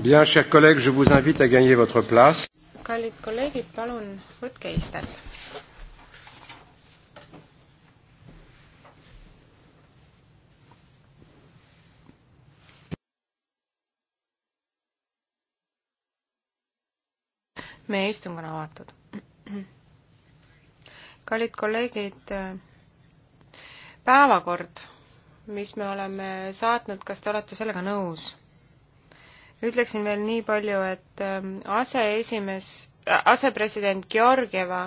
Bien, chers collègues, je vous invite à gagner votre place. kallid kolleegid, palun võtke istet. meie istung on avatud. kallid kolleegid, päevakord, mis me oleme saatnud, kas te olete sellega nõus? ütleksin veel nii palju, et ähm, aseesimees, äh, asepresident Georgieva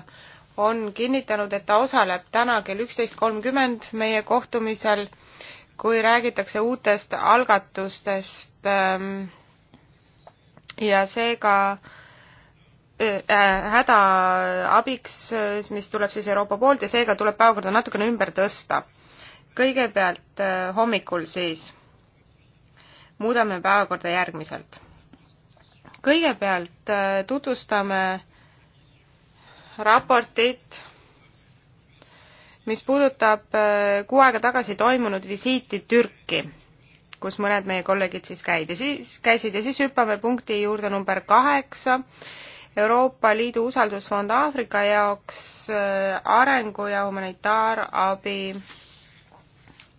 on kinnitanud, et ta osaleb täna kell üksteist kolmkümmend meie kohtumisel, kui räägitakse uutest algatustest ähm, ja seega äh, äh, hädaabiks, mis tuleb siis Euroopa poolt ja seega tuleb päevakorda natukene ümber tõsta. kõigepealt hommikul siis muudame päevakorda järgmiselt. kõigepealt äh, tutvustame raportit, mis puudutab äh, kuu aega tagasi toimunud visiiti Türki, kus mõned meie kolleegid siis käid ja siis käisid ja siis hüppame punkti juurde number kaheksa, Euroopa Liidu usaldusfond Aafrika jaoks äh, arengu ja humanitaarabi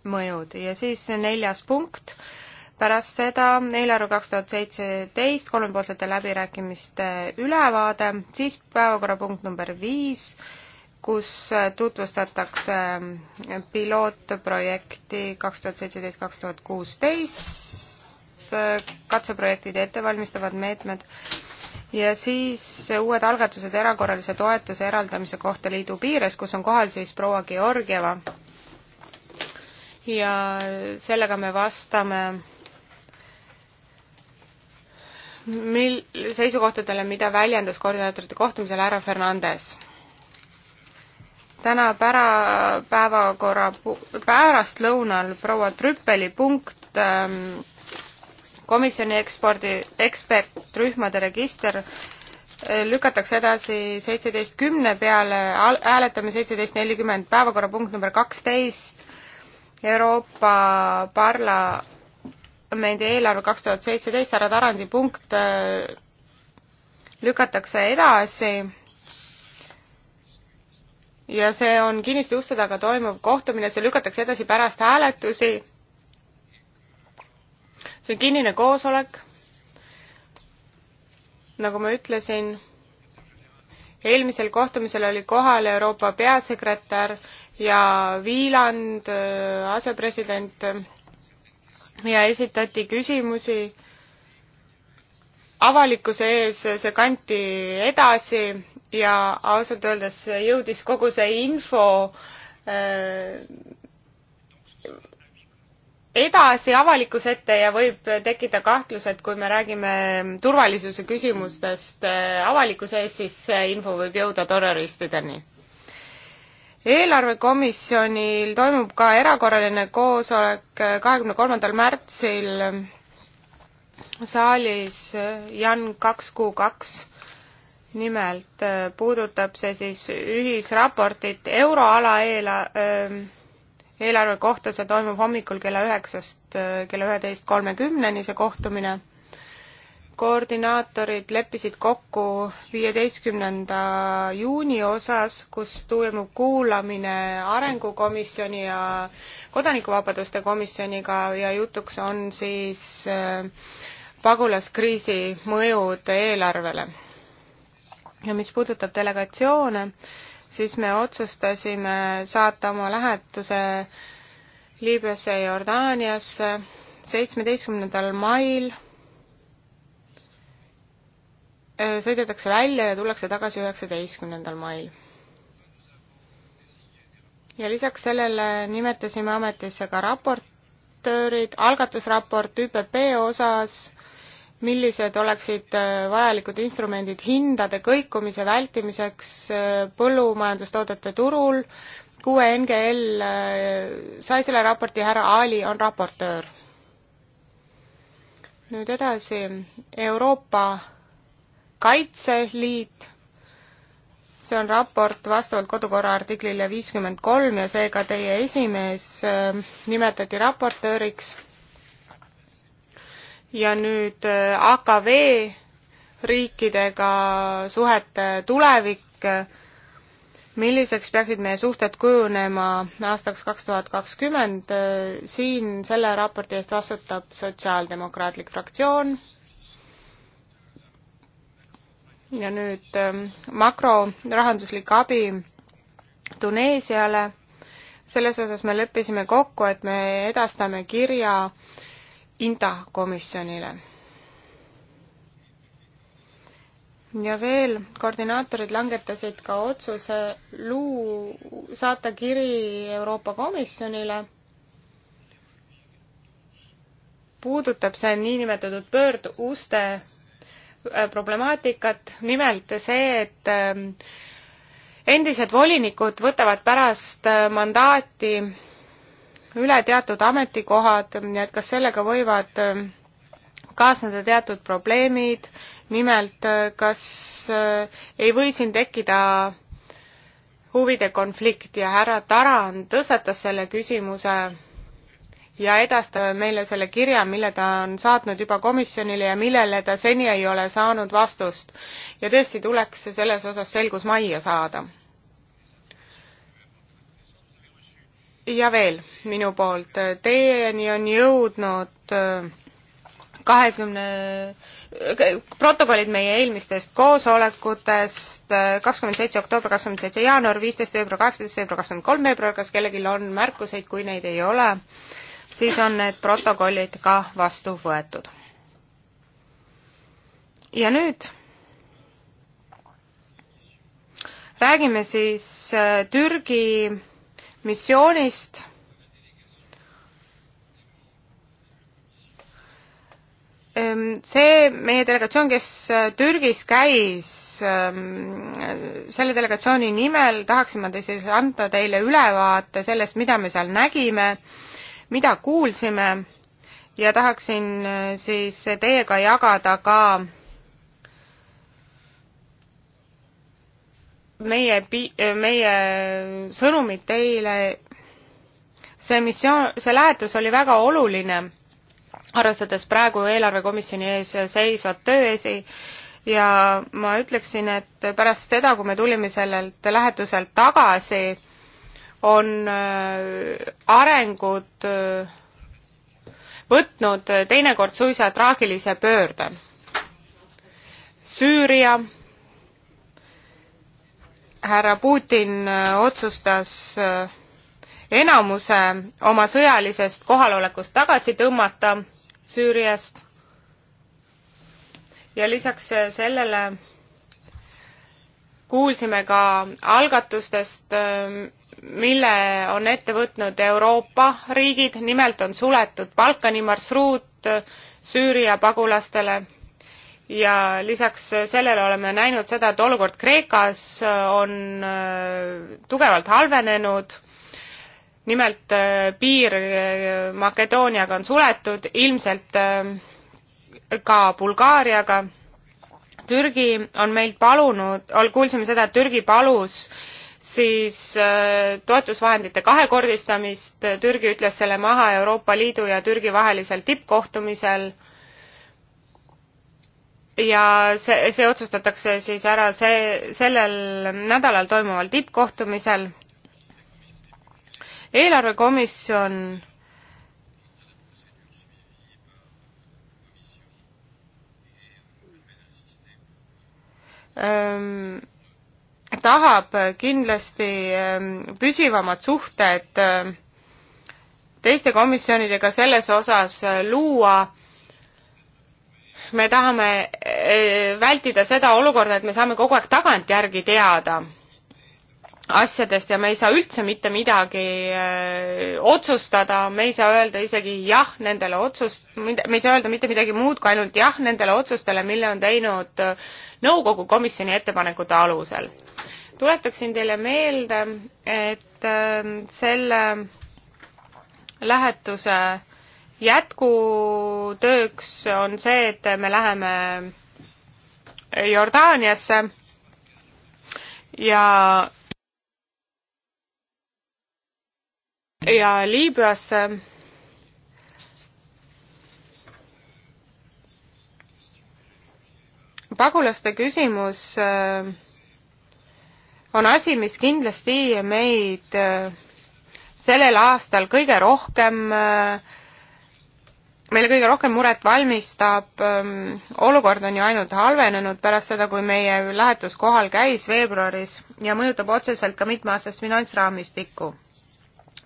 mõjud ja siis neljas punkt pärast seda eelarve kaks tuhat seitseteist kolmepoolsete läbirääkimiste ülevaade, siis päevakorrapunkt number viis, kus tutvustatakse äh, pilootprojekti kaks tuhat seitseteist, kaks tuhat kuusteist, äh, katseprojektide ettevalmistavad meetmed ja siis uued algatused erakorralise toetuse eraldamise kohta liidu piires, kus on kohal siis proua Georgieva. ja sellega me vastame mil-, seisukohtadele, mida väljendas koordinaatorite kohtumisel härra Fernandes. täna pära-, päevakorra pu-, pärastlõunal proua Trüppeli punkt ähm, komisjoni ekspordi, ekspertrühmade register äh, lükatakse edasi seitseteist kümne peale, hääletame seitseteist nelikümmend, päevakorrapunkt number kaksteist, Euroopa Parla- parlamendi eelarve kaks tuhat seitseteist härra Tarandi punkt äh, lükatakse edasi ja see on kinniste uste taga toimuv kohtumine, see lükatakse edasi pärast hääletusi. see on kinnine koosolek. nagu ma ütlesin, eelmisel kohtumisel oli kohal Euroopa peasekretär ja Viiland, äh, asepresident ja esitati küsimusi. avalikkuse ees see kanti edasi ja ausalt öeldes jõudis kogu see info äh, edasi avalikkuse ette ja võib tekkida kahtlus, et kui me räägime turvalisuse küsimustest äh, avalikkuse ees, siis see info võib jõuda terroristideni eelarvekomisjonil toimub ka erakorraline koosolek äh, kahekümne kolmandal märtsil saalis äh, Jan kaks kuu kaks. nimelt äh, puudutab see siis ühisraportit euroala eela- äh,, eelarve kohta, see toimub hommikul kella üheksast kella üheteist kolmekümneni, see kohtumine koordinaatorid leppisid kokku viieteistkümnenda juuni osas, kus toimub kuulamine Arengukomisjoni ja Kodanikuvabaduste komisjoniga ja jutuks on siis äh, pagulaskriisi mõjud eelarvele. ja mis puudutab delegatsioone, siis me otsustasime saata oma lähetuse Liibüasse ja Jordaaniasse seitsmeteistkümnendal mail Äh, sõidetakse välja ja tullakse tagasi üheksateistkümnendal mail. ja lisaks sellele nimetasime ametisse ka raportöörid, algatusraport ÜPP osas, millised oleksid äh, vajalikud instrumendid hindade kõikumise vältimiseks äh, põllumajandustoodete turul, kuue NGL sai selle raporti, härra Ali on raportöör. nüüd edasi, Euroopa Kaitseliit, see on raport vastavalt kodukorra artiklile viiskümmend kolm ja seega teie esimees äh, nimetati raportööriks. ja nüüd äh, AKV riikidega suhete tulevik, milliseks peaksid meie suhted kujunema aastaks kaks tuhat kakskümmend, äh, siin selle raporti eest vastutab Sotsiaaldemokraatlik fraktsioon ja nüüd ähm, makrorahanduslik abi Tuneesiale. selles osas me leppisime kokku, et me edastame kirja INTA komisjonile. ja veel, koordinaatorid langetasid ka otsuse luu, saata kiri Euroopa Komisjonile. puudutab see niinimetatud pöörduste problemaatikat, nimelt see, et ähm, endised volinikud võtavad pärast äh, mandaati üle teatud ametikohad ja et kas sellega võivad ähm, kaasneda teatud probleemid, nimelt äh, kas äh, ei või siin tekkida huvide konflikt ja härra Tarand tõstatas selle küsimuse ja edastame meile selle kirja, mille ta on saatnud juba komisjonile ja millele ta seni ei ole saanud vastust. ja tõesti tuleks selles osas selgus majja saada. ja veel minu poolt, teieni on jõudnud äh, kahekümne 20 äh, protokollid meie eelmistest koosolekutest äh, kakskümmend seitse oktoober, kakskümmend seitse jaanuar, viisteist veebruar, kaheksateist veebruar, kakskümmend kolm veebruar, kas kellelgi on märkuseid, kui neid ei ole, siis on need protokollid ka vastu võetud. ja nüüd räägime siis äh, Türgi missioonist. Ähm, see meie delegatsioon, kes äh, Türgis käis, ähm, selle delegatsiooni nimel tahaksime siis anda teile ülevaate sellest, mida me seal nägime mida kuulsime ja tahaksin äh, siis teiega jagada ka meie pi-, äh, meie sõnumid teile, see missioon, see lähetus oli väga oluline, arvestades praegu eelarvekomisjoni ees seisvat tööesi ja ma ütleksin, et pärast seda, kui me tulime sellelt lähetuselt tagasi, on äh, arengud äh, võtnud teinekord suisa traagilise pöörde. Süüria, härra Putin äh, otsustas enamuse oma sõjalisest kohalolekust tagasi tõmmata Süüriast ja lisaks sellele kuulsime ka algatustest, mille on ette võtnud Euroopa riigid, nimelt on suletud Balkani marsruut Süüria pagulastele ja lisaks sellele oleme näinud seda, et olukord Kreekas on äh, tugevalt halvenenud nimelt äh, piir äh, Makedooniaga on suletud, ilmselt ka Bulgaariaga. Türgi on meilt palunud, kuulsime seda, et Türgi palus siis äh, toetusvahendite kahekordistamist, äh, Türgi ütles selle maha Euroopa Liidu ja Türgi vahelisel tippkohtumisel ja see, see otsustatakse siis ära see, sellel nädalal toimuval tippkohtumisel. eelarvekomisjon ähm, tahab kindlasti ähm, püsivamad suhted ähm, teiste komisjonidega selles osas äh, luua. me tahame äh, vältida seda olukorda, et me saame kogu aeg tagantjärgi teada asjadest ja me ei saa üldse mitte midagi öö, äh, otsustada, me ei saa öelda isegi jah nendele otsust-, me ei saa öelda mitte midagi muud kui ainult jah nendele otsustele, mille on teinud nõukogu komisjoni ettepanekute alusel tuletaksin teile meelde, et ähm, selle lähetuse jätkutööks on see, et me läheme Jordaaniasse ja ja Liibüasse pagulaste küsimus äh, on asi, mis kindlasti meid äh, sellel aastal kõige rohkem, äh, meile kõige rohkem muret valmistab. Ähm, olukord on ju ainult halvenenud pärast seda, kui meie lähetus kohal käis veebruaris ja mõjutab otseselt ka mitmeaastast finantsraamistikku.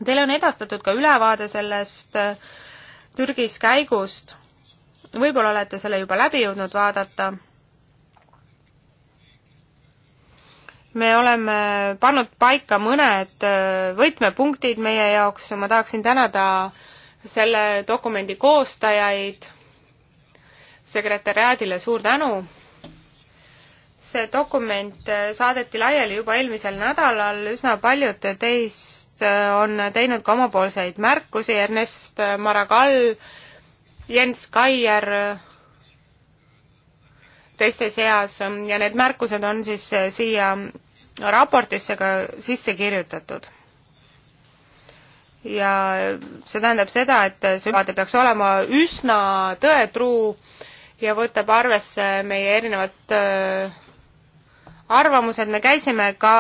Teile on edastatud ka ülevaade sellest äh, Türgis käigust. võib-olla olete selle juba läbi jõudnud vaadata me oleme pannud paika mõned äh, võtmepunktid meie jaoks, ma tahaksin tänada selle dokumendi koostajaid, sekretäriaadile suur tänu. see dokument äh, saadeti laiali juba eelmisel nädalal, üsna paljud teist äh, on teinud ka omapoolseid märkusi, Ernest Maragall, Jens Kaier, teiste seas ja need märkused on siis siia raportisse ka sisse kirjutatud. ja see tähendab seda, et see ülevaade peaks olema üsna tõetruu ja võtab arvesse meie erinevad äh, arvamused, me käisime ka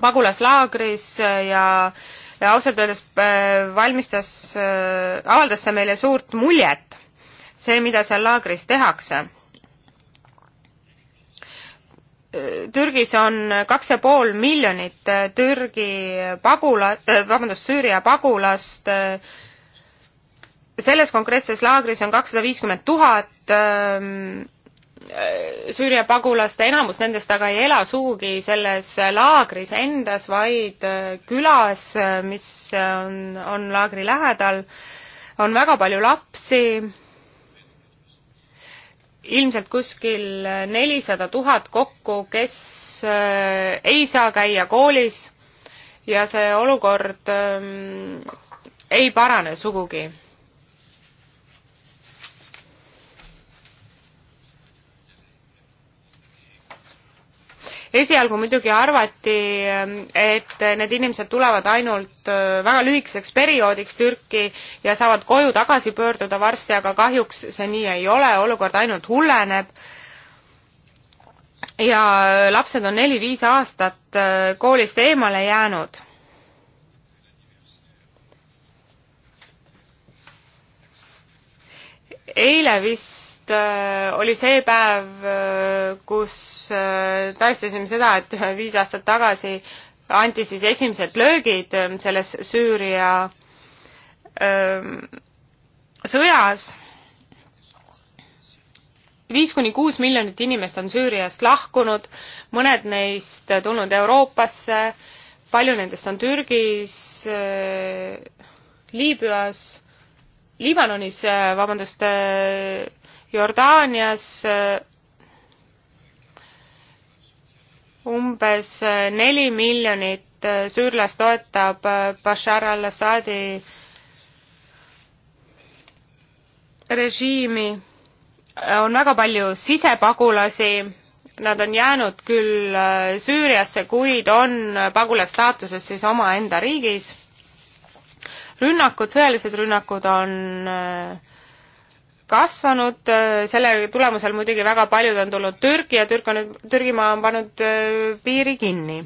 pagulaslaagris ja ja ausalt öeldes äh, valmistas, äh, avaldas see meile suurt muljet, see, mida seal laagris tehakse Türgis on kaks ja pool miljonit äh, Türgi pagula-, äh, vabandust, Süüria pagulast. Äh, selles konkreetses laagris on kakssada viiskümmend tuhat ähm, Süüria pagulast, enamus nendest aga ei ela sugugi selles laagris endas, vaid külas, mis on, on laagri lähedal. on väga palju lapsi ilmselt kuskil nelisada tuhat kokku, kes äh, ei saa käia koolis ja see olukord ähm, ei parane sugugi esialgu muidugi arvati, et need inimesed tulevad ainult äh, väga lühikeseks perioodiks Türki ja saavad koju tagasi pöörduda varsti, aga kahjuks see nii ei ole, olukord ainult hulleneb. ja lapsed on neli-viis aastat äh, koolist eemale jäänud eile vist Äh, oli see päev, äh, kus äh, taistasime seda, et viis aastat tagasi anti siis esimesed löögid ähm, selles Süüria ähm, sõjas. viis kuni kuus miljonit inimest on Süüriast lahkunud, mõned neist tulnud Euroopasse, palju nendest on Türgis, Liibüas, Liibanonis, vabandust, Jordaanias eh, umbes eh, neli miljonit eh, süürlast toetab Bashar al-Assadi režiimi. on väga palju sisepagulasi, nad on jäänud küll Süüriasse, kuid on pagulasstaatuses siis omaenda riigis. rünnakud, sõjalised rünnakud on äh, kasvanud, äh, selle tulemusel muidugi väga paljud on tulnud Türgi ja Türk on, Türgimaa on pannud äh, piiri kinni.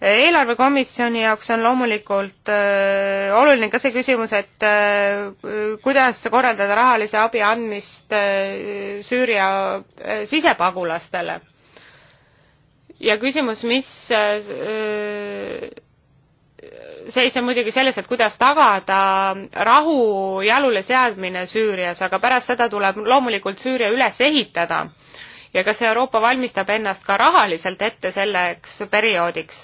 eelarvekomisjoni jaoks on loomulikult äh, oluline ka see küsimus, et kuidas korraldada rahalise abi andmist Süüria sisepagulastele. ja küsimus, mis seisneb muidugi selles, et kuidas tagada rahu jalule seadmine Süürias, aga pärast seda tuleb loomulikult Süüria üles ehitada. ja kas Euroopa valmistab ennast ka rahaliselt ette selleks perioodiks?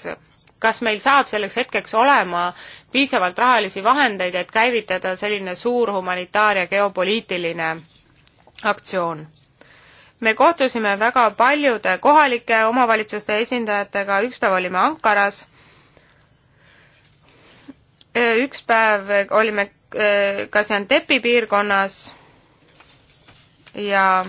kas meil saab selleks hetkeks olema piisavalt rahalisi vahendeid, et käivitada selline suur humanitaar- ja geopoliitiline aktsioon? me kohtusime väga paljude kohalike omavalitsuste esindajatega, üks päev olime Ankaras Äh, üks päev äh, olime Gaziantepi äh, piirkonnas ja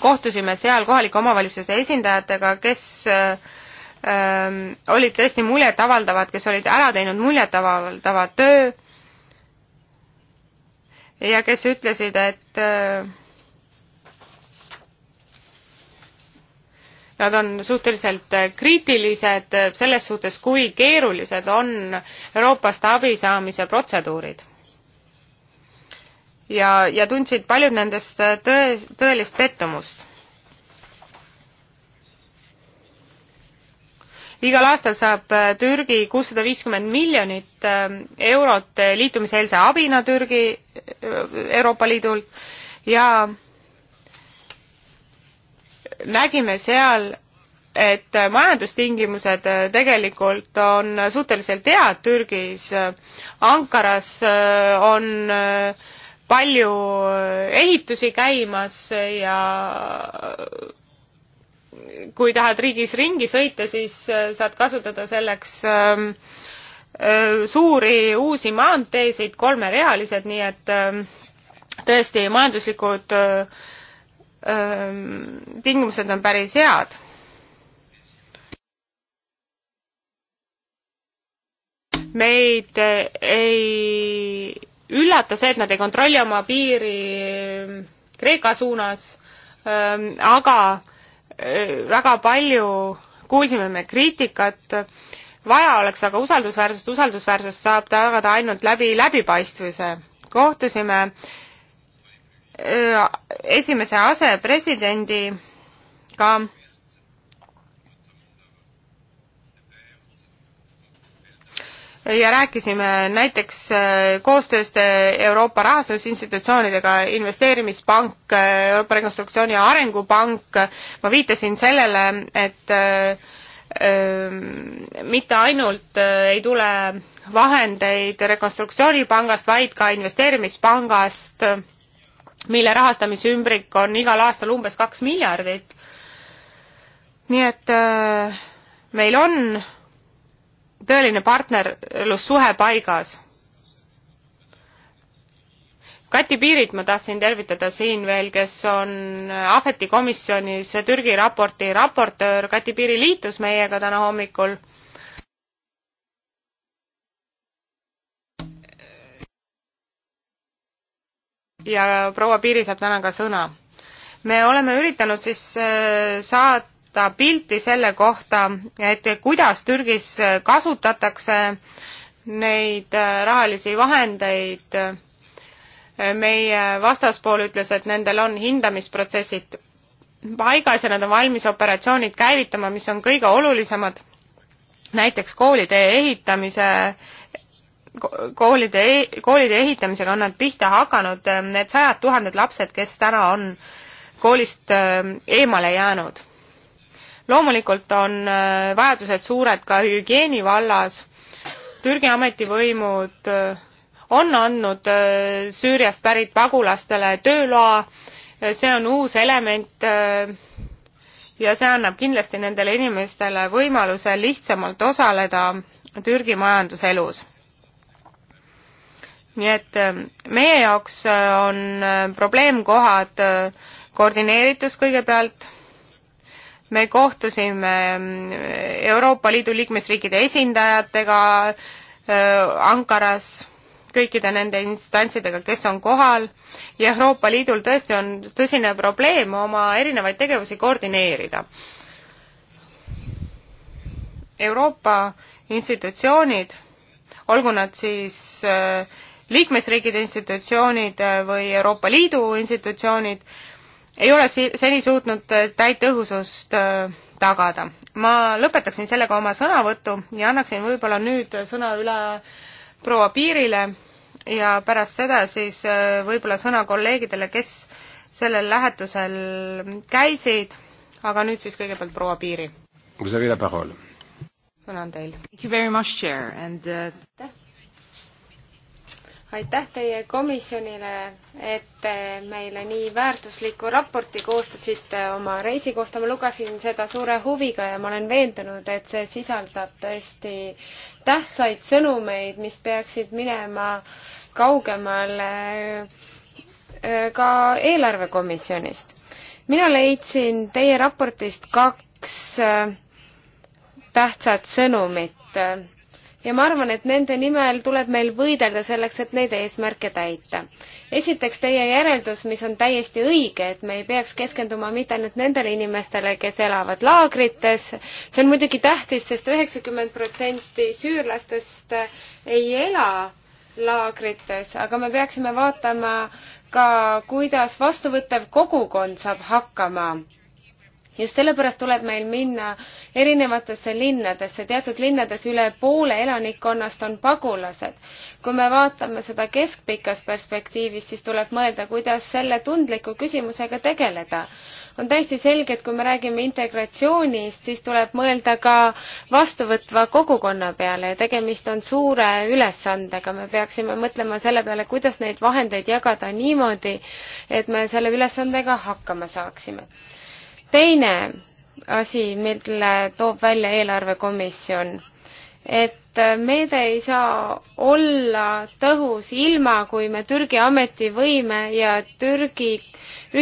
kohtusime seal kohalike omavalitsuse esindajatega, kes ähm, olid tõesti muljetavaldavad, kes olid ära teinud muljetavaldava töö ja kes ütlesid, et äh, nad on suhteliselt äh, kriitilised äh, selles suhtes, kui keerulised on Euroopast abi saamise protseduurid. ja, ja tundsid paljud nendest äh, tõe, tõelist pettumust. igal aastal saab Türgi kuussada viiskümmend miljonit eurot liitumiseelse abina Türgi Euroopa Liidult ja nägime seal, et majandustingimused äh, tegelikult on suhteliselt head Türgis. Äh, Ankaras äh, on palju ehitusi käimas ja kui tahad riigis ringi sõita, siis saad kasutada selleks ähm, suuri uusi maanteesid, kolmerealised, nii et ähm, tõesti majanduslikud äh, tingimused on päris head. meid äh, ei üllata see, et nad ei kontrolli oma piiri äh, Kreeka suunas, ähm, aga äh, väga palju kuulsime me kriitikat, vaja oleks aga usaldusväärsust, usaldusväärsust saab tagada ainult läbi läbipaistvuse. kohtusime äh, esimese asepresidendiga ja rääkisime näiteks koostööst Euroopa rahastusinstitutsioonidega, investeerimispank, Euroopa Rekonstruktsiooni ja Arengupank, ma viitasin sellele, et mitte ainult ei tule vahendeid Rekonstruktsioonipangast, vaid ka investeerimispangast mille rahastamise ümbrik on igal aastal umbes kaks miljardit. nii et äh, meil on tõeline partnerlussuhe paigas. Kati Piirit ma tahtsin tervitada siin veel, kes on Ahveti komisjonis Türgi raporti raportöör. Kati Piiri liitus meiega täna hommikul ja proua Piiri saab täna ka sõna. me oleme üritanud siis äh, saata pilti selle kohta, et kuidas Türgis kasutatakse neid äh, rahalisi vahendeid. meie vastaspool ütles, et nendel on hindamisprotsessid paigas ja nad on valmis operatsioonid käivitama, mis on kõige olulisemad, näiteks koolitee ehitamise koolide, e-, koolide ehitamisega on nad pihta hakanud, ähm, need sajad tuhanded lapsed, kes täna on koolist ähm, eemale jäänud. loomulikult on äh, vajadused suured ka hügieeni vallas. Türgi ametivõimud äh, on andnud äh, Süüriast pärit pagulastele tööloa, see on uus element ja see annab kindlasti nendele inimestele võimaluse lihtsamalt osaleda Türgi majanduselus nii et äh, meie jaoks äh, on äh, probleemkohad koordineeritus kõigepealt, me kohtusime Euroopa Liidu liikmesriikide esindajatega Ankaras, kõikide nende instantsidega, kes on kohal ja Euroopa Liidul tõesti on tõsine probleem oma erinevaid tegevusi koordineerida. Euroopa institutsioonid, olgu nad siis äh, liikmesriigid, institutsioonid äh, või Euroopa Liidu institutsioonid ei ole seni suutnud äh, täit tõhusust äh, tagada. ma lõpetaksin sellega oma sõnavõtu ja annaksin võib-olla nüüd sõna üle proua Piirile ja pärast seda siis võib-olla sõna kolleegidele, kes sellel lähetusel käisid, aga nüüd siis kõigepealt proua Piiri. sõna on teil. Uh, aitäh aitäh teie komisjonile, et te meile nii väärtusliku raporti koostasite oma reisi kohta. ma lugesin seda suure huviga ja ma olen veendunud, et see sisaldab tõesti tähtsaid sõnumeid, mis peaksid minema kaugemale äh, ka eelarvekomisjonist. mina leidsin teie raportist kaks äh, tähtsat sõnumit ja ma arvan, et nende nimel tuleb meil võidelda selleks, et neid eesmärke täita. esiteks teie järeldus, mis on täiesti õige, et me ei peaks keskenduma mitte ainult nendele inimestele, kes elavad laagrites, see on muidugi tähtis sest, sest üheksakümmend protsenti süürlastest ei ela laagrites, aga me peaksime vaatama ka, kuidas vastuvõttev kogukond saab hakkama just sellepärast tuleb meil minna erinevatesse linnadesse, teatud linnades üle poole elanikkonnast on pagulased. kui me vaatame seda keskpikas perspektiivis, siis tuleb mõelda, kuidas selle tundliku küsimusega tegeleda. on täiesti selge, et kui me räägime integratsioonist, siis tuleb mõelda ka vastuvõtva kogukonna peale ja tegemist on suure ülesandega. me peaksime mõtlema selle peale, kuidas neid vahendeid jagada niimoodi, et me selle ülesandega hakkama saaksime teine asi, mille toob välja eelarvekomisjon, et meede ei saa olla tõhus ilma, kui me Türgi ametivõime ja Türgi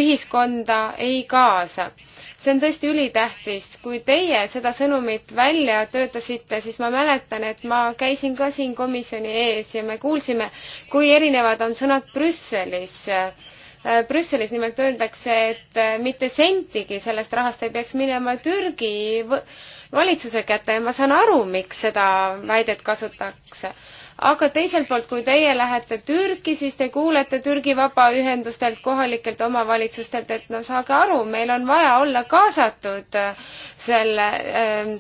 ühiskonda ei kaasa. see on tõesti ülitähtis. kui teie seda sõnumit välja töötasite, siis ma mäletan, et ma käisin ka siin komisjoni ees ja me kuulsime, kui erinevad on sõnad Brüsselis Äh, Brüsselis nimelt öeldakse, et äh, mitte sentigi sellest rahast ei peaks minema Türgi valitsuse kätte ja ma saan aru, miks seda väidet kasutatakse. aga teiselt poolt, kui teie lähete Türki, siis te kuulete Türgi vabaühendustelt, kohalikelt omavalitsustelt, et no saage aru, meil on vaja olla kaasatud äh, selle äh,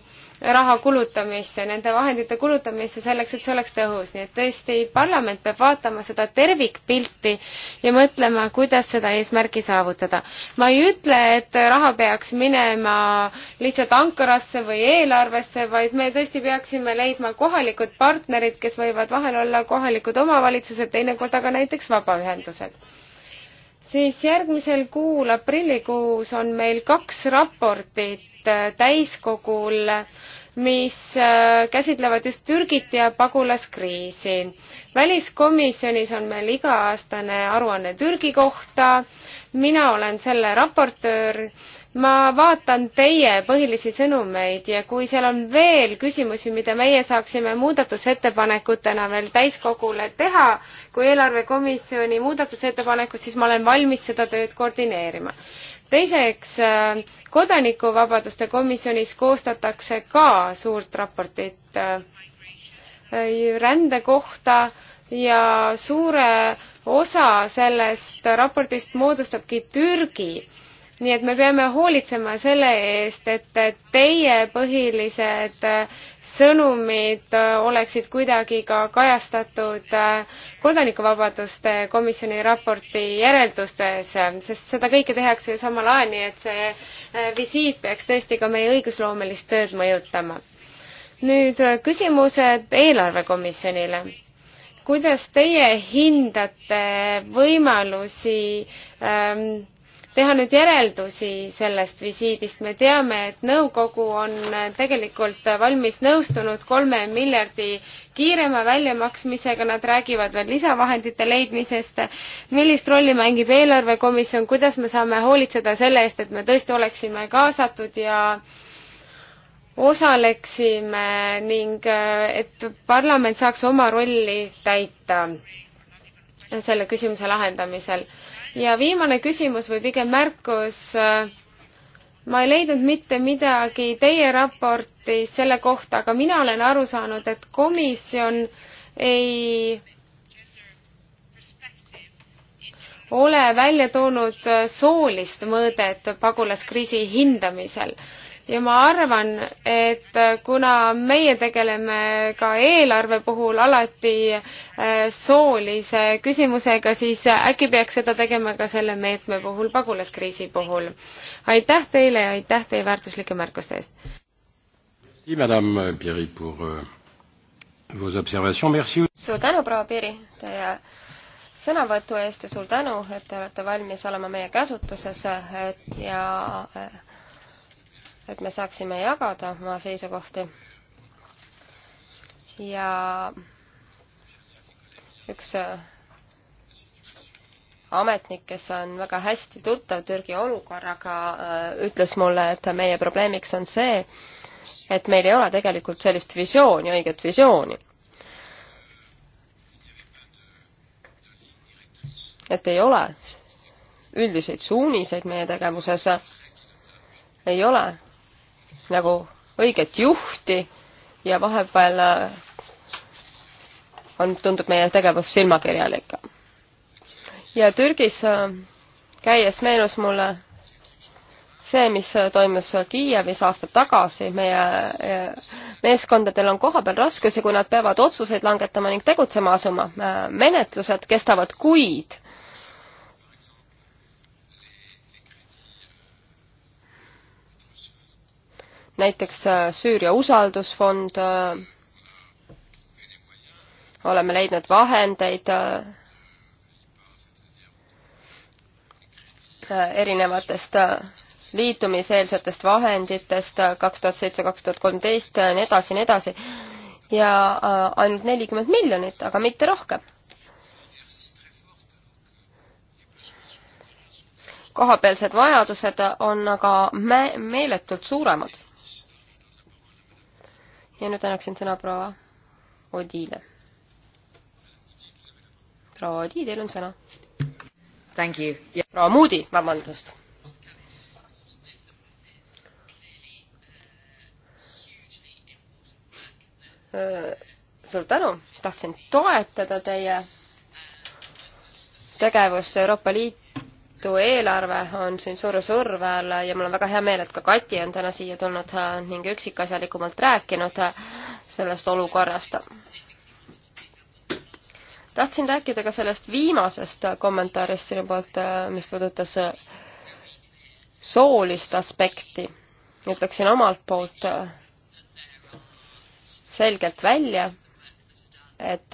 raha kulutamisse, nende vahendite kulutamisse selleks, et see oleks tõhus, nii et tõesti parlament peab vaatama seda tervikpilti ja mõtlema, kuidas seda eesmärki saavutada. ma ei ütle, et raha peaks minema lihtsalt Ankarasse või eelarvesse, vaid me tõesti peaksime leidma kohalikud partnerid, kes võivad vahel olla kohalikud omavalitsused, teinekord aga näiteks vabaühendused siis järgmisel kuul aprillikuus on meil kaks raportit täiskogul mis äh, käsitlevad just Türgit ja pagulaskriisi. väliskomisjonis on meil iga-aastane aruanne Türgi kohta, mina olen selle raportöör, ma vaatan teie põhilisi sõnumeid ja kui seal on veel küsimusi, mida meie saaksime muudatusettepanekutena veel täiskogule teha, kui eelarvekomisjoni muudatusettepanekud, siis ma olen valmis seda tööd koordineerima teiseks, äh, kodanikuvabaduste komisjonis koostatakse ka suurt raportit äh, rände kohta ja suure osa sellest raportist moodustabki Türgi. nii et me peame hoolitsema selle eest, et teie põhilised äh, sõnumid äh, oleksid kuidagi ka kajastatud äh, kodanikuvabaduste komisjoni raporti järeldustes, äh, sest seda kõike tehakse ju samal ajal, nii et see visiit peaks tõesti ka meie õigusloomelist tööd mõjutama. nüüd küsimused eelarvekomisjonile. kuidas teie hindate võimalusi ähm, teha nüüd järeldusi sellest visiidist. me teame, et nõukogu on tegelikult valmis nõustunud kolme miljardi kiirema väljamaksmisega, nad räägivad veel lisavahendite leidmisest. millist rolli mängib eelarvekomisjon, kuidas me saame hoolitseda selle eest, et me tõesti oleksime kaasatud ja osaleksime ning äh, et parlament saaks oma rolli täita selle küsimuse lahendamisel ja viimane küsimus või pigem märkus. ma ei leidnud mitte midagi teie raportis selle kohta, aga mina olen aru saanud, et komisjon ei ole välja toonud soolist mõõdet pagulaskriisi hindamisel ja ma arvan, et kuna meie tegeleme ka eelarve puhul alati äh, soolise küsimusega, siis äkki peaks seda tegema ka selle meetme puhul, pagulaskriisi puhul. aitäh teile ja aitäh teie väärtuslike märkuste eest! Euh, suur tänu, proua Piiri, teie sõnavõtu eest ja suur tänu, et te olete valmis olema meie käsutuses ja et me saaksime jagada oma seisukohti. ja üks äh, ametnik, kes on väga hästi tuttav Türgi olukorraga, äh, ütles mulle, et meie probleemiks on see, et meil ei ole tegelikult sellist visiooni, õiget visiooni. et ei ole üldiseid suuniseid meie tegevuses, ei ole nagu õiget juhti ja vahepeal äh, on, tundub meie tegevus silmakirjalik. ja Türgis äh, käies meenus mulle see, mis äh, toimus Kiievis aasta tagasi, meie meeskondadel on kohapeal raskusi, kui nad peavad otsuseid langetama ning tegutsema asuma. menetlused kestavad kuid näiteks äh, Süüria usaldusfond, äh, oleme leidnud vahendeid äh, erinevatest liitumiseelsetest vahenditest kaks tuhat seitse, kaks tuhat kolmteist ja nii edasi ja nii edasi. ja ainult nelikümmend miljonit, aga mitte rohkem. kohapealsed vajadused on aga me meeletult suuremad ja nüüd annaksin sõna proua Odile. proua Odi, teil on sõna. proua Moody, vabandust. Äh, suur tänu, tahtsin toetada teie tegevust Euroopa Liit Liidu eelarve on siin suure surve all ja mul on väga hea meel, et ka Kati on täna siia tulnud äh, ning üksikasjalikumalt rääkinud äh, sellest olukorrast. tahtsin rääkida ka sellest viimasest kommentaarist sinu poolt, äh, mis puudutas soolist aspekti. ütleksin omalt poolt selgelt välja, et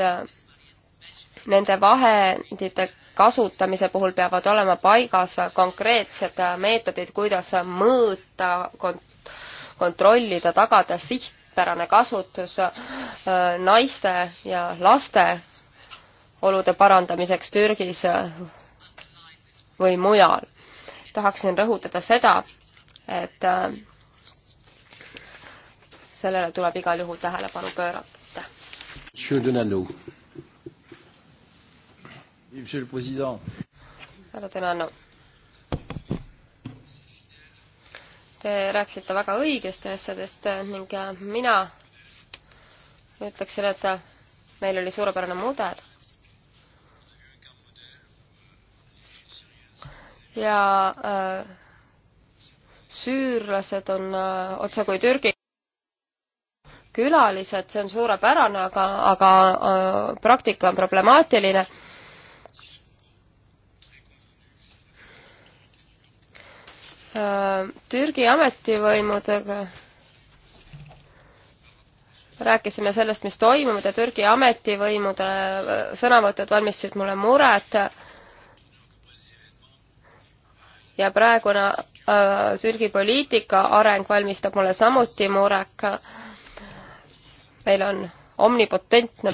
nende vahendite kasutamise puhul peavad olema paigas konkreetsed meetodid, kuidas mõõta, kontrollida, tagada sihtpärane kasutus äh, naiste ja laste olude parandamiseks Türgis või mujal. tahaksin rõhutada seda, et äh, sellele tuleb igal juhul tähelepanu pöörata härra Denano. Te rääkisite väga õigesti asjadest ning mina ütleksin, et meil oli suurepärane mudel. ja äh, süürlased on äh, otsekui Türgi külalised, see on suurepärane, aga, aga äh, praktika on problemaatiline Äh, Türgi ametivõimudega rääkisime sellest, mis toimub ja Türgi ametivõimude äh, sõnavõtud valmistasid mulle muret. ja praegune äh, Türgi poliitika areng valmistab mulle samuti muret. meil on omnipotentne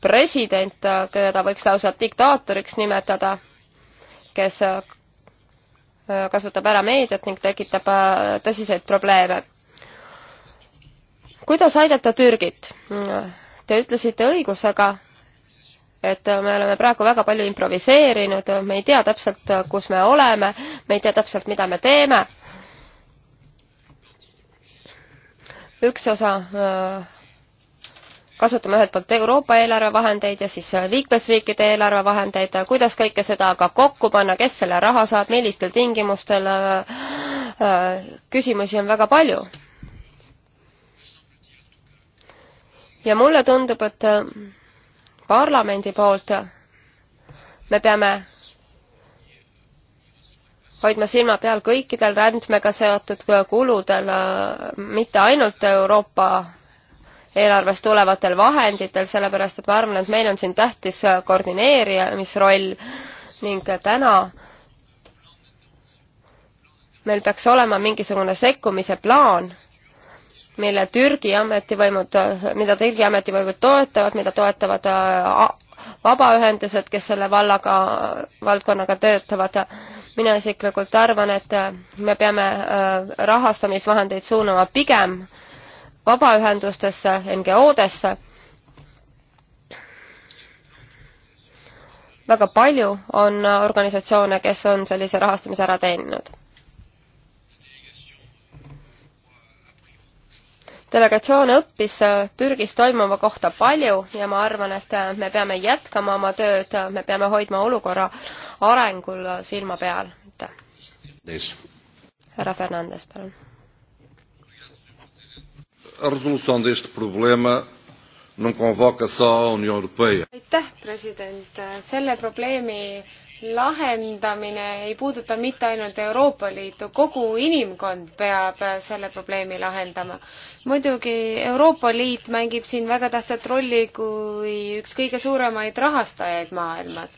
president, keda võiks lausa diktaatoriks nimetada, kes kasutab ära meediat ning tekitab äh, tõsiseid probleeme. kuidas aidata Türgit? Te ütlesite õigusega, et me oleme praegu väga palju improviseerinud, me ei tea täpselt, kus me oleme, me ei tea täpselt, mida me teeme. üks osa äh, kasutame ühelt poolt Euroopa eelarvevahendeid ja siis liikmesriikide eelarvevahendeid, kuidas kõike seda aga kokku panna, kes selle raha saab, millistel tingimustel, küsimusi on väga palju. ja mulle tundub, et parlamendi poolt me peame hoidma silma peal kõikidel rändmega seotud kuludel, mitte ainult Euroopa eelarvest tulevatel vahenditel, sellepärast et ma arvan, et meil on siin tähtis äh, koordineerimisroll ning täna meil peaks olema mingisugune sekkumise plaan, mille Türgi ametivõimud, mida Türgi ametivõimud toetavad, mida toetavad äh, vabaühendused, kes selle vallaga, valdkonnaga töötavad. mina isiklikult arvan, et me peame äh, rahastamisvahendeid suunama pigem äh, vabaühendustesse, NGO-desse. väga palju on organisatsioone, kes on sellise rahastamise ära teeninud. delegatsioon õppis äh, Türgis toimuva kohta palju ja ma arvan, et äh, me peame jätkama oma tööd, äh, me peame hoidma olukorra arengul silma peal. härra Fernandes, palun a resolução deste problema não convoca só a União Europeia. aitäh, president, selle probleemi lahendamine ei puuduta mitte ainult Euroopa Liitu, kogu inimkond peab selle probleemi lahendama. muidugi Euroopa Liit mängib siin väga tähtsat rolli kui üks kõige suuremaid rahastajaid maailmas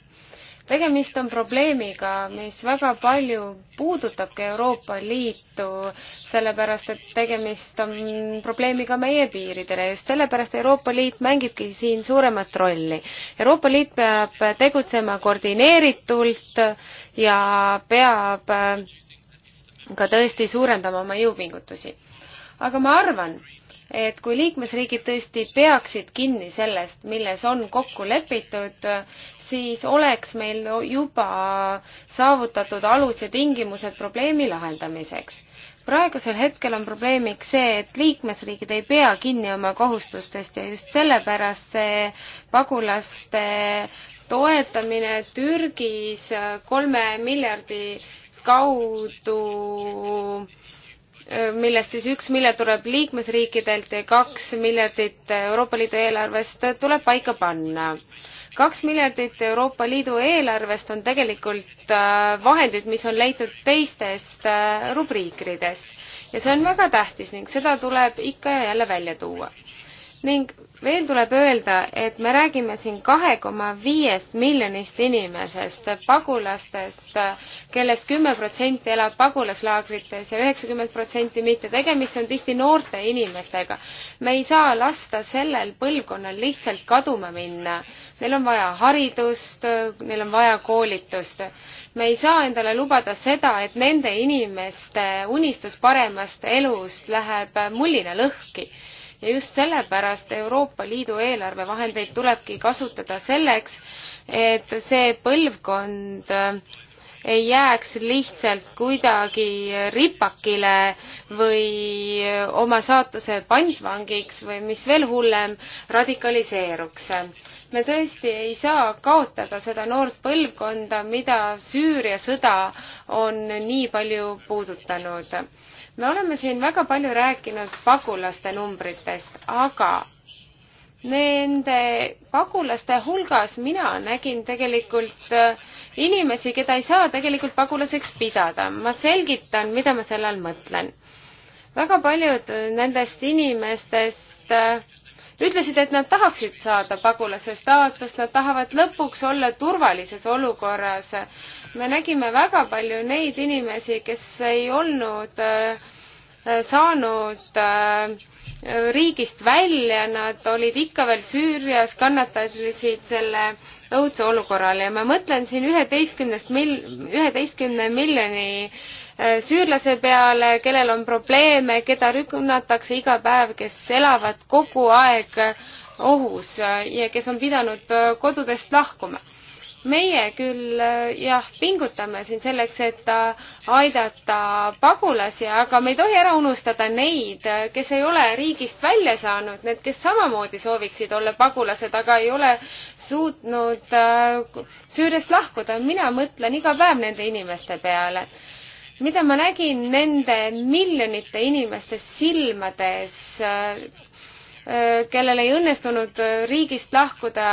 tegemist on probleemiga, mis väga palju puudutab ka Euroopa Liitu, sellepärast et tegemist on probleemiga meie piiridele, just sellepärast Euroopa Liit mängibki siin suuremat rolli. Euroopa Liit peab tegutsema koordineeritult ja peab ka tõesti suurendama oma jõupingutusi aga ma arvan, et kui liikmesriigid tõesti peaksid kinni sellest, milles on kokku lepitud, siis oleks meil juba saavutatud alus ja tingimused probleemi lahendamiseks. praegusel hetkel on probleemiks see, et liikmesriigid ei pea kinni oma kohustustest ja just sellepärast see pagulaste toetamine Türgis kolme miljardi kaudu millest siis üks miljard tuleb liikmesriikidelt ja kaks miljardit Euroopa Liidu eelarvest tuleb paika panna. kaks miljardit Euroopa Liidu eelarvest on tegelikult äh, vahendid, mis on leitud teistest äh, rubriikidest ja see on väga tähtis ning seda tuleb ikka ja jälle välja tuua ning veel tuleb öelda, et me räägime siin kahe koma viiest miljonist inimesest, pagulastest kellest, kellest kümme protsenti elab pagulaslaagrites ja üheksakümmend protsenti mitte. tegemist on tihti noorte inimestega. me ei saa lasta sellel põlvkonnal lihtsalt kaduma minna. Neil on vaja haridust, neil on vaja koolitust. me ei saa endale lubada seda, et nende inimeste unistus paremast elust läheb mullina lõhki ja just sellepärast Euroopa Liidu eelarvevahendeid tulebki kasutada selleks, et see põlvkond äh, ei jääks lihtsalt kuidagi ripakile või äh, oma saatuse pantvangiks või mis veel hullem, radikaliseeruks. me tõesti ei saa kaotada seda noort põlvkonda, mida Süüria sõda on nii palju puudutanud me oleme siin väga palju rääkinud pagulaste numbritest, aga nende pagulaste hulgas mina nägin tegelikult äh, inimesi, keda ei saa tegelikult pagulaseks pidada. ma selgitan, mida ma selle all mõtlen. väga paljud nendest inimestest äh, ütlesid, et nad tahaksid saada pagulase staatust, nad tahavad lõpuks olla turvalises olukorras me nägime väga palju neid inimesi, kes ei olnud äh, saanud äh, riigist välja, nad olid ikka veel Süürias, kannatasid selle õudse olukorra all ja ma mõtlen siin üheteistkümnest mil-, üheteistkümne miljoni äh, süürlase peale, kellel on probleeme, keda rünnatakse iga päev, kes elavad kogu aeg ohus ja kes on pidanud kodudest lahkuma meie küll äh, jah, pingutame siin selleks, et äh, aidata pagulasi, aga me ei tohi ära unustada neid, äh, kes ei ole riigist välja saanud, need, kes samamoodi sooviksid olla pagulased, aga ei ole suutnud Süüriast lahkuda. mina mõtlen iga päev nende inimeste peale. mida ma nägin nende miljonite inimeste silmades, kellel ei õnnestunud riigist lahkuda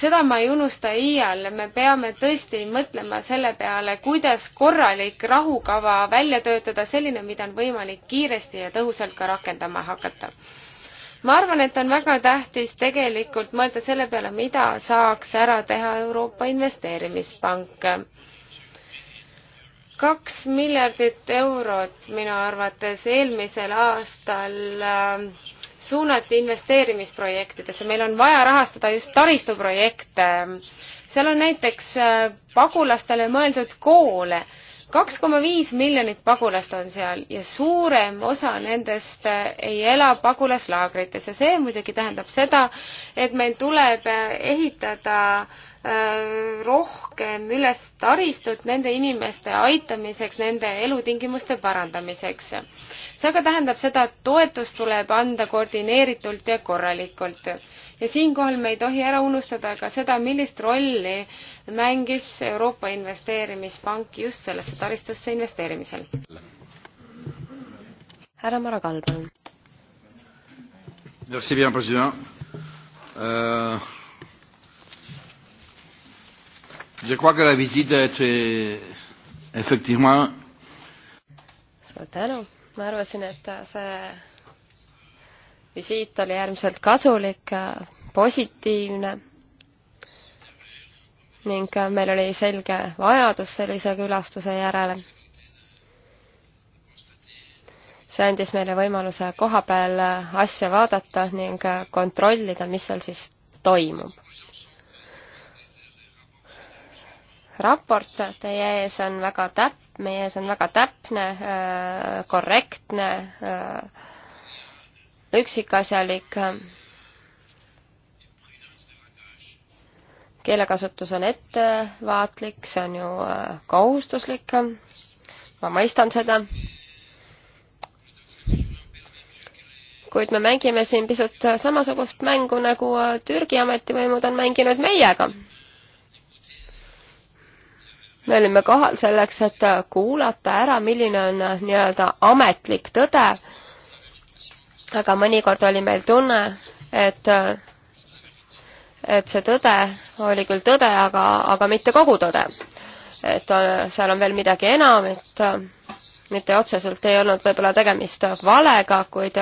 seda ma ei unusta iial, me peame tõesti mõtlema selle peale, kuidas korralik rahukava välja töötada, selline, mida on võimalik kiiresti ja tõhusalt ka rakendama hakata ma arvan, et on väga tähtis tegelikult mõelda selle peale, mida saaks ära teha Euroopa Investeerimispank. kaks miljardit eurot minu arvates eelmisel aastal äh, suunati investeerimisprojektidesse, meil on vaja rahastada just taristuprojekte. seal on näiteks äh, pagulastele mõeldud koole, kaks koma viis miljonit pagulast on seal ja suurem osa nendest äh, ei ela pagulaslaagrites ja see muidugi tähendab seda, et meil tuleb äh, ehitada äh, Äh, rohkem üles taristut nende inimeste aitamiseks, nende elutingimuste parandamiseks. see aga tähendab seda, et toetust tuleb anda koordineeritult ja korralikult. ja siinkohal me ei tohi ära unustada ka seda, millist rolli mängis Euroopa Investeerimispank just sellesse taristusse investeerimisel. härra Mara Kalb, palun. Merci bien, president uh.... Je crois que la visite a été effectivement suur tänu, ma arvasin, et see visiit oli äärmiselt kasulik, positiivne ning meil oli selge vajadus sellise külastuse järele. see andis meile võimaluse kohapeal asja vaadata ning kontrollida, mis seal siis toimub. raport teie ees on väga täp-, meie ees on väga täpne, äh, korrektne, äh, üksikasjalik. Äh. keelekasutus on ettevaatlik, see on ju kohustuslik. ma mõistan seda. kuid me mängime siin pisut samasugust mängu, nagu Türgi ametivõimud on mänginud meiega me olime kohal selleks, et kuulata ära, milline on nii-öelda ametlik tõde. aga mõnikord oli meil tunne, et, et see tõde oli küll tõde, aga, aga mitte kogu tõde. et seal on veel midagi enam, et mitte otseselt ei olnud võib-olla tegemist valega, kuid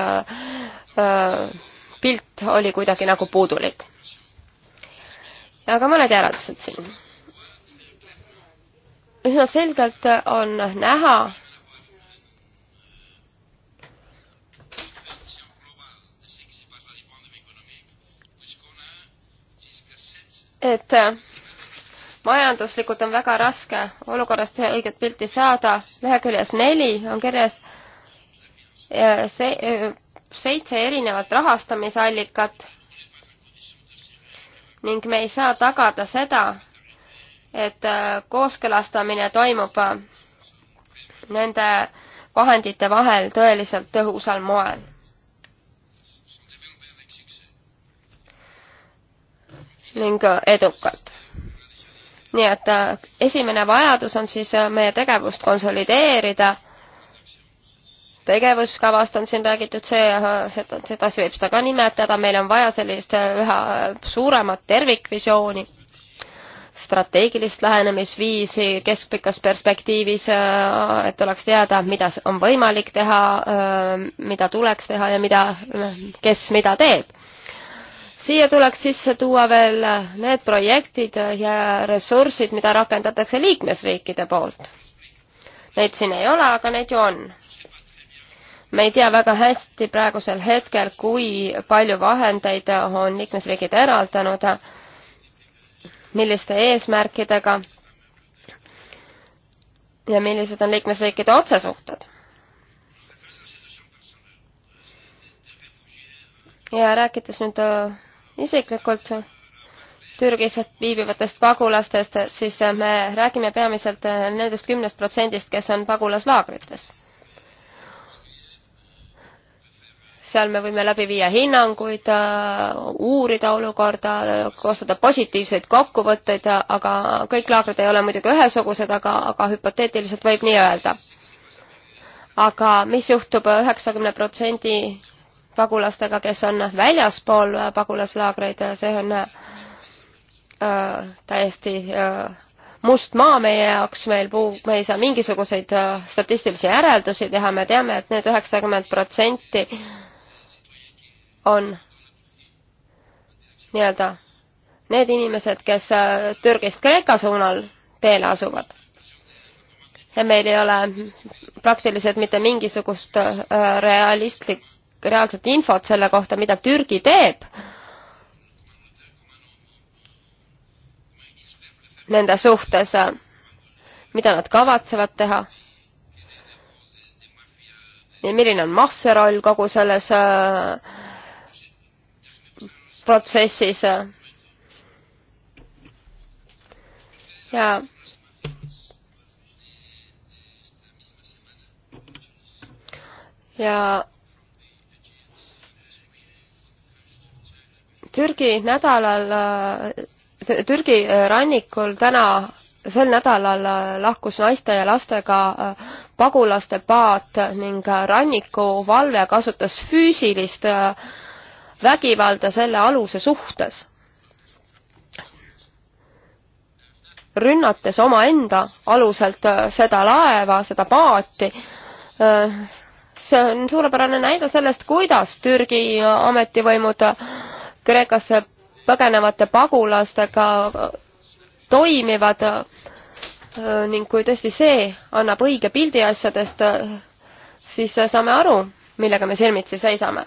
pilt oli kuidagi nagu puudulik. aga mõned järeldused siin üsna selgelt on näha, et majanduslikult on väga raske olukorrast õiget pilti saada. leheküljes neli on kirjas see, seitse erinevat rahastamisallikat ning me ei saa tagada seda, et äh, kooskõlastamine toimub äh, nende vahendite vahel tõeliselt tõhusal moel. ning äh, edukalt. nii et esimene vajadus on siis meie tegevust konsolideerida. tegevuskavast on siin räägitud, see, sedasi võib seda ka nimetada, meil on vaja sellist üha suuremat tervikvisiooni strateegilist lähenemisviisi keskpikas perspektiivis, äh, et oleks teada, mida on võimalik teha, äh, mida tuleks teha ja mida, kes mida teeb. siia tuleks sisse tuua veel need projektid ja ressursid, mida rakendatakse liikmesriikide poolt. Neid siin ei ole, aga neid ju on me ei tea väga hästi praegusel hetkel, kui palju vahendeid on liikmesriigid eraldanud milliste eesmärkidega ja millised on liikmesriikide otsesuhted. ja rääkides nüüd äh, isiklikult Türgis viibivatest pagulastest, siis äh, me räägime peamiselt äh, nendest kümnest protsendist, kes on pagulaslaagrites seal me võime läbi viia hinnanguid, äh, uurida olukorda, koostada positiivseid kokkuvõtteid, aga kõik laagrid ei ole muidugi ühesugused, aga, aga hüpoteetiliselt võib nii öelda. aga mis juhtub üheksakümne protsendi pagulastega, kes on väljaspool pagulaslaagreid, see on äh, täiesti äh, must maa meie jaoks, meil puu, me ei saa mingisuguseid äh, statistilisi järeldusi teha, me teame, et need üheksakümmend protsenti on nii-öelda need inimesed, kes äh, Türgist Kreeka suunal teele asuvad. ja meil ei ole praktiliselt mitte mingisugust äh, realistlik, reaalset infot selle kohta, mida Türgi teeb nende suhtes, äh, mida nad kavatsevad teha ja milline on maffia roll kogu selles äh, protsessis. ja ja Türgi nädalal, Türgi rannikul täna sel nädalal lahkus naiste ja lastega pagulaste paat ning rannikuvalve kasutas füüsilist vägivalda selle aluse suhtes. rünnates omaenda aluselt äh, seda laeva, seda paati, äh, see on suurepärane näide sellest, kuidas Türgi ametivõimud Kreekasse põgenevate pagulastega toimivad äh, ning kui tõesti see annab õige pildi asjadest, siis saame aru, millega me silmitsi seisame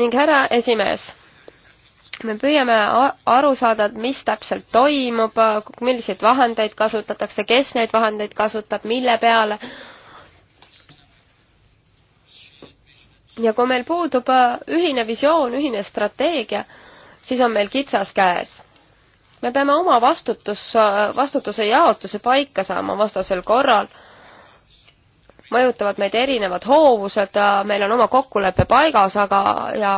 ning härra esimees, me püüame aru saada, et mis täpselt toimub, milliseid vahendeid kasutatakse, kes neid vahendeid kasutab, mille peale. ja kui meil puudub äh, ühine visioon, ühine strateegia, siis on meil kitsas käes me peame oma vastutus, äh, vastutuse jaotuse paika saama vastasel korral äh, mõjutavad meid erinevad hoovused, meil on oma kokkulepe paigas, aga, ja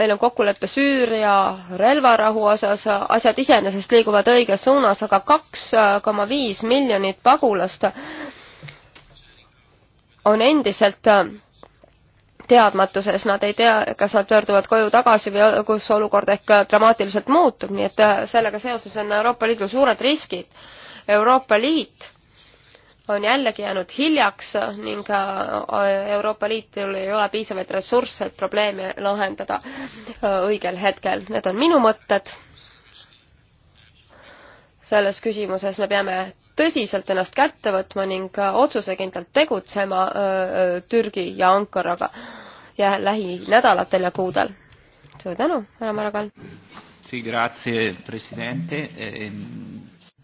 meil on kokkulepe Süüria relvarahu osas, asjad iseenesest liiguvad õiges suunas, aga kaks äh, koma viis miljonit pagulast on endiselt äh, teadmatuses, nad ei tea, kas nad pöörduvad koju tagasi või kus olukord ehk dramaatiliselt muutub, nii et äh, sellega seoses on Euroopa Liidul suured riskid. Euroopa Liit on jällegi jäänud hiljaks ning äh, Euroopa Liitul ei ole piisavaid ressursse, et probleeme lahendada äh, õigel hetkel. Need on minu mõtted. selles küsimuses me peame tõsiselt ennast kätte võtma ning äh, otsusekindlalt tegutsema Türgi ja Ankaraga ja lähinädalatel ja kuudel. suur tänu, härra Maragal. Ehm,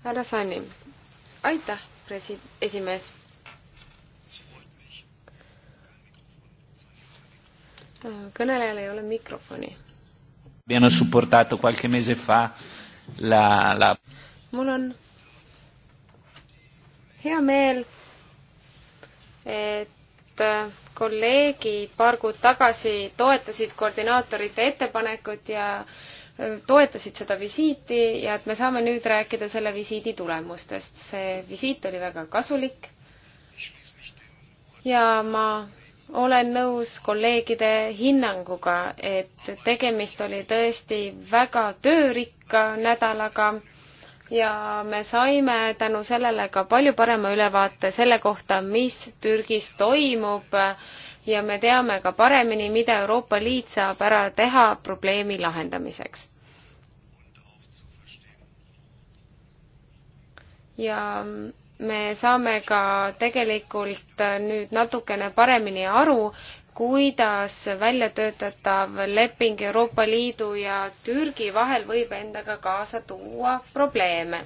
härra Sanni, aitäh presi-, esimees. kõnelejal ei ole mikrofoni. mul on hea meel, et kolleegid paar kuud tagasi toetasid koordinaatorite ettepanekut ja äh, toetasid seda visiiti ja et me saame nüüd rääkida selle visiidi tulemustest. see visiit oli väga kasulik ja ma olen nõus kolleegide hinnanguga, et tegemist oli tõesti väga töörikka nädalaga ja me saime tänu sellele ka palju parema ülevaate selle kohta, mis Türgis toimub äh, ja me teame ka paremini, mida Euroopa Liit saab ära teha probleemi lahendamiseks. ja me saame ka tegelikult nüüd natukene paremini aru, kuidas välja töötatav leping Euroopa Liidu ja Türgi vahel võib endaga kaasa tuua probleeme.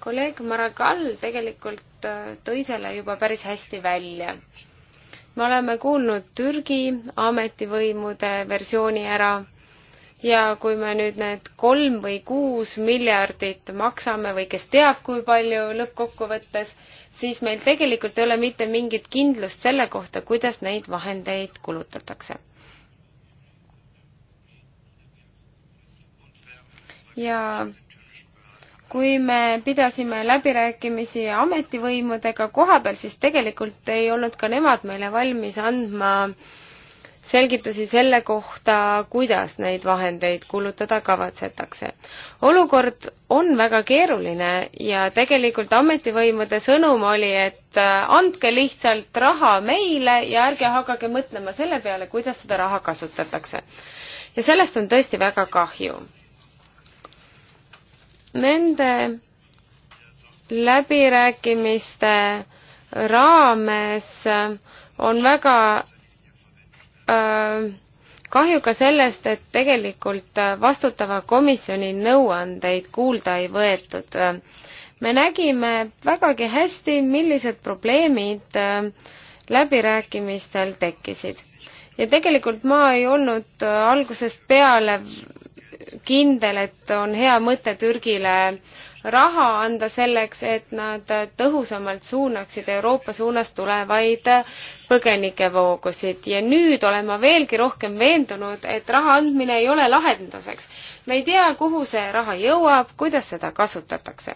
kolleeg Maragall tegelikult äh, tõi selle juba päris hästi välja me oleme kuulnud Türgi ametivõimude versiooni ära ja kui me nüüd need kolm või kuus miljardit maksame või kes teab, kui palju lõppkokkuvõttes, siis meil tegelikult ei ole mitte mingit kindlust selle kohta, kuidas neid vahendeid kulutatakse. ja kui me pidasime läbirääkimisi ametivõimudega kohapeal, siis tegelikult ei olnud ka nemad meile valmis andma selgitusi selle kohta, kuidas neid vahendeid kulutada kavatsetakse. olukord on väga keeruline ja tegelikult ametivõimude sõnum oli, et äh, andke lihtsalt raha meile ja ärge hakake mõtlema selle peale, kuidas seda raha kasutatakse. ja sellest on tõesti väga kahju Nende läbirääkimiste raames on väga öö, äh, kahju ka sellest, et tegelikult vastutava komisjoni nõuandeid kuulda ei võetud. me nägime vägagi hästi, millised probleemid äh, läbirääkimistel tekkisid. ja tegelikult ma ei olnud algusest peale kindel, et on hea mõte Türgile raha anda selleks, et nad tõhusamalt suunaksid Euroopa suunas tulevaid põgenikevoogusid ja nüüd olen ma veelgi rohkem veendunud, et raha andmine ei ole lahenduseks. me ei tea, kuhu see raha jõuab, kuidas seda kasutatakse.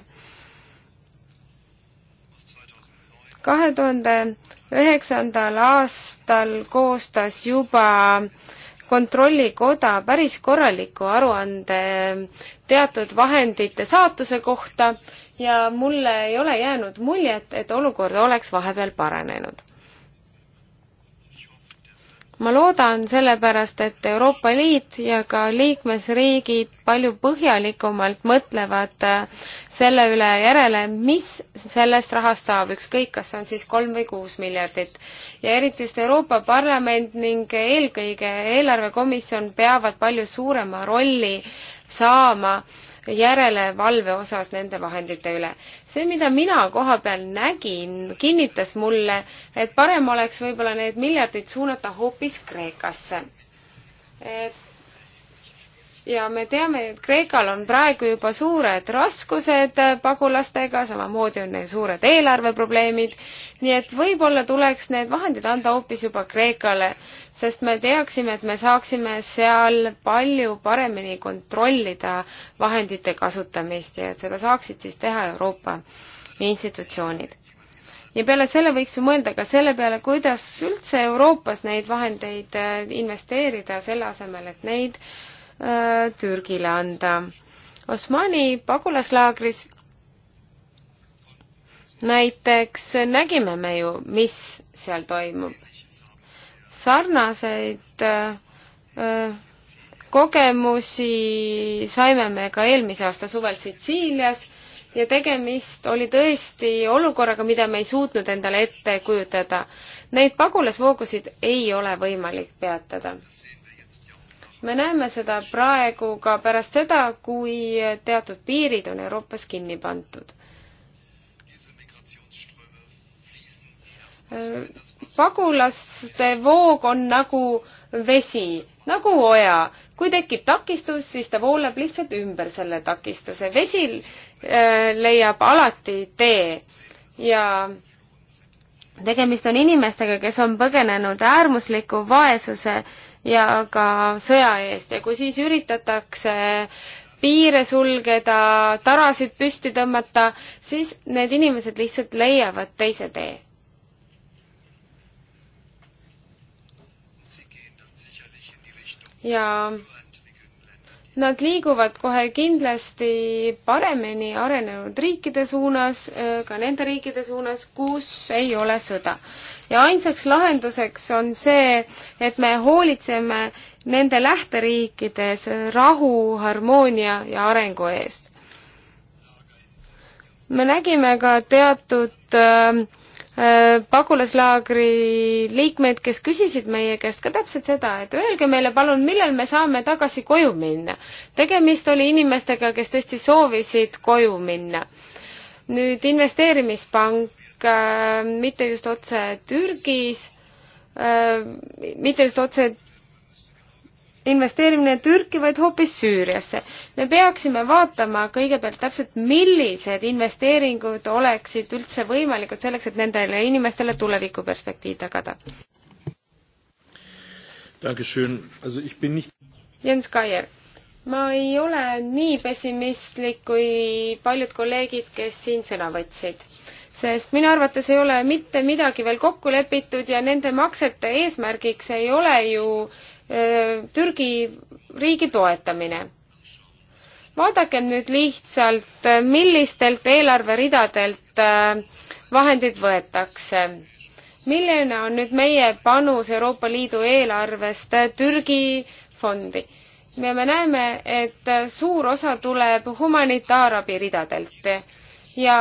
kahe tuhande üheksandal aastal koostas juba äh, kontrollikoda päris korraliku aruande teatud vahendite saatuse kohta ja mulle ei ole jäänud muljet, et olukord oleks vahepeal paranenud ma loodan sellepärast, et Euroopa Liit ja ka liikmesriigid palju põhjalikumalt mõtlevad äh, selle üle järele, mis sellest rahast saab, ükskõik, kas see on siis kolm või kuus miljardit. ja eriti just Euroopa Parlament ning eelkõige eelarvekomisjon peavad palju suurema rolli saama äh, järelevalve osas nende vahendite üle. see, mida mina koha peal nägin, kinnitas mulle, et parem oleks võib-olla need miljardid suunata hoopis Kreekasse. et ja me teame ju, et Kreekal on praegu juba suured raskused pagulastega, samamoodi on neil suured eelarveprobleemid, nii et võib-olla tuleks need vahendid anda hoopis juba Kreekale sest me teaksime, et me saaksime seal palju paremini kontrollida vahendite kasutamist ja et seda saaksid siis teha Euroopa institutsioonid. ja peale selle võiks ju mõelda ka selle peale, kuidas üldse Euroopas neid vahendeid äh, investeerida, selle asemel, et neid öö, äh, Türgile anda. Osmani pagulaslaagris näiteks nägime me ju, mis seal toimub sarnaseid äh, kogemusi saime me ka eelmise aasta suvel Sitsiilias ja tegemist oli tõesti olukorraga, mida me ei suutnud endale ette kujutada. Neid pagulasvoogusid ei ole võimalik peatada. me näeme seda praegu ka pärast seda, kui teatud piirid on Euroopas kinni pandud äh, pagulaste voog on nagu vesi, nagu oja. kui tekib takistus, siis ta voolab lihtsalt ümber selle takistuse. vesi äh, leiab alati tee ja tegemist on inimestega, kes on põgenenud äärmusliku vaesuse ja ka sõja eest ja kui siis üritatakse piire sulgeda, tarasid püsti tõmmata, siis need inimesed lihtsalt leiavad teise tee ja nad liiguvad kohe kindlasti paremini arenenud riikide suunas, äh, ka nende riikide suunas, kus ei ole sõda. ja ainsaks lahenduseks on see, et me hoolitseme nende lähteriikides rahu, harmoonia ja arengu eest. me nägime ka teatud äh, Äh, pagulaslaagri liikmeid, kes küsisid meie käest ka täpselt seda, et öelge meile palun, millal me saame tagasi koju minna. tegemist oli inimestega, kes tõesti soovisid koju minna. nüüd investeerimispank, äh, mitte just otse Türgis, äh, mitte just otse investeerimine Türki, vaid hoopis Süüriasse. me peaksime vaatama kõigepealt täpselt, millised investeeringud oleksid üldse võimalikud selleks, et nendele inimestele tulevikuperspektiiv tagada. Jens Kaier, ma ei ole nii pessimistlik kui paljud kolleegid, kes siin sõna võtsid sest minu arvates ei ole mitte midagi veel kokku lepitud ja nende maksete eesmärgiks ei ole ju äh, Türgi riigi toetamine. vaadakem nüüd lihtsalt, millistelt eelarveridadelt äh, vahendid võetakse. milline on nüüd meie panus Euroopa Liidu eelarvest äh, Türgi fondi? ja me näeme, et äh, suur osa tuleb humanitaarabi ridadelt ja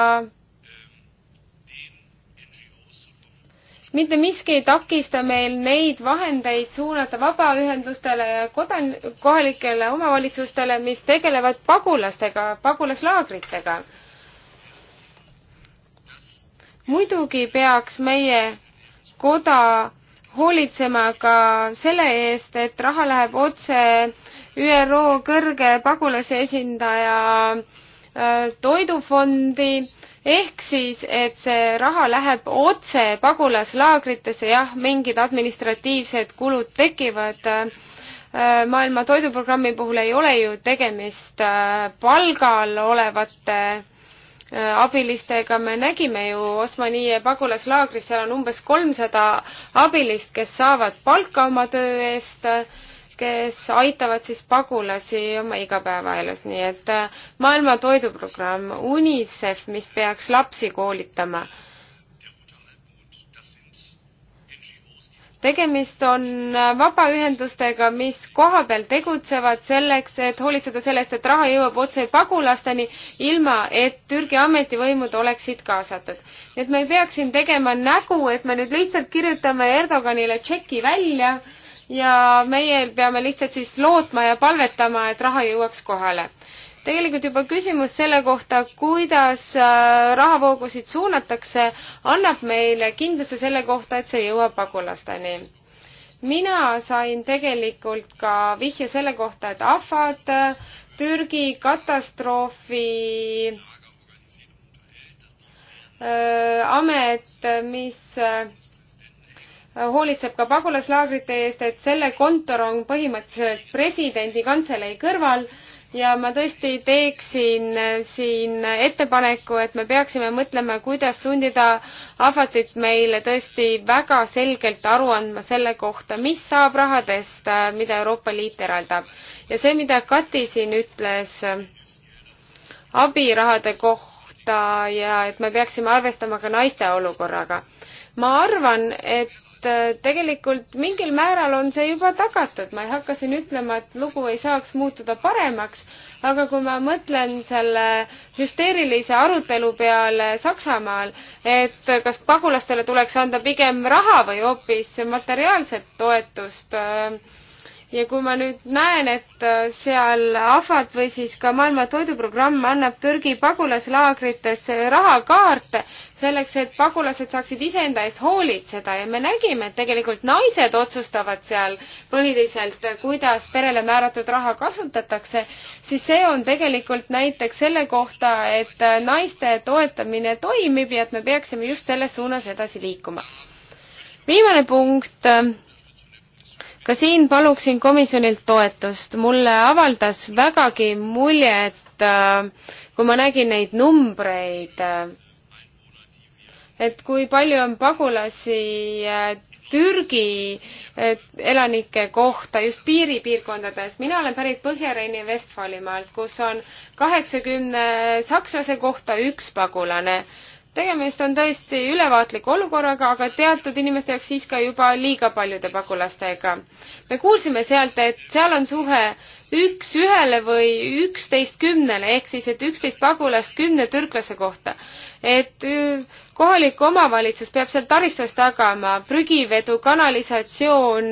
mitte miski ei takista meil neid vahendeid suunata vabaühendustele ja kodan-, kohalikele omavalitsustele, mis tegelevad pagulastega, pagulaslaagritega. muidugi peaks meie koda hoolitsema ka selle eest, et raha läheb otse ÜRO kõrge pagulase esindaja äh, toidufondi äh, ehk siis, et see raha läheb otse pagulaslaagritesse, jah, mingid administratiivsed kulud tekivad, äh, maailma toiduprogrammi puhul ei ole ju tegemist äh, palgal olevate äh, abilistega, me nägime ju Osmanie pagulaslaagris, seal on umbes kolmsada abilist, kes saavad palka oma töö eest kes aitavad siis pagulasi oma igapäevaelus, nii et äh, Maailma Toiduprogramm, UNICEF, mis peaks lapsi koolitama. tegemist on äh, vabaühendustega, mis kohapeal tegutsevad selleks, et hoolitseda sellest, et raha jõuab otse pagulasteni, ilma et Türgi ametivõimud oleksid kaasatud. et me ei peaks siin tegema nägu, et me nüüd lihtsalt kirjutame Erdoganile tšeki välja ja meie peame lihtsalt siis lootma ja palvetama, et raha jõuaks kohale. tegelikult juba küsimus selle kohta, kuidas äh, rahavoogusid suunatakse, annab meile kindluse selle kohta, et see jõuab pagulasteni mina sain tegelikult ka vihje selle kohta, et ahvad Türgi katastroofi äh, amet, mis äh, hoolitseb ka pagulaslaagrite eest, et selle kontor on põhimõtteliselt presidendi kantselei kõrval ja ma tõesti teeksin eh, siin ettepaneku, et me peaksime mõtlema, kuidas sundida ahvatit meile tõesti väga selgelt aru andma selle kohta, mis saab rahadest, eh, mida Euroopa Liit eraldab. ja see, mida Kati siin ütles eh, abirahade kohta ja et me peaksime arvestama ka naiste olukorraga ma arvan, et äh, tegelikult mingil määral on see juba tagatud, ma ei hakka siin ütlema, et lugu ei saaks muutuda paremaks, aga kui ma mõtlen selle hüsteerilise arutelu peale Saksamaal, et kas pagulastele tuleks anda pigem raha või hoopis materiaalset toetust äh, ja kui ma nüüd näen, et äh, seal ahvad või siis ka Maailma Toiduprogramm annab Türgi pagulaslaagrites rahakaarte selleks, et pagulased saaksid iseenda eest hoolitseda ja me nägime, et tegelikult naised otsustavad seal põhiliselt, äh, kuidas perele määratud raha kasutatakse, siis see on tegelikult näiteks selle kohta, et äh, naiste toetamine toimib ja et me peaksime just selles suunas edasi liikuma. viimane punkt ka siin paluksin komisjonilt toetust. mulle avaldas vägagi mulje, et äh, kui ma nägin neid numbreid, äh, et kui palju on pagulasi äh, Türgi elanike kohta just piiripiirkondades. mina olen pärit Põhja-Reini Vestfalimaalt, kus on kaheksakümne sakslase kohta üks pagulane tegemist on tõesti ülevaatliku olukorraga, aga teatud inimeste jaoks siis ka juba liiga paljude pagulastega. me kuulsime sealt, et seal on suhe üks ühele või üksteist kümnele ehk siis, et üksteist pagulast kümne türklase kohta. et äh, kohalik omavalitsus peab seal taristus tagama prügivedu, kanalisatsioon,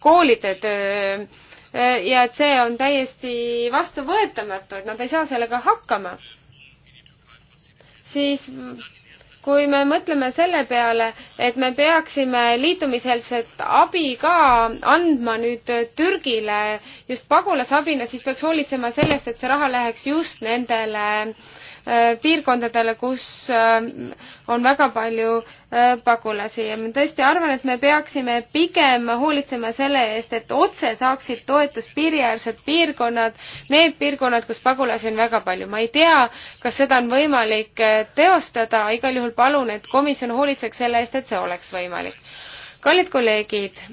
koolide töö äh, ja et see on täiesti vastuvõetamatu, et nad ei saa sellega hakkama siis kui me mõtleme selle peale, et me peaksime liitumiseelset abi ka andma nüüd Türgile just pagulasabina, siis peaks hoolitsema sellest, et see raha läheks just nendele äh, Äh, piirkondadele, kus äh, on väga palju äh, pagulasi ja ma tõesti arvan, et me peaksime pigem hoolitsema selle eest, et otse saaksid toetust piiriäärsed piirkonnad, need piirkonnad, kus pagulasi on väga palju. ma ei tea, kas seda on võimalik teostada, igal juhul palun, et komisjon hoolitseks selle eest, et see oleks võimalik. kallid kolleegid,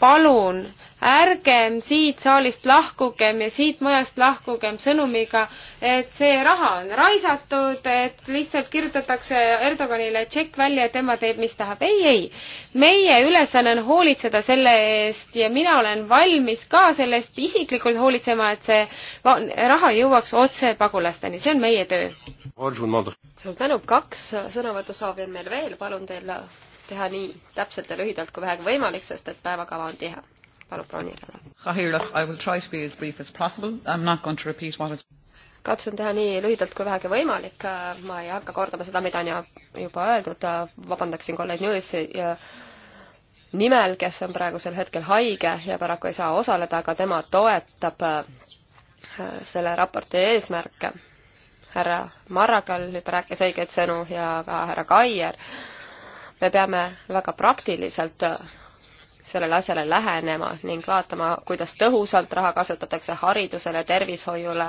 palun ärgem siit saalist lahkugem ja siit majast lahkugem sõnumiga, et see raha on raisatud, et lihtsalt kirjutatakse Erdoganile tšekk välja ja tema teeb, mis tahab. ei, ei. meie ülesanne on hoolitseda selle eest ja mina olen valmis ka selle eest isiklikult hoolitsema, et see raha jõuaks otse pagulasteni, see on meie töö. suur tänu, kaks sõnavõtusoovi on meil veel, palun teil teha nii täpselt ja lühidalt kui vähegi võimalik, sest et päevakava on tihe. palun broneerida. katsun teha nii lühidalt kui vähegi võimalik, ma ei hakka kordama seda, mida on juba öeldud, vabandaksin kolleeg Newisi ja nimel, kes on praegusel hetkel haige ja paraku ei saa osaleda, aga tema toetab äh, selle raporti eesmärke. härra Marragal juba rääkis õigeid sõnu ja ka härra Kaier äh, me peame väga praktiliselt sellele asjale lähenema ning vaatama, kuidas tõhusalt raha kasutatakse haridusele, tervishoiule,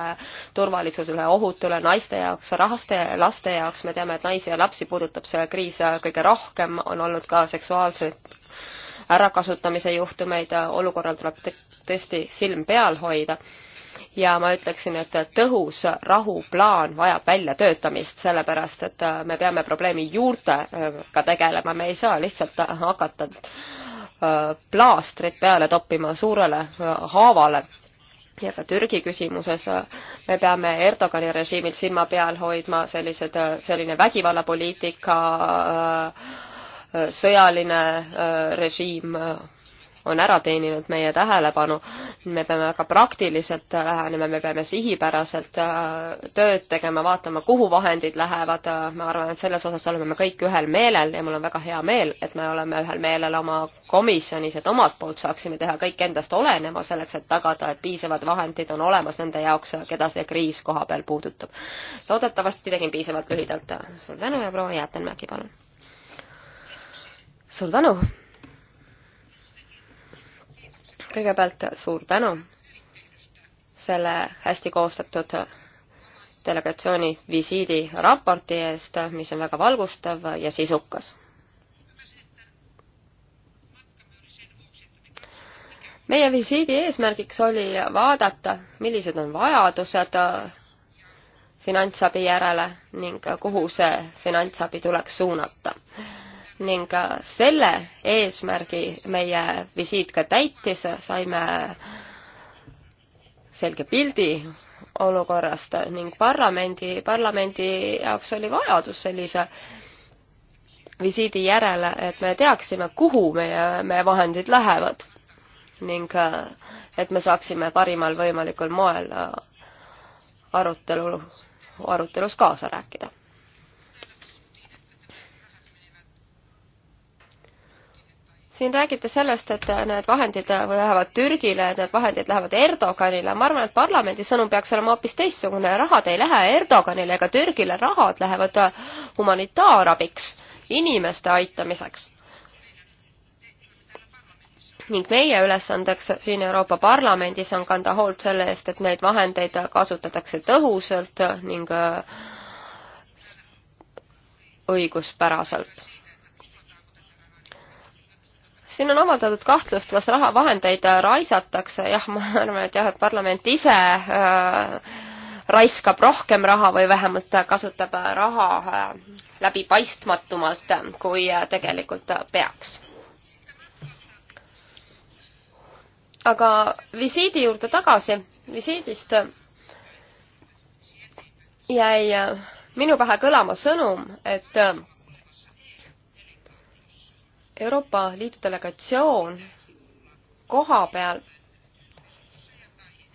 turvalisusele, ohutule, naiste jaoks, rahaste, laste jaoks, me teame, et naisi ja lapsi puudutab see kriis kõige rohkem, on olnud ka seksuaalseid ärakasutamise juhtumeid, olukorral tuleb tõesti silm peal hoida ja ma ütleksin, et tõhus rahuplaan vajab väljatöötamist, sellepärast et äh, me peame probleemi juurtega äh, tegelema, me ei saa lihtsalt äh, hakata plaastrit peale toppima suurele haavale. ja ka Türgi küsimuses me peame Erdogani režiimil silma peal hoidma sellised, selline vägivallapoliitika, sõjaline režiim on ära teeninud meie tähelepanu. me peame väga praktiliselt lähenema, me peame sihipäraselt äh, tööd tegema, vaatama, kuhu vahendid lähevad. ma arvan, et selles osas oleme me kõik ühel meelel ja mul on väga hea meel, et me oleme ühel meelel oma komisjonis, et omalt poolt saaksime teha kõik endast olenema selleks, et tagada, et piisavad vahendid on olemas nende jaoks, keda see kriis koha peal puudutab. loodetavasti tegin piisavalt lühidalt. suur tänu ja proua Jäätenmägi, palun! suur tänu! kõigepealt suur tänu selle hästi koostatud delegatsiooni visiidi raporti eest, mis on väga valgustav ja sisukas. meie visiidi eesmärgiks oli vaadata, millised on vajadused finantsabi järele ning kuhu see finantsabi tuleks suunata ning selle eesmärgi meie visiit ka täitis, saime selge pildi olukorrast ning parlamendi, parlamendi jaoks oli vajadus sellise visiidi järele, et me teaksime, kuhu meie, meie vahendid lähevad ning et me saaksime parimal võimalikul moel arutelu, arutelus kaasa rääkida siin räägite sellest, et need vahendid lähevad Türgile, et need vahendid lähevad Erdoganile. ma arvan, et parlamendi sõnum peaks olema hoopis teistsugune. rahad ei lähe Erdoganile ega Türgile, rahad lähevad humanitaarabiks, inimeste aitamiseks. ning meie ülesandeks siin Euroopa Parlamendis on kanda hoolt selle eest, et neid vahendeid kasutatakse tõhusalt ning õiguspäraselt siin on avaldatud kahtlust, kas raha, vahendeid äh, raisatakse, jah, ma arvan, et jah, et parlament ise äh, raiskab rohkem raha või vähemalt kasutab äh, raha äh, läbipaistmatumalt, äh, kui äh, tegelikult peaks. aga visiidi juurde tagasi, visiidist jäi minu pähe kõlama sõnum, et Euroopa Liidu delegatsioon koha peal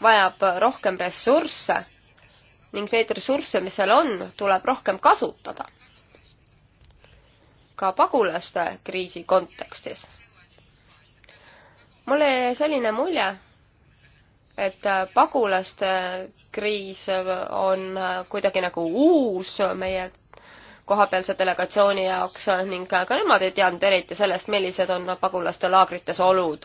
vajab rohkem ressursse ning neid ressursse, mis seal on, tuleb rohkem kasutada. ka pagulaste kriisi kontekstis. mul jäi selline mulje, et pagulaste kriis on kuidagi nagu uus meie kohapealse delegatsiooni jaoks ning ka nemad ei teadnud eriti sellest, millised on pagulaste laagrites olud.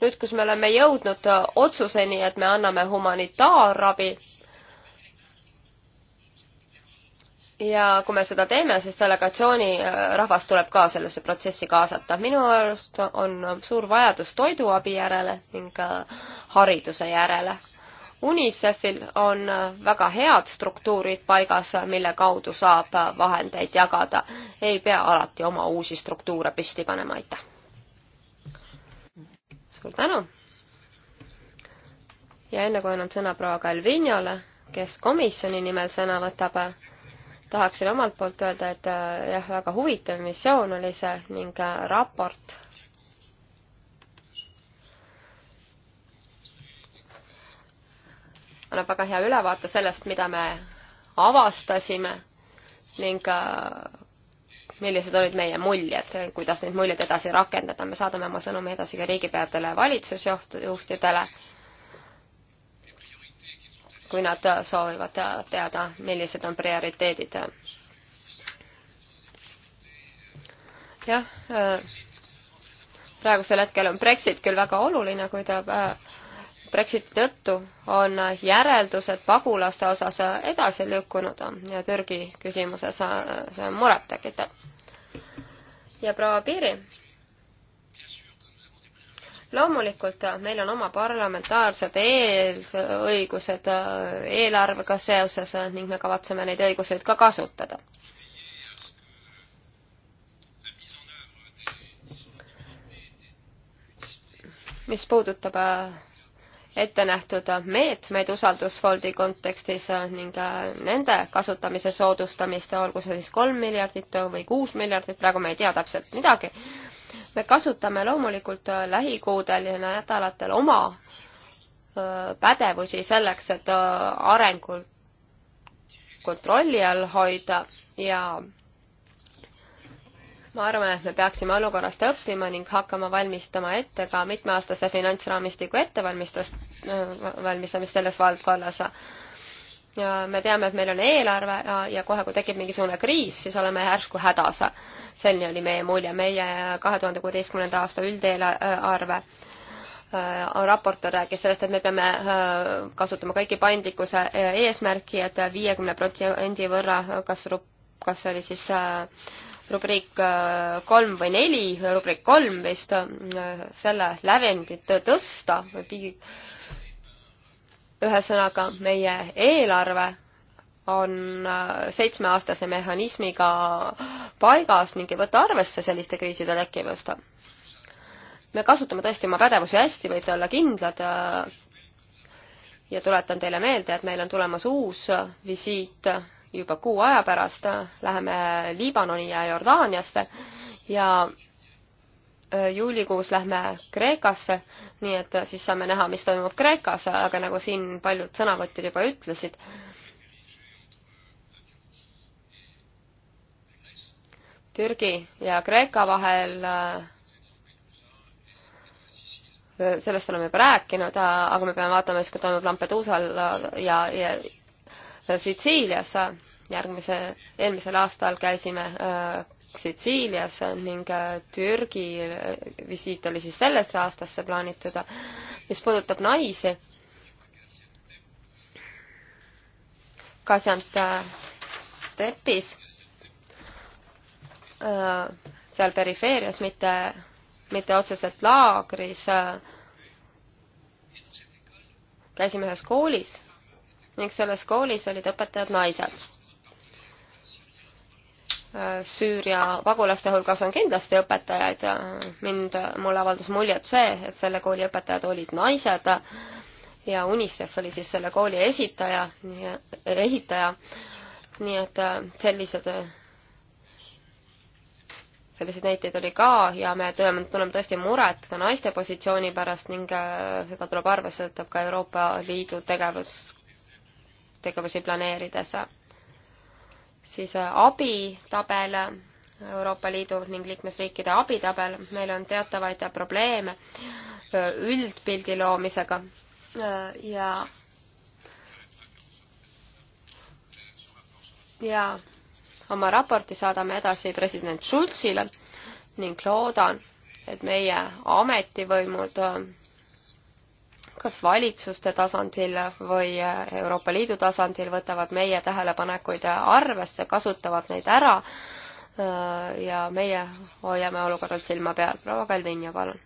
nüüd, kus me oleme jõudnud otsuseni, et me anname humanitaarabi ja kui me seda teeme, siis delegatsiooni äh, rahvas tuleb ka sellesse protsessi kaasata. minu arust on suur vajadus toiduabi järele ning äh, hariduse järele UNICEFil on väga head struktuurid paigas, mille kaudu saab vahendeid jagada. ei pea alati oma uusi struktuure püsti panema, aitäh! suur tänu! ja enne kui annan sõna proua Calvinole, kes komisjoni nimel sõna võtab, tahaksin omalt poolt öelda, et jah, väga huvitav missioon oli see ning raport annab väga hea ülevaate sellest, mida me avastasime ning äh, millised olid meie muljed, kuidas neid muljeid edasi rakendada. me saadame oma sõnumi edasi ka riigipeadele ja valitsusjuhtidele, kui nad soovivad teada, millised on prioriteedid. jah, äh, praegusel hetkel on Brexit küll väga oluline, kui ta äh, Brexiti tõttu on järeldused pagulaste osas edasi lükkunud ja Türgi küsimuses see on murettekitav. ja proua Piiri? loomulikult meil on oma parlamentaarsed eelõigused eelarvega seoses ning me kavatseme neid õiguseid ka kasutada. mis puudutab äh, ette nähtud meetmeid usaldusfondi kontekstis ning nende kasutamise soodustamist, olgu see siis kolm miljardit või kuus miljardit, praegu me ei tea täpselt midagi. me kasutame loomulikult lähikuudel ja nädalatel oma pädevusi selleks, et arengul kontrolli all hoida ja ma arvan, et me peaksime olukorrast õppima ning hakkama valmistama ette ka mitmeaastase finantsraamistiku ettevalmistust, äh, valmistamist selles valdkonnas. ja me teame, et meil on eelarve ja, ja kohe, kui tekib mingisugune kriis, siis oleme järsku hädas. selline oli meie mulje, meie kahe tuhande kuueteistkümnenda aasta üldeelarve äh, raportöör rääkis sellest, et me peame äh, kasutama kõiki paindlikkuse eesmärki et, et viiekümne protsendi võrra kasvab, kas see oli siis äh, rubriik äh, kolm või neli, rubriik kolm vist, äh, selle lävendit tõsta või pigi, ühesõnaga meie eelarve on äh, seitsmeaastase mehhanismiga paigas ning ei võta arvesse selliste kriiside tekkimist. me kasutame tõesti oma pädevusi hästi, võite olla kindlad ja tuletan teile meelde, et meil on tulemas uus visiit juba kuu aja pärast läheme Liibanoni ja Jordaaniasse ja juulikuus lähme Kreekasse, nii et siis saame näha, mis toimub Kreekas, aga nagu siin paljud sõnavõtjad juba ütlesid, Türgi ja Kreeka vahel sellest oleme juba rääkinud, aga me peame vaatama siis, kui toimub Lampeduusal ja, ja Sitsiilias. järgmise, eelmisel aastal käisime äh, Sitsiilias ning äh, Türgi visiit oli siis sellesse aastasse plaanitud. mis puudutab naisi, Gaziantepis, äh, seal perifeerias, mitte, mitte otseselt laagris, käisime ühes koolis ning selles koolis olid õpetajad naised. Süüria pagulaste hulgas on kindlasti õpetajaid, mind, mulle avaldas muljet see, et selle kooli õpetajad olid naised ja UNICEF oli siis selle kooli esitaja, ehitaja, nii et sellised selliseid näiteid oli ka ja me tuleme, tunneme tõesti muret ka naiste positsiooni pärast ning seda tuleb arvesse võtta ka Euroopa Liidu tegevus tegevusi planeerides, siis äh, abitabel, äh, Euroopa Liidu ning liikmesriikide abitabel, meil on teatavaid äh, probleeme üldpildi loomisega ja ja oma raporti saadame edasi president Schulzile ning loodan, et meie ametivõimud kas valitsuste tasandil või Euroopa Liidu tasandil võtavad meie tähelepanekuid arvesse, kasutavad neid ära äh, ja meie hoiame olukorral silma peal. proua Kalvinja, palun.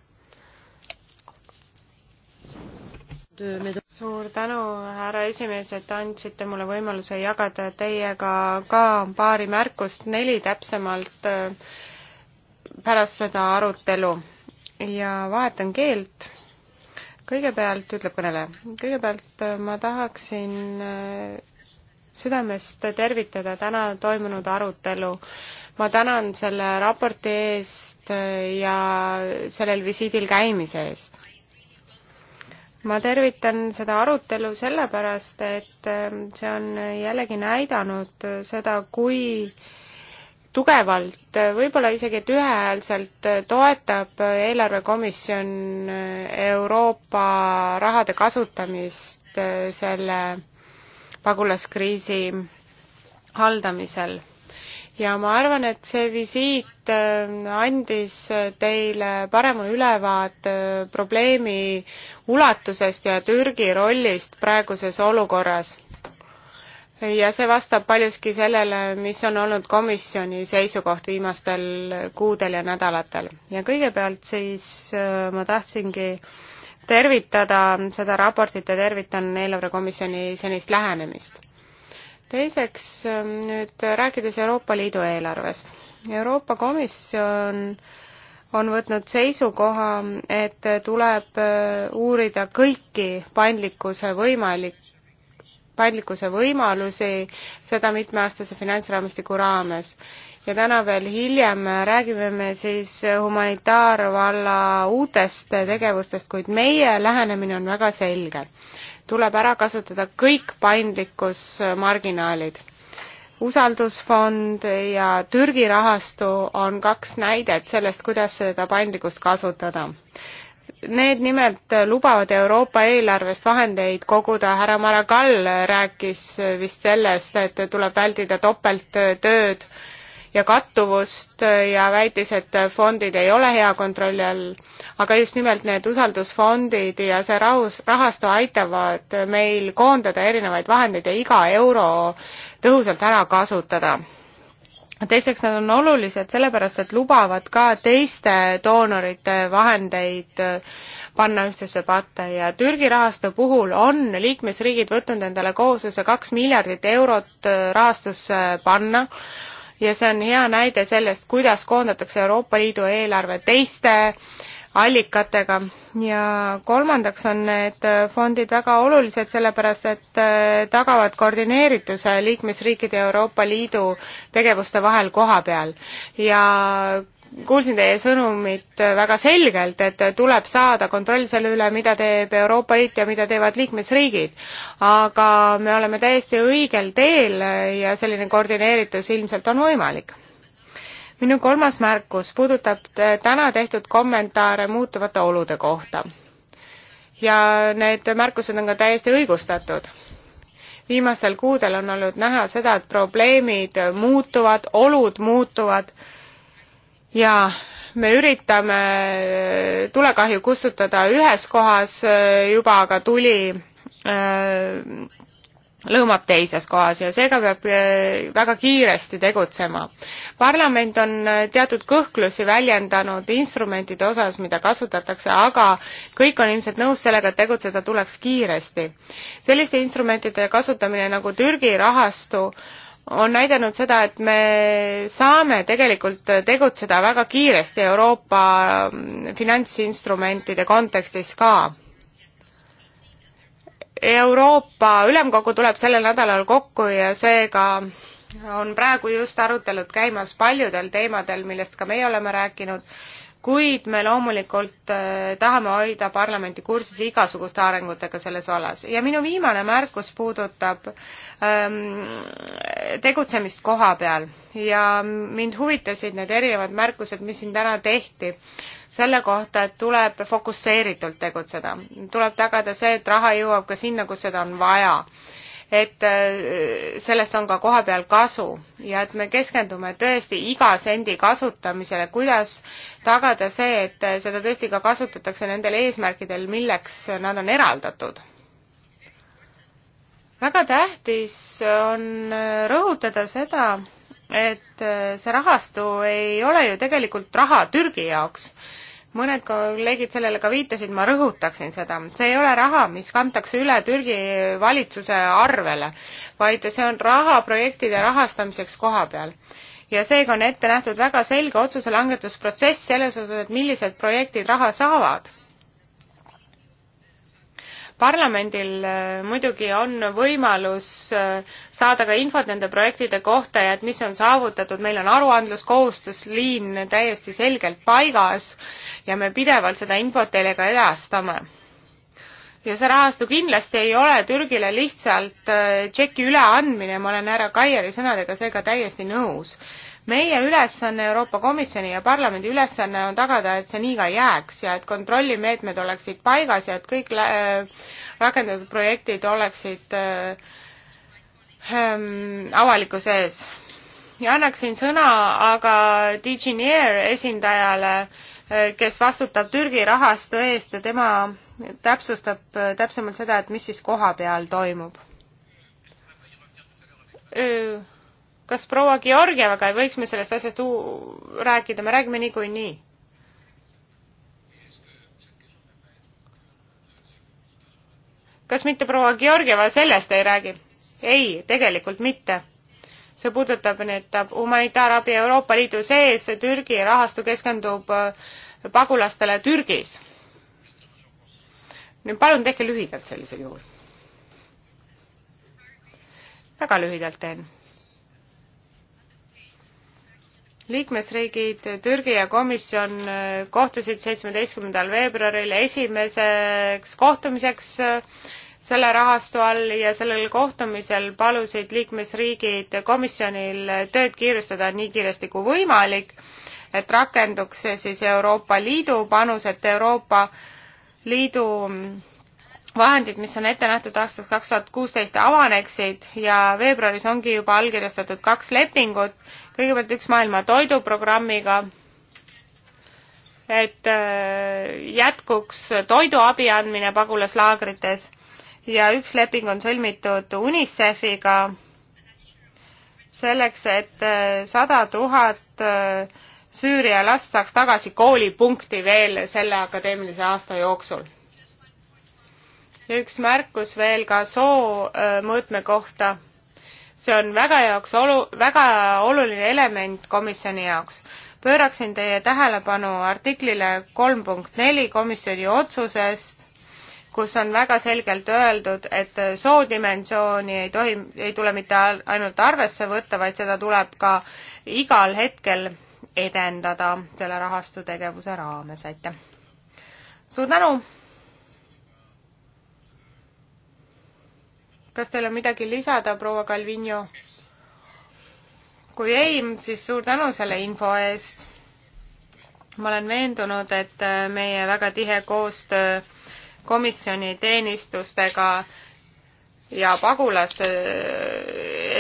suur tänu, härra esimees, et andsite mulle võimaluse jagada teiega ka paari märkust, neli täpsemalt, äh, pärast seda arutelu ja vahetan keelt kõigepealt, ütleb kõneleja, kõigepealt äh, ma tahaksin äh, südamest tervitada täna toimunud arutelu. ma tänan selle raporti eest äh, ja sellel visiidil käimise eest. ma tervitan seda arutelu sellepärast, et see on jällegi näidanud seda, kui äh, tugevalt, võib-olla isegi, et ühehäälselt toetab eelarvekomisjon Euroopa rahade kasutamist selle pagulaskriisi haldamisel. ja ma arvan, et see visiit äh, andis teile parema ülevaate probleemi ulatusest ja Türgi rollist praeguses olukorras ja see vastab paljuski sellele, mis on olnud komisjoni seisukoht viimastel kuudel ja nädalatel. ja kõigepealt siis äh, ma tahtsingi tervitada seda raportit ja tervitan eelarvekomisjoni senist lähenemist. teiseks äh, nüüd rääkides Euroopa Liidu eelarvest. Euroopa Komisjon on võtnud seisukoha, et tuleb äh, uurida kõiki paindlikkuse võimalik, paindlikkuse võimalusi, seda mitmeaastase finantsraamistiku raames. ja täna veel hiljem räägime me siis humanitaarvalla uutest tegevustest, kuid meie lähenemine on väga selge. tuleb ära kasutada kõik paindlikkusmarginaalid usaldusfond ja Türgi rahastu on kaks näidet sellest, kuidas seda paindlikkust kasutada. Need nimelt lubavad Euroopa eelarvest vahendeid koguda, härra Maragall rääkis vist sellest, et tuleb väldida topelttööd ja kattuvust ja väitis, et fondid ei ole hea kontrolli all, aga just nimelt need usaldusfondid ja see rahus, rahastu aitavad meil koondada erinevaid vahendeid ja iga euro tõhusalt ära kasutada teiseks, nad on olulised sellepärast, et lubavad ka teiste doonorite vahendeid äh, panna ühtsesse patte ja Türgi rahastu puhul on liikmesriigid võtnud endale kohustuse kaks miljardit eurot äh, rahastusse panna ja see on hea näide sellest, kuidas koondatakse Euroopa Liidu eelarve teiste äh, allikatega ja kolmandaks on need fondid väga olulised, sellepärast et äh, tagavad koordineerituse liikmesriikide ja Euroopa Liidu tegevuste vahel koha peal ja kuulsin teie sõnumit väga selgelt, et tuleb saada kontroll selle üle, mida teeb Euroopa Liit ja mida teevad liikmesriigid. aga me oleme täiesti õigel teel ja selline koordineeritus ilmselt on võimalik minu kolmas märkus puudutab äh, täna tehtud kommentaare muutuvate olude kohta. ja need märkused on ka täiesti õigustatud. viimastel kuudel on olnud näha seda, et probleemid muutuvad, olud muutuvad ja me üritame äh, tulekahju kustutada ühes kohas äh, juba, aga tuli äh, lõõmab teises kohas ja seega peab äh, väga kiiresti tegutsema. parlament on äh, teatud kõhklusi väljendanud instrumentide osas, mida kasutatakse, aga kõik on ilmselt nõus sellega, et tegutseda tuleks kiiresti. selliste instrumentide kasutamine nagu Türgi rahastu on näidanud seda, et me saame tegelikult tegutseda väga kiiresti Euroopa mm, finantsinstrumentide kontekstis ka Euroopa Ülemkogu tuleb sellel nädalal kokku ja seega on praegu just arutelud käimas paljudel teemadel, millest ka meie oleme rääkinud, kuid me loomulikult äh, tahame hoida parlamenti kursis igasuguste arengutega selles vallas. ja minu viimane märkus puudutab ähm, tegutsemist koha peal ja mind huvitasid need erinevad märkused, mis siin täna tehti selle kohta, et tuleb fokusseeritult tegutseda. tuleb tagada see, et raha jõuab ka sinna, kus seda on vaja. et äh, sellest on ka kohapeal kasu ja et me keskendume tõesti iga sendi kasutamisele, kuidas tagada see, et äh, seda tõesti ka kasutatakse nendel eesmärkidel, milleks nad on eraldatud väga tähtis on äh, rõhutada seda, et äh, see rahastu ei ole ju tegelikult raha Türgi jaoks. mõned kolleegid sellele ka viitasid, ma rõhutaksin seda. see ei ole raha, mis kantakse üle Türgi valitsuse arvele, vaid see on raha projektide rahastamiseks koha peal ja seega on ette nähtud väga selge otsuse langetusprotsess selles osas, et millised projektid raha saavad parlamendil äh, muidugi on võimalus äh, saada ka infot nende projektide kohta ja et mis on saavutatud, meil on aruandluskohustus, liin täiesti selgelt paigas ja me pidevalt seda infot teile ka edastame ja see rahastu kindlasti ei ole Türgile lihtsalt äh, tšeki üleandmine, ma olen härra Kaieri sõnadega seega täiesti nõus meie ülesanne, Euroopa Komisjoni ja parlamendi ülesanne on tagada, et see nii ka jääks ja et kontrollimeetmed oleksid paigas ja et kõik äh, rakendatud projektid oleksid äh, ähm, avalikkuse ees. ja annaksin sõna aga Diginier esindajale, äh, kes vastutab Türgi rahastu eest ja tema täpsustab äh, täpsemalt seda, et mis siis koha peal toimub kas proua Georgievaga ei võiks me sellest asjast rääkida, me räägime niikuinii. Nii. kas mitte proua Georgieva sellest ei räägi? ei, tegelikult mitte. see puudutab nüüd humanitaarabi Euroopa Liidu sees, Türgi rahastu keskendub äh, pagulastele Türgis. nüüd palun tehke lühidalt sellisel juhul. väga lühidalt teen liikmesriigid, Türgi ja komisjon äh, kohtusid seitsmeteistkümnendal veebruaril esimeseks kohtumiseks äh, selle rahastu all ja sellel kohtumisel palusid liikmesriigid komisjonil äh, tööd kiirustada nii kiiresti kui võimalik, et rakenduks siis Euroopa Liidu panus, et Euroopa Liidu mm, vahendid, mis on ette nähtud aastast kaks tuhat kuusteist, avaneksid ja veebruaris ongi juba allkirjastatud kaks lepingut. kõigepealt üks Maailma Toiduprogrammiga, et äh, jätkuks toiduabi andmine pagulaslaagrites ja üks leping on sõlmitud UNICEF-iga selleks, et äh, sada tuhat äh, Süüria last saaks tagasi koolipunkti veel selle akadeemilise aasta jooksul üks märkus veel ka soo äh, mõõtme kohta. see on väga jaoks olu-, väga oluline element komisjoni jaoks. pööraksin teie tähelepanu artiklile kolm punkt neli komisjoni otsusest, kus on väga selgelt öeldud, et soodimensiooni ei tohi, ei tule mitte ainult arvesse võtta, vaid seda tuleb ka igal hetkel edendada selle rahastutegevuse raames, aitäh! suur tänu! kas teil on midagi lisada, proua Calvino? kui ei, siis suur tänu selle info eest. ma olen veendunud, et meie väga tihe koostöö komisjoni teenistustega ja pagulaste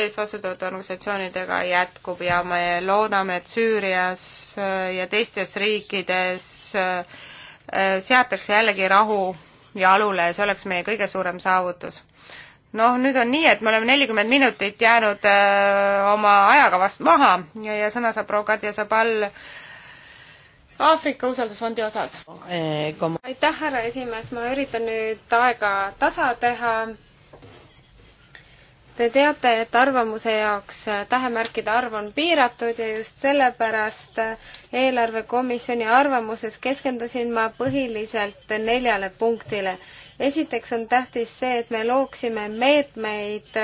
ees asutatud organisatsioonidega jätkub ja me loodame, et Süürias ja teistes riikides seatakse jällegi rahu jalule ja see oleks meie kõige suurem saavutus noh, nüüd on nii, et me oleme nelikümmend minutit jäänud öö, äh, oma ajakavast maha ja, ja sõna saab proua Kadja Sabal Aafrika usaldusfondi osas. Eh, aitäh, härra esimees, ma üritan nüüd aega tasa teha. Te teate, et arvamuse jaoks tähemärkide arv on piiratud ja just sellepärast eelarvekomisjoni arvamuses keskendusin ma põhiliselt neljale punktile esiteks on tähtis see, et me looksime meetmeid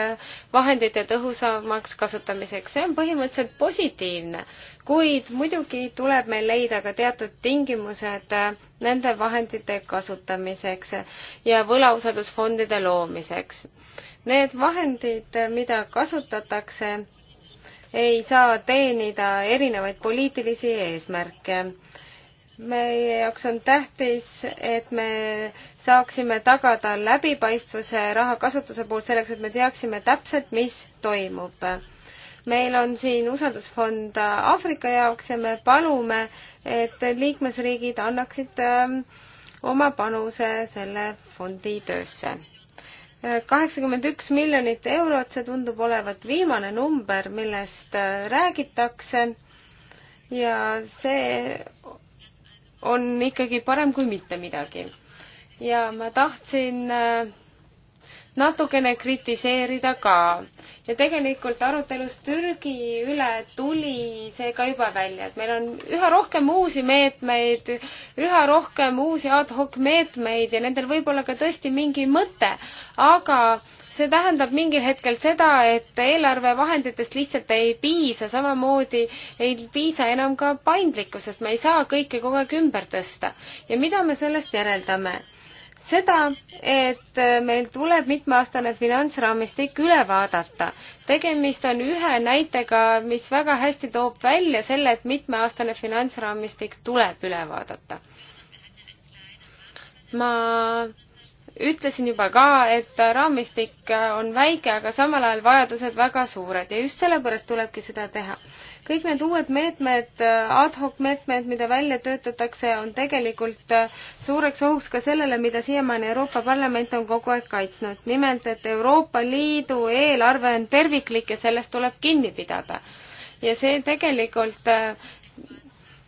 vahendite tõhusamaks kasutamiseks, see on põhimõtteliselt positiivne, kuid muidugi tuleb meil leida ka teatud tingimused nende vahendite kasutamiseks ja võlausaldusfondide loomiseks. Need vahendid, mida kasutatakse, ei saa teenida erinevaid poliitilisi eesmärke meie jaoks on tähtis, et me saaksime tagada läbipaistvuse raha kasutuse puhul selleks, et me teaksime täpselt, mis toimub. meil on siin usaldusfond Aafrika jaoks ja me palume, et liikmesriigid annaksid ähm, oma panuse selle fondi töösse. kaheksakümmend üks miljonit eurot, see tundub olevat viimane number, millest äh, räägitakse ja see on ikkagi parem kui mitte midagi. ja ma tahtsin äh, natukene kritiseerida ka ja tegelikult arutelus Türgi üle tuli see ka juba välja, et meil on üha rohkem uusi meetmeid, üha rohkem uusi ad hoc meetmeid ja nendel võib olla ka tõesti mingi mõte, aga see tähendab mingil hetkel seda, et eelarvevahenditest lihtsalt ei piisa, samamoodi ei piisa enam ka paindlikkusest, me ei saa kõike kogu aeg ümber tõsta. ja mida me sellest järeldame? seda, et meil tuleb mitmeaastane finantsraamistik üle vaadata. tegemist on ühe näitega, mis väga hästi toob välja selle, et mitmeaastane finantsraamistik tuleb üle vaadata. ma ütlesin juba ka, et raamistik on väike, aga samal ajal vajadused väga suured ja just sellepärast tulebki seda teha. kõik need uued meetmed, ad hoc meetmed, mida välja töötatakse, on tegelikult suureks ohuks ka sellele, mida siiamaani Euroopa Parlament on kogu aeg kaitsnud. nimelt, et Euroopa Liidu eelarve on terviklik ja sellest tuleb kinni pidada. ja see tegelikult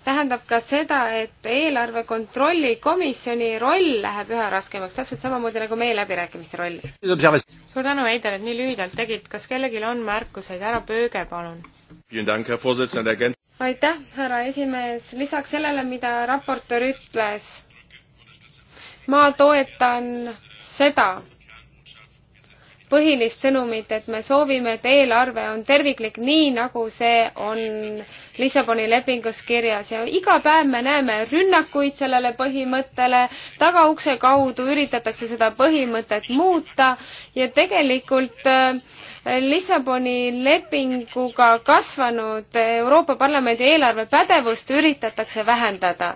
tähendab ka seda, et eelarve kontrolli komisjoni roll läheb üha raskemaks, täpselt samamoodi nagu meie läbirääkimiste roll. suur tänu, Heider, et nii lühidalt tegid, kas kellelgi on märkuseid, härra Pööge, palun. aitäh, härra esimees, lisaks sellele, mida raportöör ütles, ma toetan seda, põhilist sõnumit, et me soovime, et eelarve on terviklik, nii nagu see on Lissaboni lepingus kirjas ja iga päev me näeme rünnakuid sellele põhimõttele, tagaukse kaudu üritatakse seda põhimõtet muuta ja tegelikult äh, Lissaboni lepinguga kasvanud Euroopa Parlamendi eelarve pädevust üritatakse vähendada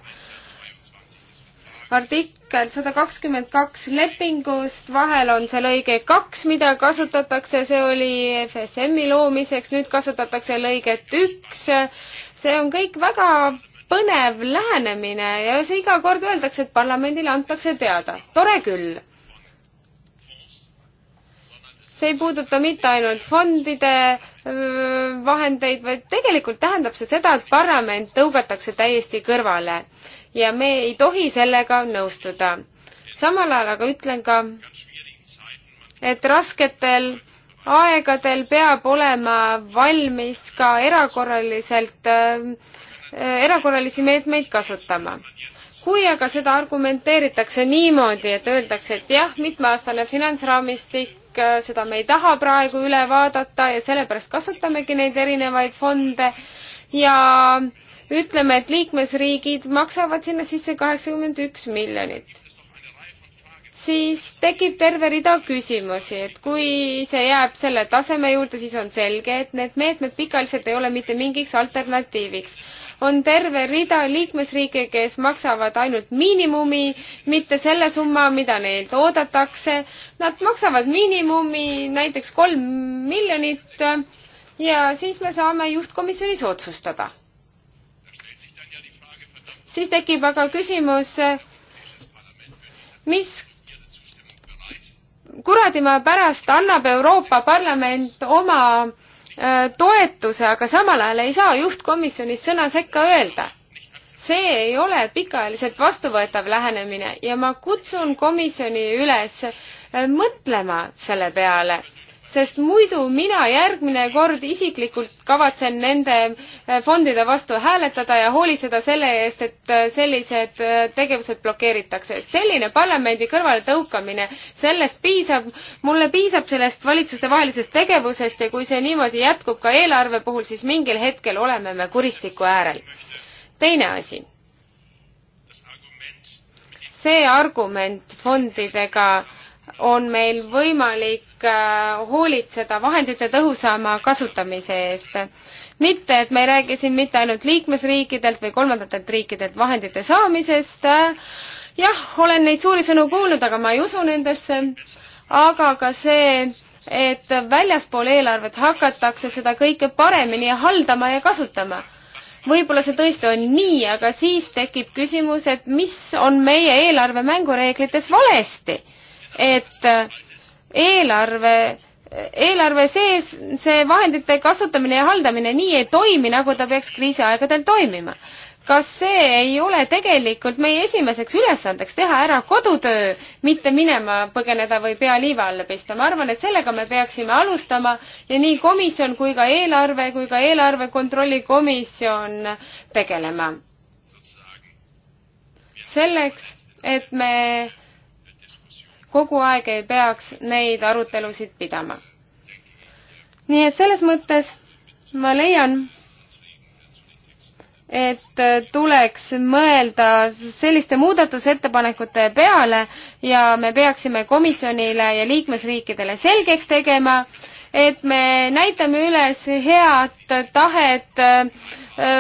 artik-, artikkel sada kakskümmend kaks lepingust, vahel on see lõige kaks, mida kasutatakse, see oli FSM-i loomiseks, nüüd kasutatakse lõiget üks. see on kõik väga põnev lähenemine ja see iga kord öeldakse, et parlamendile antakse teada. tore küll see ei puuduta mitte ainult fondide äh, vahendeid, vaid tegelikult tähendab see seda, et parlament tõugatakse täiesti kõrvale ja me ei tohi sellega nõustuda. samal ajal aga ütlen ka, et rasketel aegadel peab olema valmis ka erakorraliselt äh,, erakorralisi meetmeid kasutama. kui aga seda argumenteeritakse niimoodi, et öeldakse, et jah, mitmeaastane finantsraamistik, äh, seda me ei taha praegu üle vaadata ja sellepärast kasutamegi neid erinevaid fonde ja äh, ütleme, et liikmesriigid maksavad sinna sisse kaheksakümmend üks miljonit, siis tekib terve rida küsimusi, et kui see jääb selle taseme juurde, siis on selge, et need meetmed pikaajaliselt ei ole mitte mingiks alternatiiviks. on terve rida liikmesriike, kes maksavad ainult miinimumi, mitte selle summa, mida neilt oodatakse. Nad maksavad miinimumi, näiteks kolm miljonit ja siis me saame juhtkomisjonis otsustada siis tekib aga küsimus, mis kuradima pärast annab Euroopa Parlament oma äh, toetuse, aga samal ajal ei saa juhtkomisjonis sõna sekka öelda. see ei ole pikaajaliselt vastuvõetav lähenemine ja ma kutsun komisjoni üles äh, mõtlema selle peale sest muidu mina järgmine kord isiklikult kavatsen nende eh, fondide vastu hääletada ja hoolitseda selle eest, et eh, sellised eh, tegevused blokeeritakse. selline parlamendi kõrvaletõukamine, sellest piisab, mulle piisab sellest valitsustevahelisest tegevusest ja kui see niimoodi jätkub ka eelarve puhul, siis mingil hetkel oleme me kuristiku äärel. teine asi see argument fondidega on meil võimalik äh, hoolitseda vahendite tõhusama kasutamise eest. mitte, et me ei räägi siin mitte ainult liikmesriikidelt või kolmandatelt riikidelt vahendite saamisest, jah, olen neid suuri sõnu kuulnud, aga ma ei usu nendesse, aga ka see, et väljaspool eelarvet hakatakse seda kõike paremini haldama ja kasutama võib-olla see tõesti on nii, aga siis tekib küsimus, et mis on meie eelarve mängureeglites valesti et äh, eelarve eelarve sees see vahendite kasutamine ja haldamine nii ei toimi, nagu ta peaks kriisiaegadel toimima. kas see ei ole tegelikult meie esimeseks ülesandeks teha ära kodutöö, mitte minema põgeneda või pea liiva alla pista? ma arvan, et sellega me peaksime alustama ja nii komisjon kui ka eelarve kui ka eelarve kontrolli komisjon tegelema. selleks, et me kogu aeg ei peaks neid arutelusid pidama. nii et selles mõttes ma leian, et tuleks mõelda selliste muudatusettepanekute peale ja me peaksime komisjonile ja liikmesriikidele selgeks tegema, et me näitame üles head tahet äh,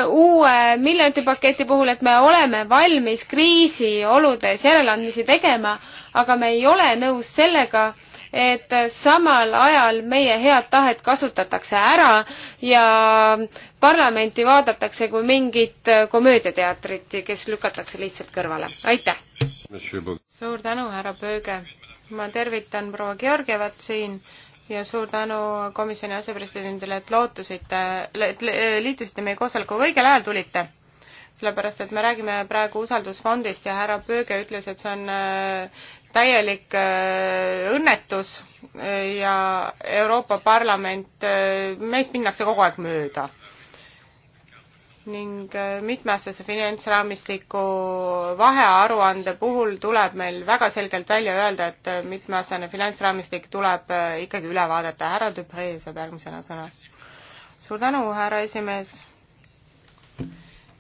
uue miljonite paketi puhul, et me oleme valmis kriisioludes järeleandmisi tegema aga me ei ole nõus sellega, et samal ajal meie head tahet kasutatakse ära ja parlamenti vaadatakse kui mingit komöödiateatrit, kes lükatakse lihtsalt kõrvale. aitäh! suur tänu, härra Pööge! ma tervitan proua Georgievat siin ja suur tänu komisjoni asepresidendile, et lootusite, et liitusite meie koosolekuga, õigel ajal tulite. sellepärast, et me räägime praegu usaldusfondist ja härra Pööge ütles, et see on täielik äh, õnnetus äh, ja Euroopa Parlament, äh, meist minnakse kogu aeg mööda. ning mitmeaastase finantsraamistiku vahearuande puhul tuleb meil väga selgelt välja öelda, et mitmeaastane finantsraamistik tuleb ikkagi üle vaadata. härra Dupree saab järgmisena sõna. suur tänu, härra esimees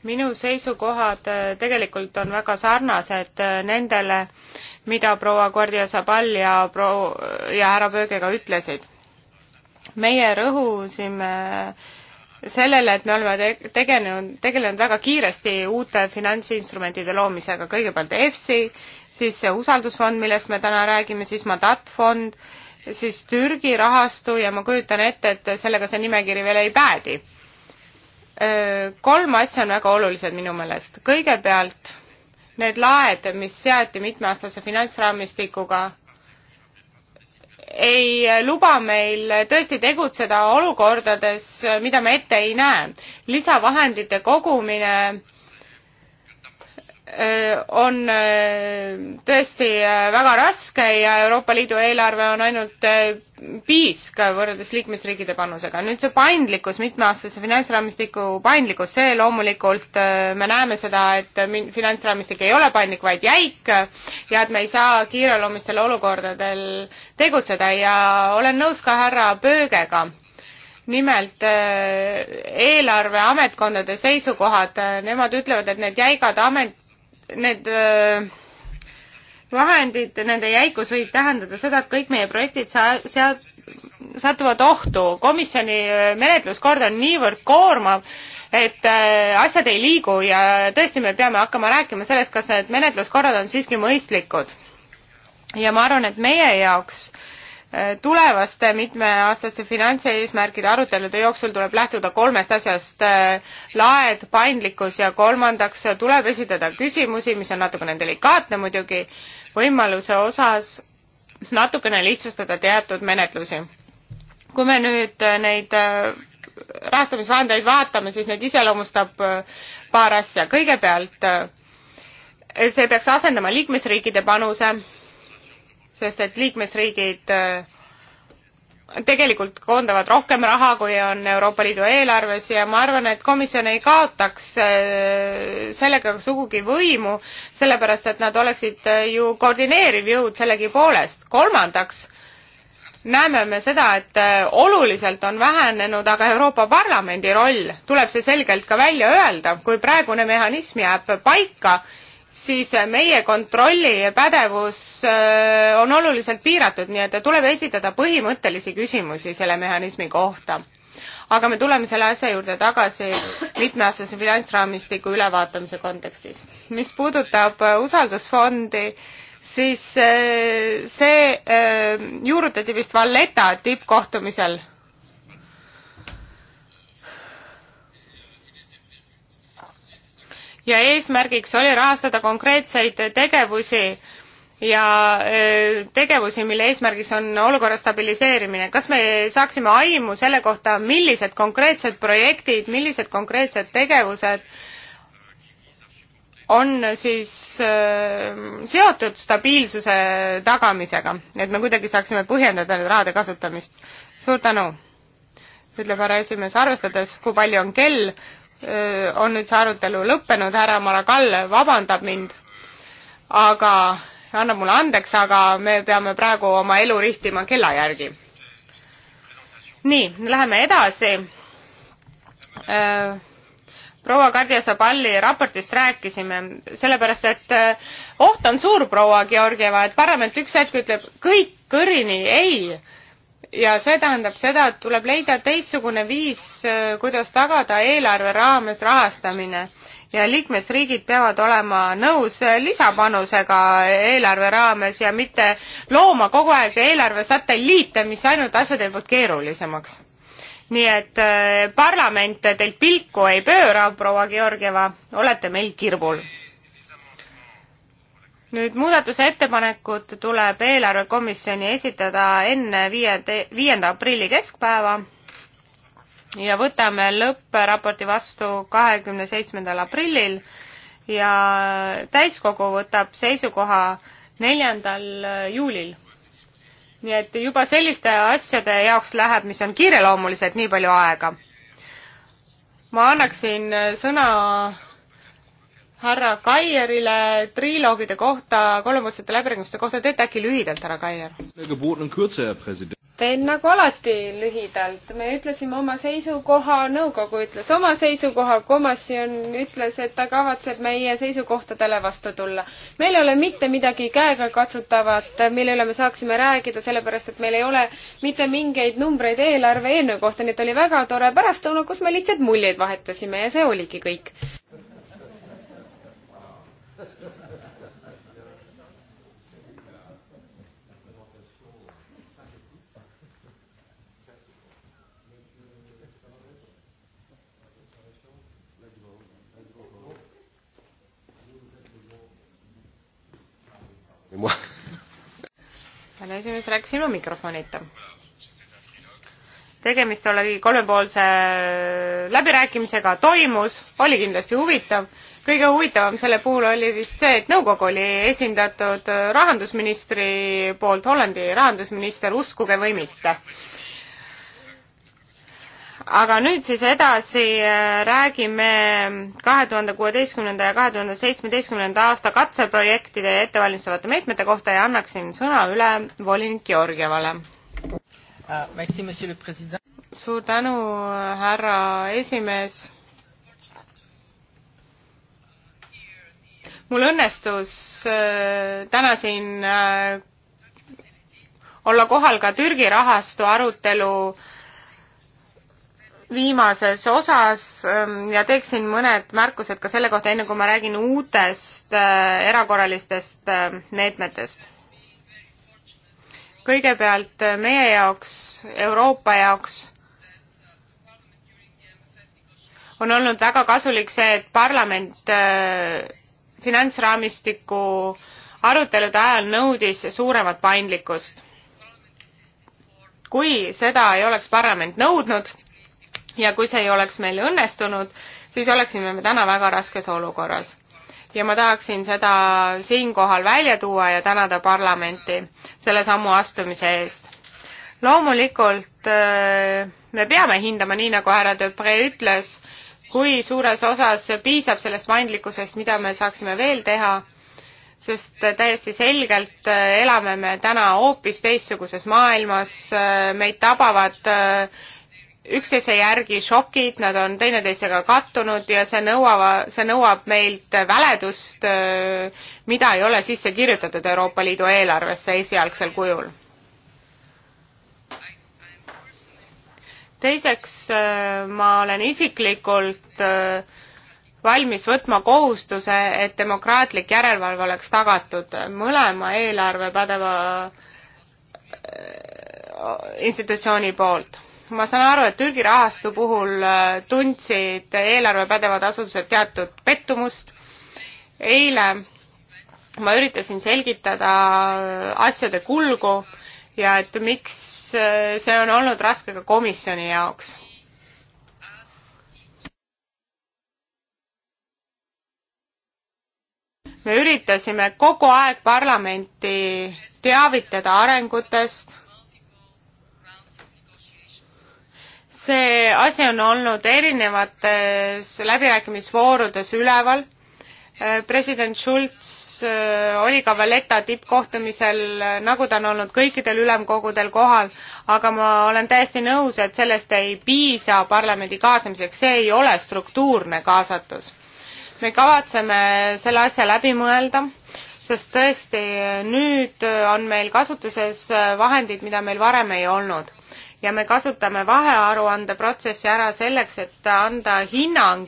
minu seisukohad tegelikult on väga sarnased nendele, mida proua Guardia Sabal ja proua ja härra Pöögega ütlesid. meie rõhusime sellele, et me oleme tegelenud, tegelenud väga kiiresti uute finantsinstrumentide loomisega, kõigepealt EFSI, siis see usaldusfond, millest me täna räägime, siis Madat fond, siis Türgi rahastu ja ma kujutan ette, et sellega see nimekiri veel ei päädi. kolm asja on väga olulised minu meelest. kõigepealt need laed, mis seati mitmeaastase finantsraamistikuga, ei luba meil tõesti tegutseda olukordades, mida me ette ei näe. lisavahendite kogumine Äh, on äh, tõesti äh, väga raske ja Euroopa Liidu eelarve on ainult piisk võrreldes liikmesriikide panusega. nüüd see paindlikkus, mitmeaastase finantsraamistiku paindlikkus, see loomulikult, me näeme seda, et finantsraamistik ei ole paindlik, vaid jäik ja et me ei saa kiireloomulistel olukordadel tegutseda ja olen nõus ka härra Pöögega nimelt eelarve ametkondade seisukohad, nemad ütlevad, et need jäigad amet, need äh, vahendid, nende jäikus võib tähendada seda, et kõik meie projektid sa-, sead-, satuvad ohtu. komisjoni äh, menetluskord on niivõrd koormav, et äh, asjad ei liigu ja tõesti, me peame hakkama rääkima sellest, kas need menetluskorrad on siiski mõistlikud. ja ma arvan, et meie jaoks äh, tulevaste mitmeaastaste finantseesmärkide arutelude jooksul tuleb lähtuda kolmest asjast. Äh, laed, paindlikkus ja kolmandaks tuleb esitada küsimusi, mis on natukene delikaatne muidugi, võimaluse osas natukene lihtsustada teatud menetlusi. kui me nüüd äh, neid äh, rahastamisvahendeid vaatame, siis neid iseloomustab paar asja. kõigepealt see peaks asendama liikmesriikide panuse sest et liikmesriigid äh, tegelikult koondavad rohkem raha, kui on Euroopa Liidu eelarves ja ma arvan, et komisjon ei kaotaks äh, sellega sugugi võimu, sellepärast et nad oleksid äh, ju koordineeriv jõud sellegipoolest. kolmandaks näeme me seda, et oluliselt on vähenenud aga Euroopa Parlamendi roll, tuleb see selgelt ka välja öelda, kui praegune mehhanism jääb paika siis äh, meie kontrolli pädevus äh, on oluliselt piiratud, nii et tuleb esitada põhimõttelisi küsimusi selle mehhanismi kohta. aga me tuleme selle asja juurde tagasi mitmeaastase finantsraamistiku ülevaatamise kontekstis. mis puudutab äh, usaldusfondi, siis see juurutati vist Valletta tippkohtumisel ja eesmärgiks oli rahastada konkreetseid tegevusi ja e, tegevusi, mille eesmärgiks on olukorra stabiliseerimine. kas me saaksime aimu selle kohta, millised konkreetsed projektid, millised konkreetsed tegevused on siis e, seotud stabiilsuse tagamisega, et me kuidagi saaksime põhjendada nüüd rahade kasutamist. suur tänu, ütleb härra esimees, arvestades, kui palju on kell, on nüüd see arutelu lõppenud, härra Maragall vabandab mind, aga annab mulle andeks, aga me peame praegu oma elu rihtima kella järgi. nii, läheme edasi. proua Kadri Saballi raportist rääkisime, sellepärast et oht on suur, proua Georgieva, et parlament üks hetk ütleb kõik kõrini ei ja see tähendab seda, et tuleb leida teistsugune viis, äh, kuidas tagada eelarve raames rahastamine ja liikmesriigid peavad olema nõus äh, lisapanusega eelarve raames ja mitte looma kogu aeg eelarve satelliite, mis ainult asja teeb keerulisemaks. nii et äh, parlament teilt pilku ei pööra, proua Georgieva, olete meil kirbul nüüd muudatusettepanekud tuleb eelarvekomisjoni esitada enne viie, viienda aprilli keskpäeva ja võtame lõppraporti vastu kahekümne seitsmendal aprillil ja täiskogu võtab seisukoha neljandal juulil. nii et juba selliste asjade jaoks läheb, mis on kiireloomulised, nii palju aega. ma annaksin sõna härra Kaierile triloogide kohta, kolmepoolsete läbirääkimiste kohta, teete äkki lühidalt, härra Kaier? teen nagu alati lühidalt, me ütlesime oma seisukoha, nõukogu ütles oma seisukoha, komisjon ütles, et ta kavatseb meie seisukohtadele vastu tulla. meil ei ole mitte midagi käegakatsutavat, mille üle me saaksime rääkida, sellepärast et meil ei ole mitte mingeid numbreid eelarve eelnõu kohta, nii et oli väga tore pärastlõuna, kus me lihtsalt muljeid vahetasime ja see oligi kõik. moi. härra esimees, rääkis ilma mikrofonita. tegemist oli kolmepoolse läbirääkimisega, toimus, oli kindlasti huvitav. kõige huvitavam selle puhul oli vist see, et nõukogu oli esindatud rahandusministri poolt, Hollandi rahandusminister, uskuge või mitte aga nüüd siis edasi äh, räägime kahe tuhande kuueteistkümnenda ja kahe tuhande seitsmeteistkümnenda aasta katseprojektide ja ettevalmistavate meetmete kohta ja annaksin sõna üle volinik Georgievale. Ah, suur tänu, härra esimees. mul õnnestus äh, täna siin äh, olla kohal ka Türgi rahastu arutelu äh, viimases osas ähm, ja teeksin mõned märkused ka selle kohta, enne kui ma räägin uutest äh, erakorralistest äh, meetmetest. kõigepealt äh, meie jaoks, Euroopa jaoks on olnud väga kasulik see, et parlament finantsraamistiku arutelude ajal nõudis suuremat paindlikkust. kui seda ei oleks parlament nõudnud, ja kui see ei oleks meil õnnestunud, siis oleksime me täna väga raskes olukorras. ja ma tahaksin seda siinkohal välja tuua ja tänada parlamenti selle sammu astumise eest. loomulikult äh, me peame hindama, nii nagu härra Debre ütles, kui suures osas piisab sellest paindlikkusest, mida me saaksime veel teha, sest täiesti selgelt äh, elame me täna hoopis teistsuguses maailmas, äh, meid tabavad üksteise järgi šokid, nad on teineteisega kattunud ja see nõuab, see nõuab meilt väledust, mida ei ole sisse kirjutatud Euroopa Liidu eelarvesse esialgsel kujul. teiseks, ma olen isiklikult valmis võtma kohustuse, et demokraatlik järelevalve oleks tagatud mõlema eelarve pädeva institutsiooni poolt ma saan aru, et Türgi rahastu puhul äh, tundsid eelarvepädevad asutused teatud pettumust. eile ma üritasin selgitada äh, asjade kulgu ja et miks äh, see on olnud raske ka komisjoni jaoks. me üritasime kogu aeg parlamenti teavitada arengutest see asi on olnud erinevates läbirääkimisvoorudes üleval. Äh, president Schulz äh, oli ka Valletta tippkohtumisel, äh, nagu ta on olnud kõikidel ülemkogudel kohal, aga ma olen täiesti nõus, et sellest ei piisa parlamendi kaasamiseks, see ei ole struktuurne kaasatus. me kavatseme selle asja läbi mõelda sest tõesti nüüd on meil kasutuses vahendid, mida meil varem ei olnud ja me kasutame vahearuande protsessi ära selleks, et anda hinnang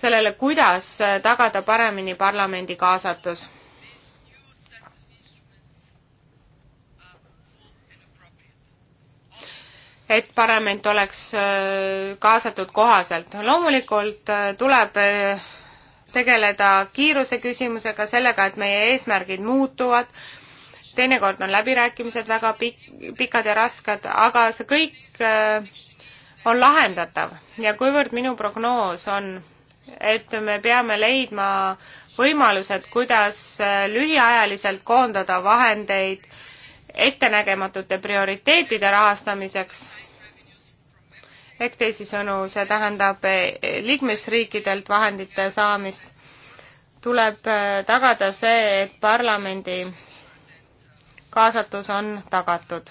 sellele, kuidas tagada paremini parlamendi kaasatus. et parlament oleks äh, kaasatud kohaselt. loomulikult äh, tuleb äh, tegeleda kiiruse küsimusega, sellega, et meie eesmärgid muutuvad teinekord on läbirääkimised väga pik-, pikad ja rasked, aga see kõik äh, on lahendatav ja kuivõrd minu prognoos on, et me peame leidma võimalused, kuidas äh, lühiajaliselt koondada vahendeid ettenägematute prioriteetide rahastamiseks, ehk teisisõnu, see tähendab äh, liikmesriikidelt vahendite saamist, tuleb tagada see, et parlamendi kaasatus on tagatud.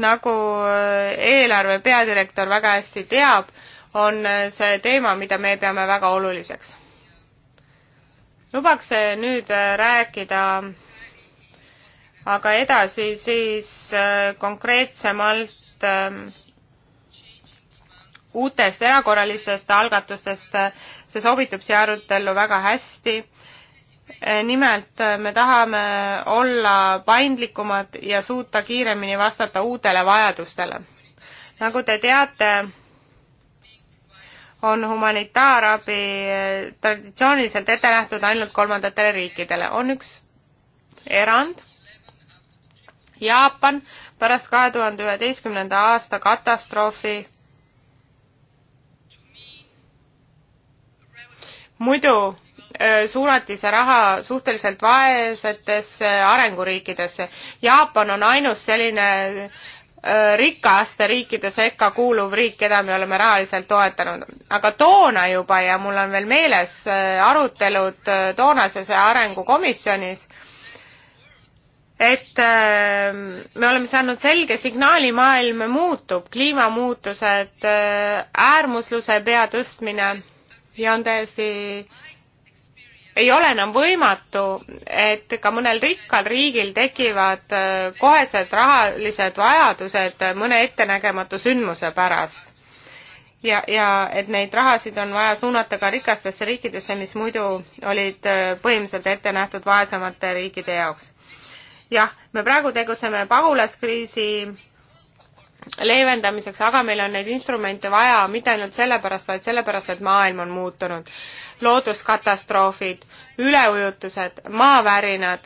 nagu äh, eelarve peadirektor väga hästi teab, on äh, see teema, mida me peame väga oluliseks. lubaks äh, nüüd rääkida aga edasi siis konkreetsemalt ähm, uutest erakorralistest algatustest, see sobitub siia arutellu väga hästi Eh, nimelt eh, me tahame olla paindlikumad ja suuta kiiremini vastata uutele vajadustele. nagu te teate, on humanitaarabi eh, traditsiooniliselt ette nähtud ainult kolmandatele riikidele. on üks erand. Jaapan pärast kahe tuhande üheteistkümnenda aasta katastroofi muidu Äh, suunati see raha suhteliselt vaesetesse arenguriikidesse. Jaapan on ainus selline äh, rikaste riikide sekka kuuluv riik, keda me oleme rahaliselt toetanud. aga toona juba ja mul on veel meeles äh, arutelud toonases arengukomisjonis, et me oleme saanud selge signaali, maailm muutub, kliimamuutused, äärmusluse peatõstmine ja on täiesti ei ole enam võimatu, et ka mõnel rikkal riigil tekivad äh, kohesed rahalised vajadused äh, mõne ettenägematu sündmuse pärast. ja, ja et neid rahasid on vaja suunata ka rikastesse riikidesse, mis muidu olid äh, põhimõtteliselt ette nähtud vaesemate riikide jaoks. jah, me praegu tegutseme pagulaskriisi leevendamiseks, aga meil on neid instrumente vaja mitte ainult sellepärast, vaid sellepärast, et maailm on muutunud looduskatastroofid, üleujutused, maavärinad.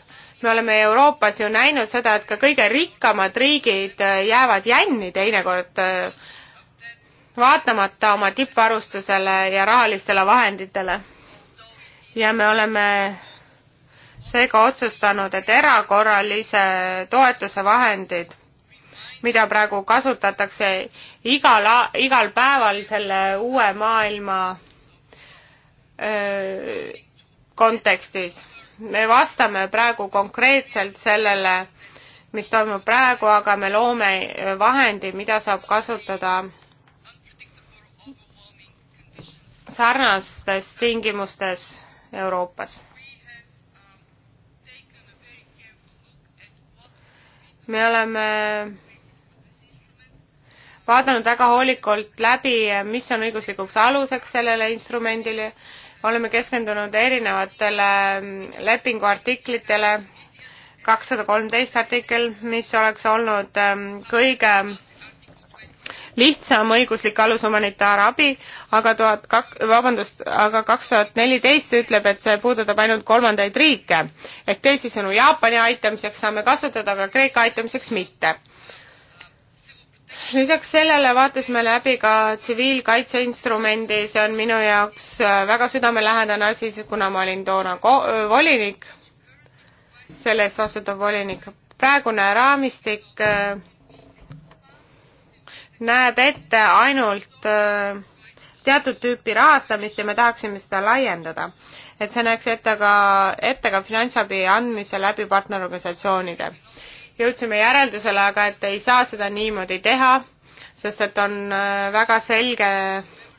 me oleme Euroopas ju näinud seda, et ka kõige rikkamad riigid äh, jäävad jänni teinekord äh, vaatamata oma tippvarustusele ja rahalistele vahenditele. ja me oleme seega otsustanud, et erakorralise toetuse vahendid, mida praegu kasutatakse igal, igal päeval selle uue maailma kontekstis. me vastame praegu konkreetselt sellele, mis toimub praegu, aga me loome vahendi, mida saab kasutada sarnastes tingimustes Euroopas. me oleme vaadanud väga hoolikalt läbi, mis on õiguslikuks aluseks sellele instrumendile oleme keskendunud erinevatele lepinguartiklitele, kakssada kolmteist artikkel, mis oleks olnud ähm, kõige lihtsam õiguslik alus humanitaarabi, aga tuhat kak-, vabandust, aga kaks tuhat neliteist ütleb, et see puudutab ainult kolmandaid riike. ehk teisisõnu, Jaapani aitamiseks saame kasutada, aga Kreeka aitamiseks mitte lisaks sellele vaatasime läbi ka tsiviilkaitseinstrumendi, see on minu jaoks äh, väga südamelähedane asi, kuna ma olin toona äh, volinik, selle eest vastutav volinik. praegune raamistik äh, näeb ette ainult teatud tüüpi rahastamist ja me tahaksime seda laiendada, et see näeks ette ka, ette ka finantsabi andmise läbi partnerorganisatsioonide jõudsime järeldusele aga, et ei saa seda niimoodi teha, sest et on äh, väga selge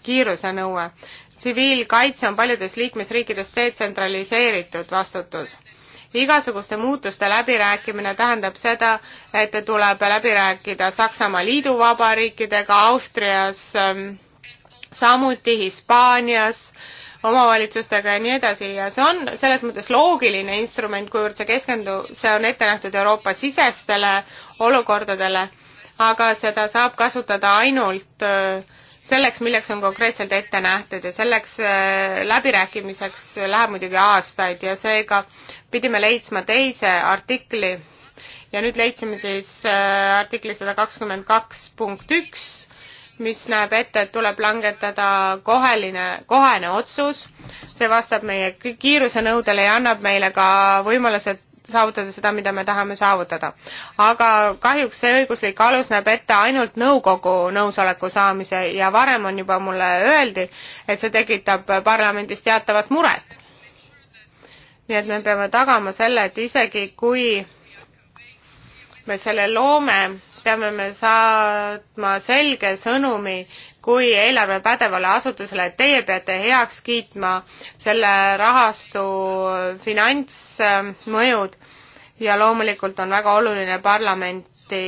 kiirusenõue. tsiviilkaitse on paljudes liikmesriikides detsentraliseeritud vastutus igasuguste muutuste läbirääkimine tähendab seda, et tuleb läbi rääkida Saksamaa liiduvabariikidega, Austrias, ähm, samuti Hispaanias äh,, omavalitsustega ja nii edasi ja see on selles mõttes loogiline instrument, kuivõrd see keskendu, see on ette nähtud Euroopa sisestele olukordadele, aga seda saab kasutada ainult äh, selleks, milleks on konkreetselt ette nähtud ja selleks äh, läbirääkimiseks läheb muidugi aastaid ja seega pidime leidma teise artikli ja nüüd leidsime siis äh, artikli sada kakskümmend kaks punkt üks mis näeb ette, et tuleb langetada koheline, kohene otsus. see vastab meie kiirusenõudele ja annab meile ka võimaluse saavutada seda, mida me tahame saavutada. aga kahjuks see õiguslik alus näeb ette ainult nõukogu nõusoleku saamise ja varem on juba mulle öeldi, et see tekitab parlamendis teatavat muret. nii et me peame tagama selle, et isegi kui me selle loome peame me saatma selge sõnumi kui eelarve pädevale asutusele, et teie peate heaks kiitma selle rahastu finantsmõjud ja loomulikult on väga oluline parlamenti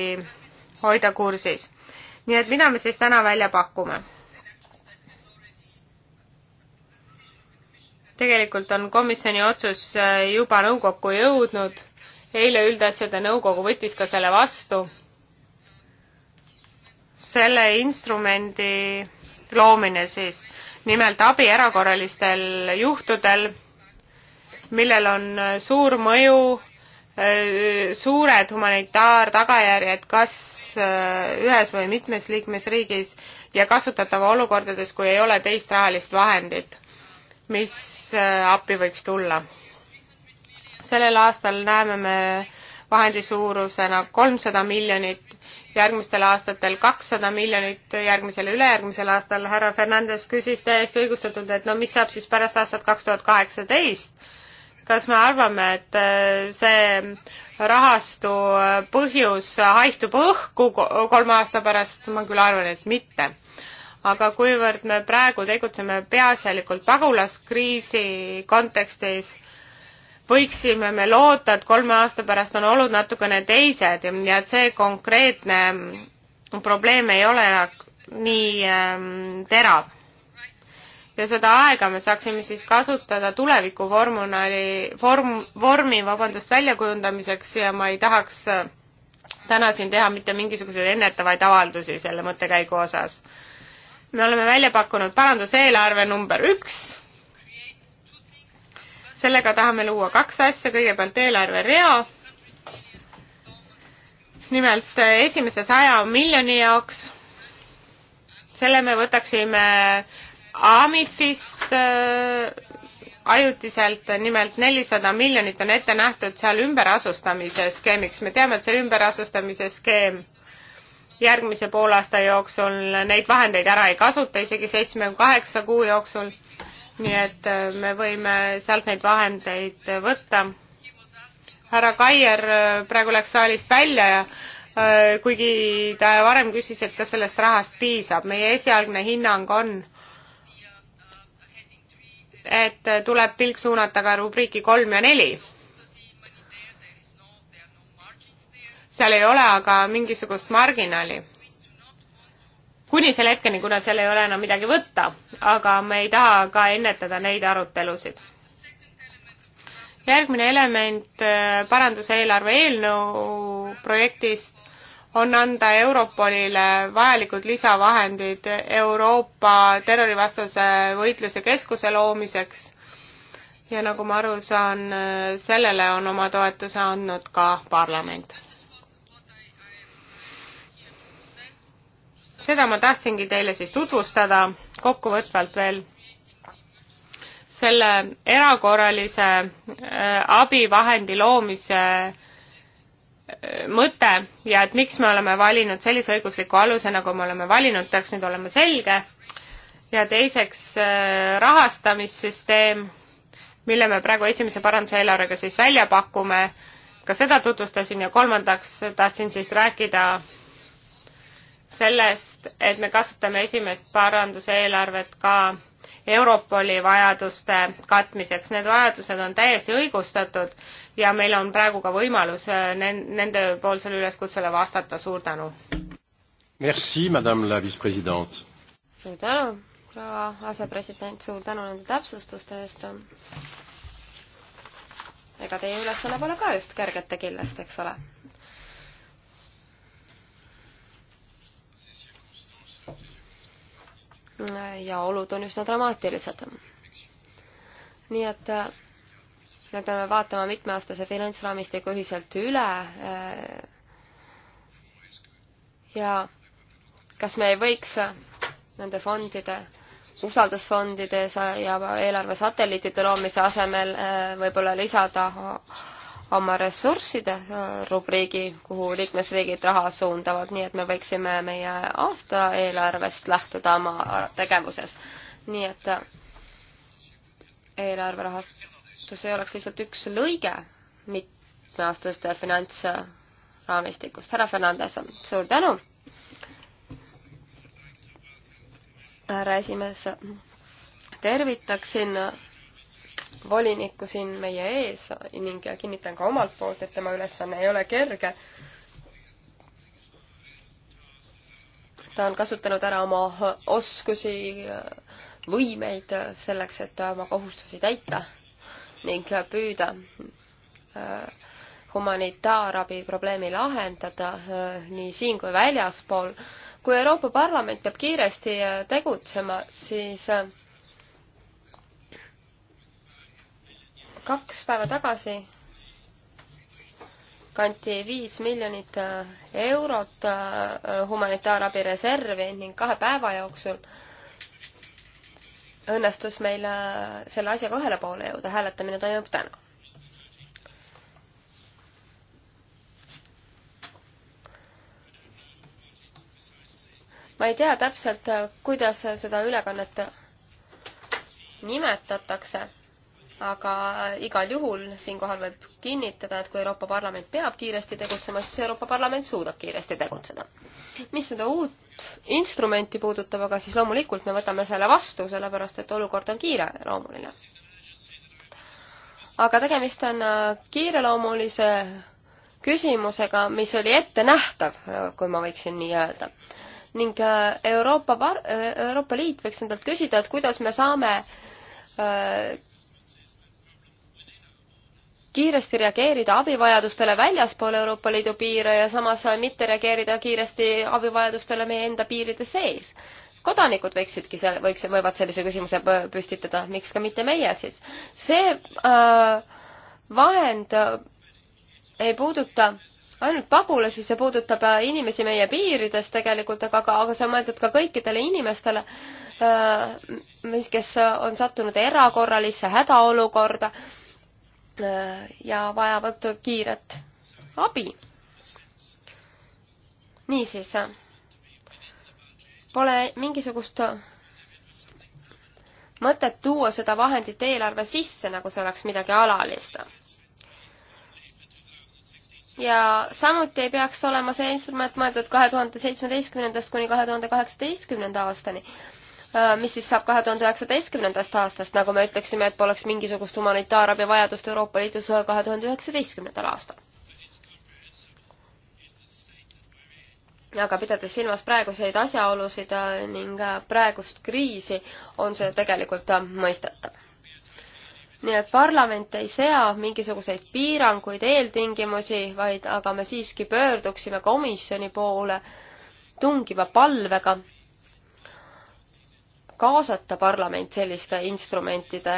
hoida kursis. nii et mida me siis täna välja pakume? tegelikult on komisjoni otsus juba nõukokku jõudnud, eile üldasjade nõukogu võttis ka selle vastu selle instrumendi loomine siis, nimelt abi erakorralistel juhtudel, millel on äh, suur mõju, äh, suured humanitaartagajärjed kas äh, ühes või mitmes liikmesriigis ja kasutatava olukordades, kui ei ole teist rahalist vahendit, mis appi võiks tulla. sellel aastal näeme me vahendi suurusena kolmsada miljonit järgmistel aastatel kakssada miljonit, järgmisel ja ülejärgmisel aastal. härra Fernandes küsis täiesti õigustatult, et no mis saab siis pärast aastat kaks tuhat kaheksateist. kas me arvame, et äh, see rahastu äh, põhjus haihtub õhku kolme aasta pärast? ma küll arvan, et mitte aga kuivõrd me praegu tegutseme peaasjalikult pagulaskriisi kontekstis, võiksime me loota, et kolme aasta pärast on olud natukene teised ja et see konkreetne probleem ei ole nii ähm, terav. ja seda aega me saaksime siis kasutada tuleviku vormunali, vorm, vormi, vabandust, väljakujundamiseks ja ma ei tahaks äh, täna siin teha mitte mingisuguseid ennetavaid avaldusi selle mõttekäigu osas. me oleme välja pakkunud paranduseelarve number üks sellega tahame luua kaks asja, kõigepealt eelarverea, nimelt eh, esimese saja miljoni jaoks, selle me võtaksime Amifist eh, ajutiselt, nimelt nelisada miljonit on ette nähtud seal ümberasustamise skeemiks, me teame, et see ümberasustamise skeem järgmise poolaasta jooksul neid vahendeid ära ei kasuta, isegi seitsme-kaheksa kuu jooksul nii et äh, me võime sealt neid vahendeid äh, võtta. härra Kaier äh, praegu läks saalist välja ja kuigi ta varem küsis, et kas sellest rahast piisab, meie esialgne hinnang on, et tuleb pilk suunata ka rubriiki kolm ja neli. seal ei ole aga mingisugust marginaali kuni selle hetkeni, kuna seal ei ole enam midagi võtta, aga me ei taha ka ennetada neid arutelusid. järgmine element äh, paranduse eelarve eelnõu projektist on anda Europolile vajalikud lisavahendid Euroopa terrorivastase võitluse keskuse loomiseks ja nagu ma aru saan, äh, sellele on oma toetuse andnud ka parlament seda ma tahtsingi teile siis tutvustada kokkuvõtvalt veel selle erakorralise äh, abivahendi loomise äh, mõte ja et miks me oleme valinud sellise õigusliku aluse, nagu me oleme valinud, peaks nüüd olema selge. ja teiseks äh, rahastamissüsteem, mille me praegu esimese paranduse eelarvega siis välja pakume, ka seda tutvustasin ja kolmandaks tahtsin siis rääkida sellest, et me kasutame esimest paranduseelarvet ka Europoli vajaduste katmiseks. Need vajadused on täiesti õigustatud ja meil on praegu ka võimalus äh, nende poolsele üleskutsele vastata. suur tänu! Merci, madame la vice-president! suur tänu, proua asepresident, suur tänu nende täpsustuste eest! ega teie ülesanne pole ka just kergete killest, eks ole? ja olud on üsna dramaatilised. nii et äh, me peame vaatama mitmeaastase finantsraamistiku ühiselt üle äh, ja kas me ei võiks äh, nende fondide usaldusfondide ja eelarve satelliitide loomise asemel võib-olla lisada oma ressursside äh, rubriigi, kuhu liikmesriigid raha suundavad, nii et me võiksime meie aastaeelarvest lähtuda oma tegevuses. nii et äh, eelarverahastus ei oleks lihtsalt üks lõige mitmeaastaste finantsraamistikust. härra Fernandes, suur tänu! härra esimees, tervitaksin volinikku siin meie ees ning kinnitan ka omalt poolt, et tema ülesanne ei ole kerge. ta on kasutanud ära oma oskusi, võimeid selleks, et oma kohustusi täita ning püüda äh, humanitaarabi probleemi lahendada äh, nii siin kui väljaspool. kui Euroopa Parlament peab kiiresti äh, tegutsema, siis kaks päeva tagasi kanti viis miljonit äh, eurot äh, humanitaarabi reservi ning kahe päeva jooksul õnnestus meil äh, selle asjaga ühele poole jõuda, hääletamine toimub täna. ma ei tea täpselt, kuidas seda ülekannet nimetatakse aga igal juhul siinkohal võib kinnitada, et kui Euroopa Parlament peab kiiresti tegutsema, siis Euroopa Parlament suudab kiiresti tegutseda. mis seda uut instrumenti puudutab, aga siis loomulikult me võtame selle vastu, sellepärast et olukord on kiireloomuline. aga tegemist on äh, kiireloomulise küsimusega, mis oli ettenähtav, äh, kui ma võiksin nii öelda. ning äh, Euroopa, Euroopa Liit võiks endalt küsida, et kuidas me saame kiiresti reageerida abivajadustele väljaspool Euroopa Liidu piire ja samas mitte reageerida kiiresti abivajadustele meie enda piiride sees. kodanikud võiksidki seal, võiks, võivad sellise küsimuse püstitada, miks ka mitte meie siis. see äh, vahend äh, ei puuduta ainult pagulasi, see puudutab äh, inimesi meie piirides tegelikult, aga, aga, aga see on mõeldud ka kõikidele inimestele äh,, mis, kes on sattunud erakorralisse hädaolukorda äh, Äh, ja vajavad kiiret abi. niisiis, pole mingisugust mõtet tuua seda vahendit eelarve sisse, nagu see oleks midagi alalist. ja samuti ei peaks olema see instrument mõeldud kahe tuhande seitsmeteistkümnendast kuni kahe tuhande kaheksateistkümnenda aastani Äh, mis siis saab kahe tuhande üheksateistkümnendast aastast, nagu me ütleksime, et poleks mingisugust humanitaarabi vajadust Euroopa Liidus kahe tuhande üheksateistkümnendal aastal. aga pidades silmas praeguseid asjaolusid äh, ning äh, praegust kriisi, on see tegelikult mõistetav. nii et parlament ei sea mingisuguseid piiranguid, eeltingimusi, vaid aga me siiski pöörduksime komisjoni poole tungiva palvega kaasata parlament selliste instrumentide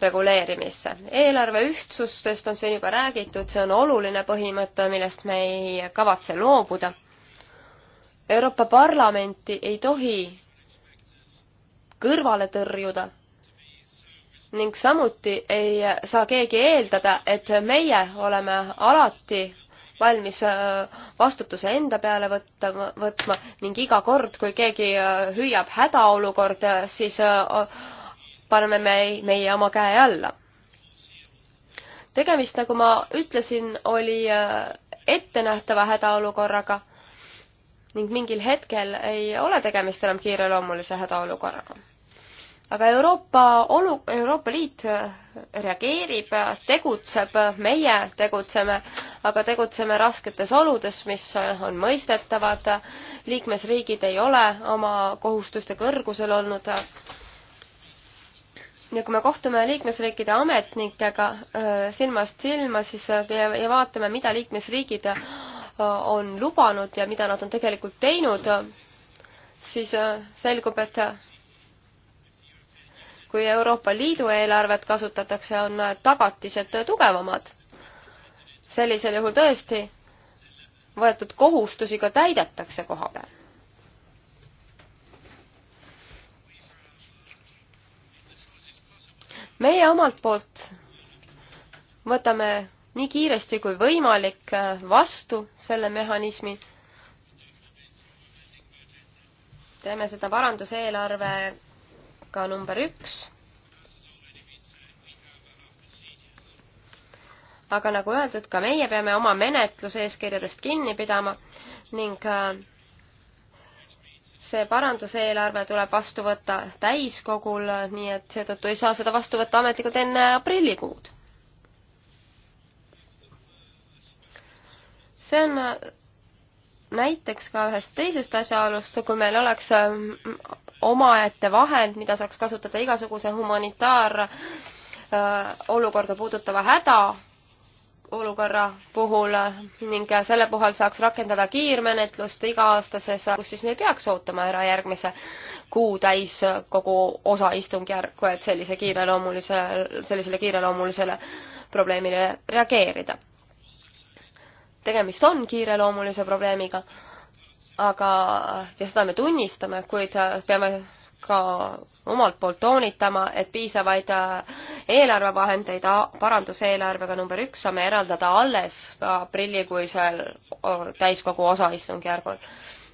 reguleerimisse. eelarve ühtsustest on siin juba räägitud, see on oluline põhimõte, millest me ei kavatse loobuda. Euroopa Parlamenti ei tohi kõrvale tõrjuda ning samuti ei saa keegi eeldada, et meie oleme alati valmis äh, vastutuse enda peale võtta, võtma ning iga kord, kui keegi äh, hüüab hädaolukord, äh, siis paneme me, meie oma käe alla. tegemist, nagu ma ütlesin, oli ettenähtava hädaolukorraga ning mingil hetkel ei ole tegemist enam kiireloomulise hädaolukorraga aga Euroopa olu-, Euroopa Liit äh, reageerib, äh, tegutseb, äh, meie tegutseme, aga tegutseme rasketes oludes, mis on mõistetavad, liikmesriigid ei ole oma kohustuste kõrgusel olnud ja kui me kohtume liikmesriikide ametnikega silmast silma, siis ja vaatame, mida liikmesriigid on lubanud ja mida nad on tegelikult teinud, siis selgub, et kui Euroopa Liidu eelarvet kasutatakse, on tagatised tugevamad. sellisel juhul tõesti võetud kohustusi ka täidetakse koha peal. meie omalt poolt võtame nii kiiresti kui võimalik vastu selle mehhanismi. teeme seda paranduseelarve ka number üks. aga nagu öeldud, ka meie peame oma menetluse eeskirjadest kinni pidama ning äh, see paranduseelarve tuleb vastu võtta täiskogul, nii et seetõttu ei saa seda vastu võtta ametlikult enne aprillikuud. see on näiteks ka ühest teisest asjaolust, kui meil oleks ähm, omaette vahend, mida saaks kasutada igasuguse humanitaarolukorda äh, puudutava häda olukorra puhul äh, ning äh, selle puhul saaks rakendada kiirmenetlust iga-aastases, kus siis me ei peaks ootama ära järgmise kuu täis kogu osa istungjärku, et sellise kiireloomulise, sellisele kiireloomulisele probleemile reageerida tegemist on kiireloomulise probleemiga, aga, ja seda me tunnistame, kuid äh, peame ka omalt poolt toonitama, et piisavaid äh, eelarvevahendeid paranduseelarvega number üks saame eraldada alles aprillikuisel täiskogu osaistungjärgul.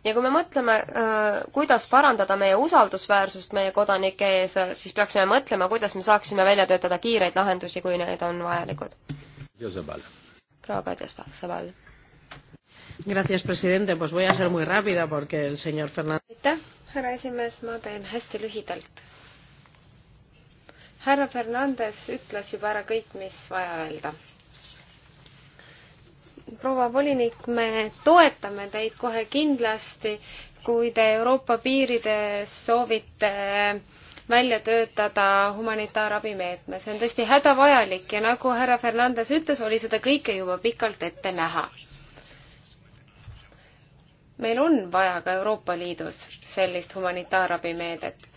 ja kui me mõtleme, äh, kuidas parandada meie usaldusväärsust meie kodanike ees, siis peaksime mõtlema, kuidas me saaksime välja töötada kiireid lahendusi, kui need on vajalikud. proua Kadri Sabal Gracias, presidente. Pues voy a ser muy rápida porque el señor Fernández. aitäh, härra esimees, ma teen hästi lühidalt. härra Fernandes ütles juba ära kõik, mis vaja öelda. proua volinik, me toetame teid kohe kindlasti, kui te Euroopa piirides soovite välja töötada humanitaarabimeetme. see on tõesti hädavajalik ja nagu härra Fernandes ütles, oli seda kõike juba pikalt ette näha meil on vaja ka Euroopa Liidus sellist humanitaarabimeedet.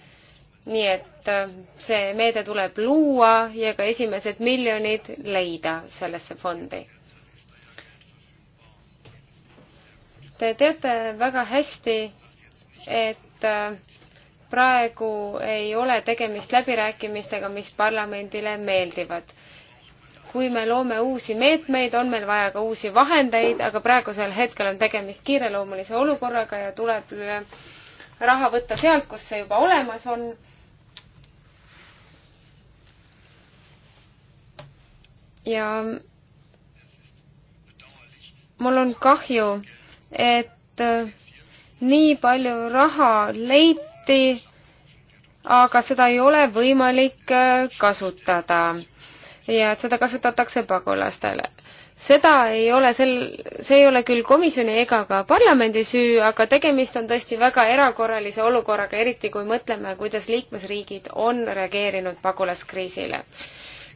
nii et äh, see meede tuleb luua ja ka esimesed miljonid leida sellesse fondi. Te teate väga hästi, et äh, praegu ei ole tegemist läbirääkimistega, mis parlamendile meeldivad kui me loome uusi meetmeid, on meil vaja ka uusi vahendeid, aga praegusel hetkel on tegemist kiireloomulise olukorraga ja tuleb äh, raha võtta sealt, kus see juba olemas on. ja mul on kahju, et äh, nii palju raha leiti, aga seda ei ole võimalik äh, kasutada ja et seda kasutatakse pagulastele. seda ei ole sel, see ei ole küll komisjoni ega ka parlamendi süü, aga tegemist on tõesti väga erakorralise olukorraga, eriti kui mõtleme, kuidas liikmesriigid on reageerinud pagulaskriisile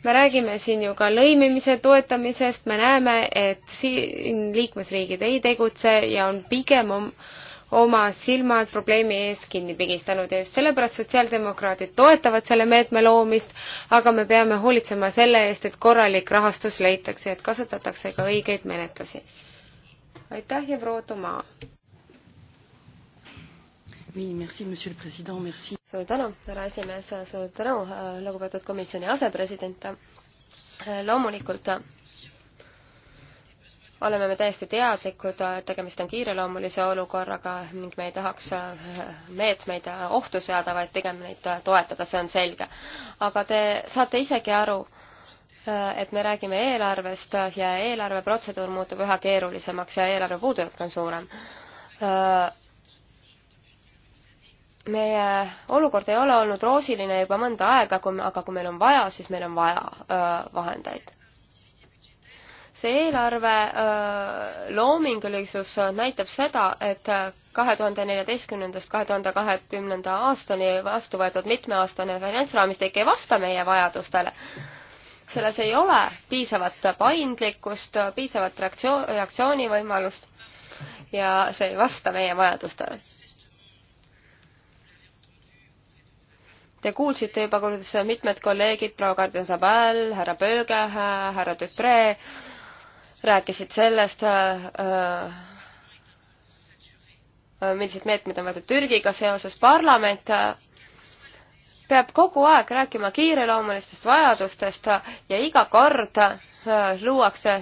me räägime siin ju ka lõimimise toetamisest, me näeme, et siin liikmesriigid ei tegutse ja on pigem oma silmad probleemi ees kinni pigistanud ja just sellepärast sotsiaaldemokraadid toetavad selle meetme loomist, aga me peame hoolitsema selle eest, et korralik rahastus leitakse, et kasutatakse ka õigeid menetlusi. aitäh ja Vrootu maa! Oui, merci, monsieur le président, merci. suur tänu, härra esimees, suur tänu, lugupeetud komisjoni asepresident. loomulikult oleme me täiesti teadlikud, et tegemist on kiireloomulise olukorraga ning me ei tahaks äh, meetmeid äh, ohtu seada, vaid pigem neid äh, toetada, see on selge. aga te saate isegi aru, et me räägime eelarvest ja eelarveprotseduur muutub üha keerulisemaks ja eelarve puudujääk on suurem. meie olukord ei ole olnud roosiline juba mõnda aega, kui, aga kui meil on vaja, siis meil on vaja vahendeid see eelarve äh, loomingulisus näitab seda, et kahe tuhande neljateistkümnendast kahe tuhande kahekümnenda aastani vastu võetud mitmeaastane finantsraamistik ei vasta meie vajadustele. selles ei ole piisavat paindlikkust, piisavat reaktsioon, reaktsioonivõimalust ja see ei vasta meie vajadustele. Te kuulsite juba, kuidas mitmed kolleegid, proua Kardjan Sabal, härra Pööge, härra Dupree, rääkisid sellest, äh, äh, millised meetmed on võetud Türgiga seoses, parlament äh, peab kogu aeg rääkima kiireloomulistest vajadustest ja iga kord luuakse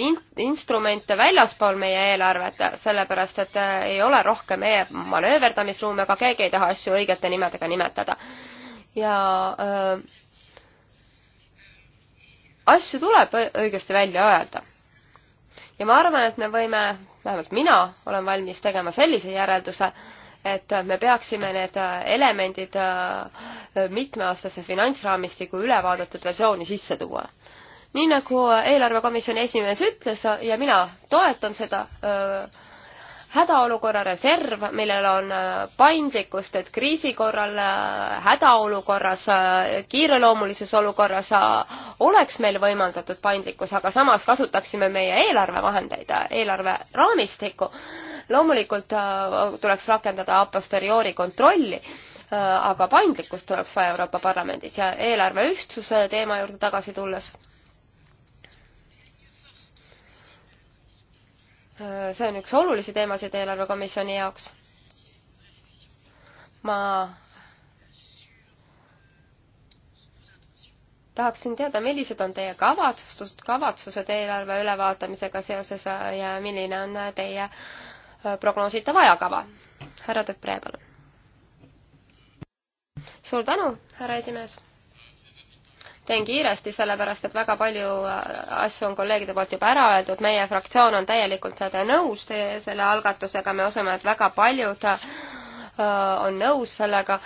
in-, instrumente väljaspool meie eelarvet, sellepärast et ei ole rohkem e manööverdamisruumi, aga keegi ei taha asju õigete nimedega nimetada. ja öö, asju tuleb õigesti välja öelda ja ma arvan, et me võime, vähemalt mina olen valmis tegema sellise järelduse, et me peaksime need elemendid äh, mitmeaastase finantsraamistiku ülevaadatud versiooni sisse tuua. nii nagu eelarvekomisjoni esimees ütles ja mina toetan seda öö, äh, hädaolukorra reserv, millel on äh, paindlikkust, et kriisi korral, äh, hädaolukorras, äh, kiireloomulises olukorras oleks meil võimaldatud paindlikkus, aga samas kasutaksime meie eelarvevahendeid, eelarveraamistikku. loomulikult tuleks rakendada a posteriori kontrolli aga paindlikkust oleks vaja Euroopa Parlamendis ja eelarve ühtsuse teema juurde tagasi tulles see on üks olulisi teemasid eelarvekomisjoni jaoks. ma tahaksin teada, millised on teie kavatsused, kavatsused eelarve ülevaatamisega seoses ja milline on teie äh, prognoositav ajakava? härra Töpre, palun. suur tänu, härra esimees teen kiiresti, sellepärast et väga palju äh, asju on kolleegide poolt juba ära öeldud, meie fraktsioon on täielikult nõus selle algatusega, me usume, et väga paljud äh, on nõus sellega,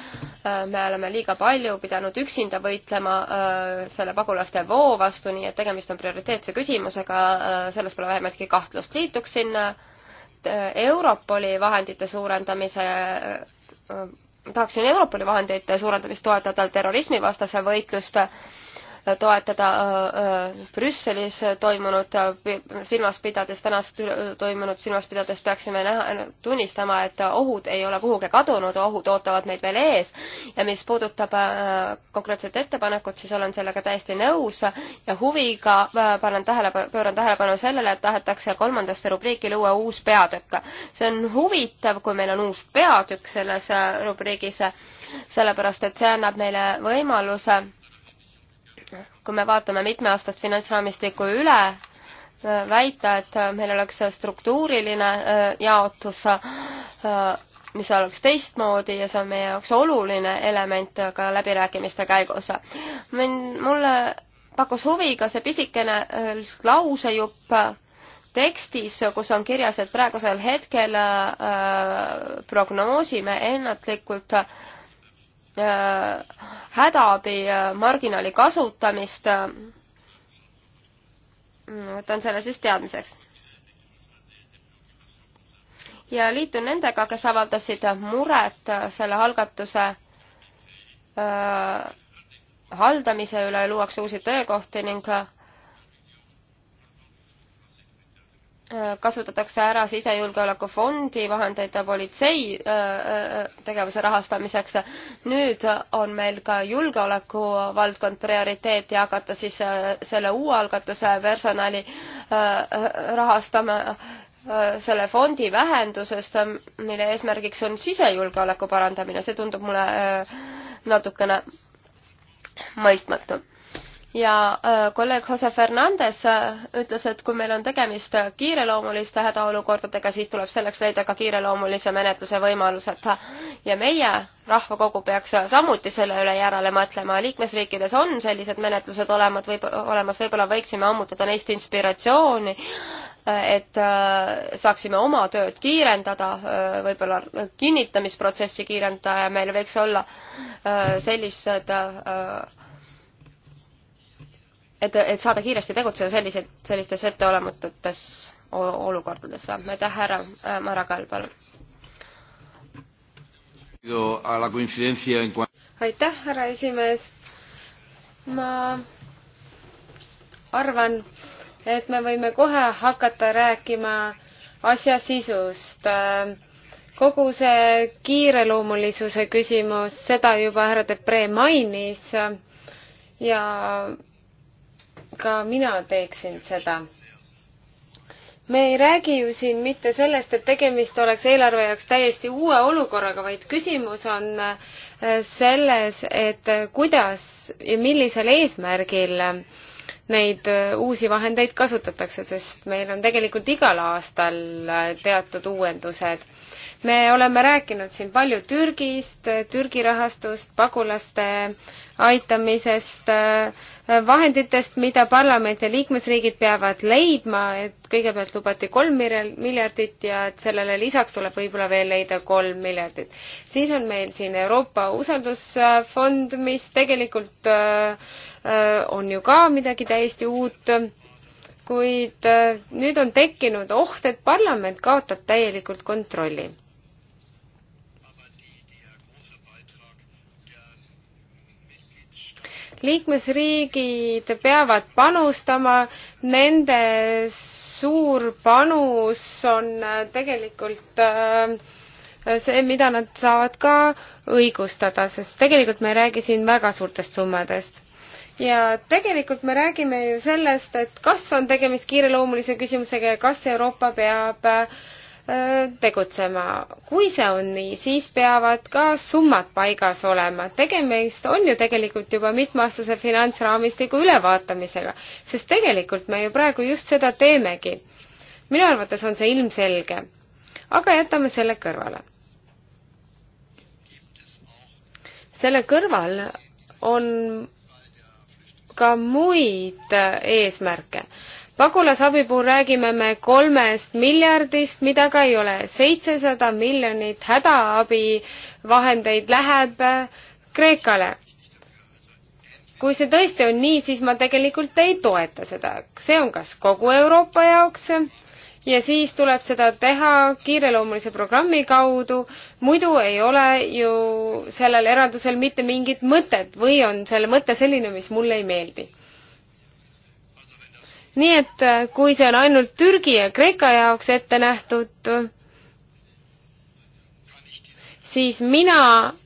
äh, me oleme liiga palju pidanud üksinda võitlema selle pagulaste voo vastu, nii et tegemist on prioriteetse küsimusega, selles pole vähemaltki kahtlust. liituksin Europoli vahendite suurendamise tahaksin Europoli vahendeid suurendamist toetada terrorismivastase võitluste toetada äh, äh, Brüsselis toimunut, äh, silmas pidades tänast toimunut silmas pidades peaksime näha, tunnistama, et ohud ei ole kuhugi kadunud, ohud ootavad meid veel ees ja mis puudutab konkreetset ettepanekut, siis olen sellega täiesti nõus ja huviga panen tähele, pööran tähelepanu sellele, et tahetakse kolmandasse rubriiki luua uus peatükk. see on huvitav, kui meil on uus peatükk selles rubriigis, sellepärast et see annab meile võimaluse kui me vaatame mitmeaastast finantsraamistikku üle, äh, väita, et äh, meil oleks äh, struktuuriline jaotus, mis oleks teistmoodi ja see on meie jaoks oluline element ka läbirääkimiste käigus. mind, mulle pakkus huvi ka see pisikene lausejupp tekstis, kus on kirjas, et praegusel hetkel prognoosime ennatlikult äh, Äh, hädaabi äh, marginaali kasutamist. võtan selle siis teadmiseks. ja liitun nendega, kes avaldasid muret selle algatuse äh, haldamise üle, luuakse uusi töökohti ning Äh, kasutatakse ära sisejulgeolekufondi vahendeid politsei äh, äh, tegevuse rahastamiseks. nüüd on meil ka julgeoleku valdkond prioriteet ja hakata siis selle uue algatuse personali rahastama selle fondi vähendusest, mille eesmärgiks on sisejulgeoleku parandamine, see tundub mulle natukene mõistmatu ja äh, kolleeg Jose Fernandez äh, ütles, et kui meil on tegemist kiireloomuliste hädaolukordadega, siis tuleb selleks leida ka kiireloomulise menetluse võimalused. ja meie, rahvakogu, peaks samuti selle üle järele mõtlema. liikmesriikides on sellised menetlused olemas, võib, olemas, võib-olla võiksime ammutada neist inspiratsiooni, äh, et saaksime oma tööd kiirendada, võib-olla kinnitamisprotsessi kiirendada ja meil võiks olla sellised et, et saada kiiresti tegutseda sellised, sellistes etteolematutes olukordades. aitäh, härra äh, Maragall, palun. aitäh, härra esimees. ma arvan, et me võime kohe hakata rääkima asja sisust. kogu see kiireloomulisuse küsimus, seda juba härra Depree mainis ja ka mina teeksin seda. me ei räägi ju siin mitte sellest, et tegemist oleks eelarve jaoks täiesti uue olukorraga, vaid küsimus on äh, selles, et kuidas ja millisel eesmärgil neid äh, uusi vahendeid kasutatakse, sest meil on tegelikult igal aastal äh, teatud uuendused me oleme rääkinud siin palju Türgist, Türgi rahastust, pagulaste aitamisest, vahenditest, mida parlament ja liikmesriigid peavad leidma, et kõigepealt lubati kolm miljardit ja et sellele lisaks tuleb võib-olla veel leida kolm miljardit. siis on meil siin Euroopa usaldusfond, mis tegelikult äh, äh, on ju ka midagi täiesti uut, kuid äh, nüüd on tekkinud oht, et parlament kaotab täielikult kontrolli liikmesriigid peavad panustama, nende suur panus on äh, tegelikult äh, see, mida nad saavad ka õigustada, sest tegelikult me ei räägi siin väga suurtest summadest. ja tegelikult me räägime ju sellest, et kas on tegemist kiireloomulise küsimusega ja kas Euroopa peab äh, Äh, tegutsema. kui see on nii, siis peavad ka summad paigas olema. tegemist on ju tegelikult juba mitmeaastase finantsraamistiku ülevaatamisega, sest tegelikult me ju praegu just seda teemegi. minu arvates on see ilmselge. aga jätame selle kõrvale. selle kõrval on ka muid äh, eesmärke pagulasabi puhul räägime me kolmest miljardist, mida ka ei ole. seitsesada miljonit hädaabivahendeid läheb Kreekale. kui see tõesti on nii, siis ma tegelikult ei toeta seda. see on kas kogu Euroopa jaoks ja siis tuleb seda teha kiireloomulise programmi kaudu, muidu ei ole ju sellel eraldusel mitte mingit mõtet või on selle mõte selline, mis mulle ei meeldi nii et äh, kui see on ainult Türgi ja Kreeka jaoks ette nähtud, siis mina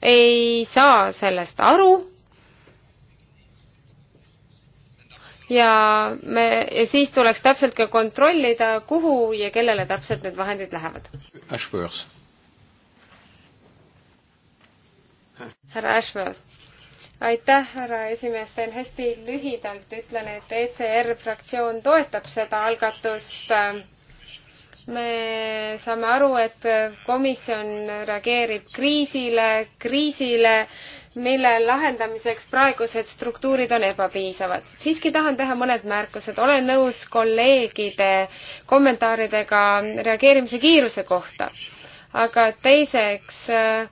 ei saa sellest aru. ja me, ja siis tuleks täpselt ka kontrollida, kuhu ja kellele täpselt need vahendid lähevad. härra Ashworth aitäh, härra esimees, teen hästi lühidalt, ütlen, et ECR fraktsioon toetab seda algatust. me saame aru, et komisjon reageerib kriisile, kriisile, mille lahendamiseks praegused struktuurid on ebapiisavad. siiski tahan teha mõned märkused, olen nõus kolleegide kommentaaridega reageerimise kiiruse kohta. aga teiseks äh,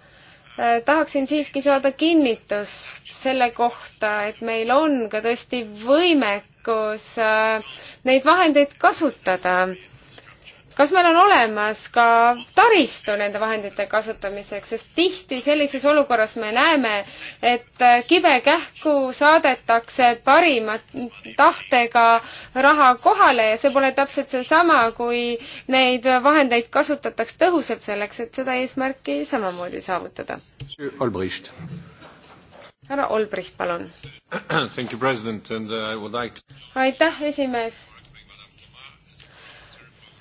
Äh, tahaksin siiski saada kinnitust selle kohta, et meil on ka tõesti võimekus äh, neid vahendeid kasutada kas meil on olemas ka taristu nende vahendite kasutamiseks, sest tihti sellises olukorras me näeme, et kibekähku saadetakse parima tahtega raha kohale ja see pole täpselt seesama, kui neid vahendeid kasutatakse tõhusalt selleks, et seda eesmärki samamoodi saavutada. härra Olbricht, palun. Uh, like to... aitäh, esimees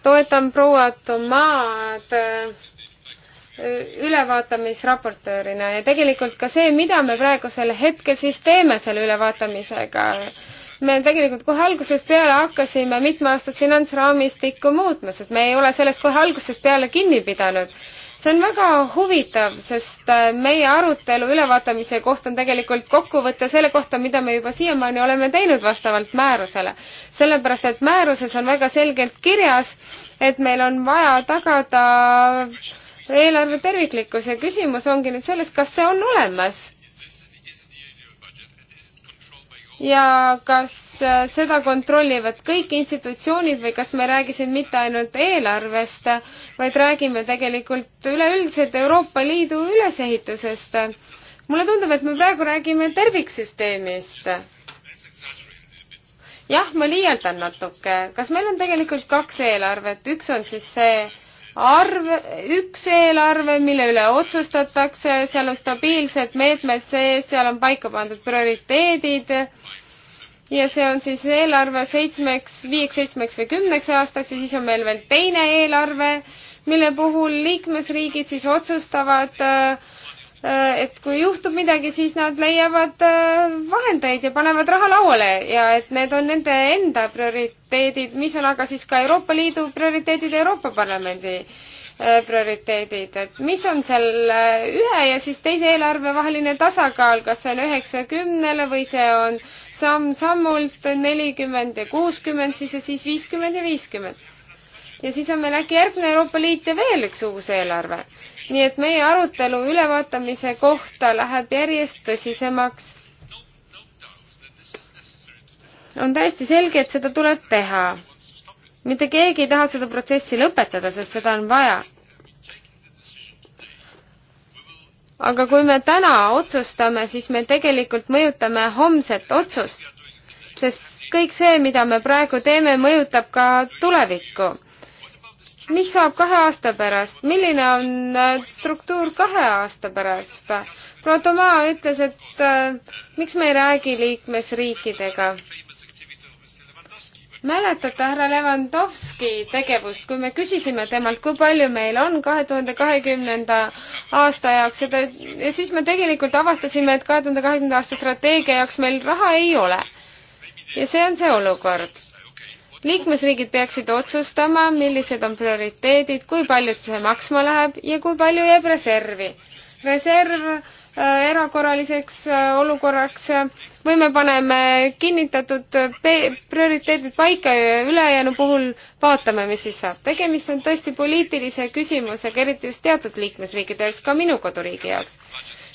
toetan proua Tomaad äh, ülevaatamisraportöörina ja tegelikult ka see, mida me praegusel hetkel siis teeme selle ülevaatamisega. me tegelikult kohe algusest peale hakkasime mitmeaastast finantsraamistikku muutma, sest me ei ole sellest kohe algusest peale kinni pidanud see on väga huvitav, sest äh, meie arutelu ülevaatamise kohta on tegelikult kokkuvõte selle kohta, mida me juba siiamaani oleme teinud vastavalt määrusele. sellepärast, et määruses on väga selgelt kirjas, et meil on vaja tagada eelarve terviklikkus ja küsimus ongi nüüd selles, kas see on olemas. ja kas Äh, seda kontrollivad kõik institutsioonid või kas me räägisime mitte ainult eelarvest, vaid räägime tegelikult üleüldiselt Euroopa Liidu ülesehitusest. mulle tundub, et me praegu räägime terviksüsteemist. jah, ma liialdan natuke. kas meil on tegelikult kaks eelarvet, üks on siis see arv, üks eelarve, mille üle otsustatakse, seal on stabiilsed meetmed sees, seal on paika pandud prioriteedid ja see on siis eelarve seitsmeks, viieks, seitsmeks või kümneks aastaks ja siis on meil veel teine eelarve, mille puhul liikmesriigid siis otsustavad, äh, äh, et kui juhtub midagi, siis nad leiavad äh, vahendeid ja panevad raha lauale ja et need on nende enda prioriteedid, mis on aga siis ka Euroopa Liidu prioriteedid ja Euroopa Parlamendi prioriteedid, et mis on seal ühe ja siis teise eelarve vaheline tasakaal, kas see on üheksakümnele või see on samm-sammult nelikümmend ja kuuskümmend siis ja siis viiskümmend ja viiskümmend. ja siis on meil äkki järgmine Euroopa Liit ja veel üks uus eelarve. nii et meie arutelu ülevaatamise kohta läheb järjest tõsisemaks. on täiesti selge, et seda tuleb teha mitte keegi ei taha seda protsessi lõpetada, sest seda on vaja. aga kui me täna otsustame, siis me tegelikult mõjutame homset otsust, sest kõik see, mida me praegu teeme, mõjutab ka tulevikku. mis saab kahe aasta pärast, milline on äh, struktuur kahe aasta pärast? Protomaa ütles, et äh, miks me ei räägi liikmesriikidega mäletate härra Levandovski tegevust, kui me küsisime temalt, kui palju meil on kahe tuhande kahekümnenda aasta jaoks ja ta, ja siis me tegelikult avastasime, et kahe tuhande kahekümnenda aasta strateegia jaoks meil raha ei ole. ja see on see olukord. liikmesriigid peaksid otsustama, millised on prioriteedid, kui palju see maksma läheb ja kui palju jääb reservi. reserv Äh, erakorraliseks äh, olukorraks või me paneme kinnitatud prioriteedid paika ja ülejäänu puhul vaatame, mis siis saab. tegemist on tõesti poliitilise küsimusega, eriti just teatud liikmesriikide jaoks, ka minu koduriigi jaoks.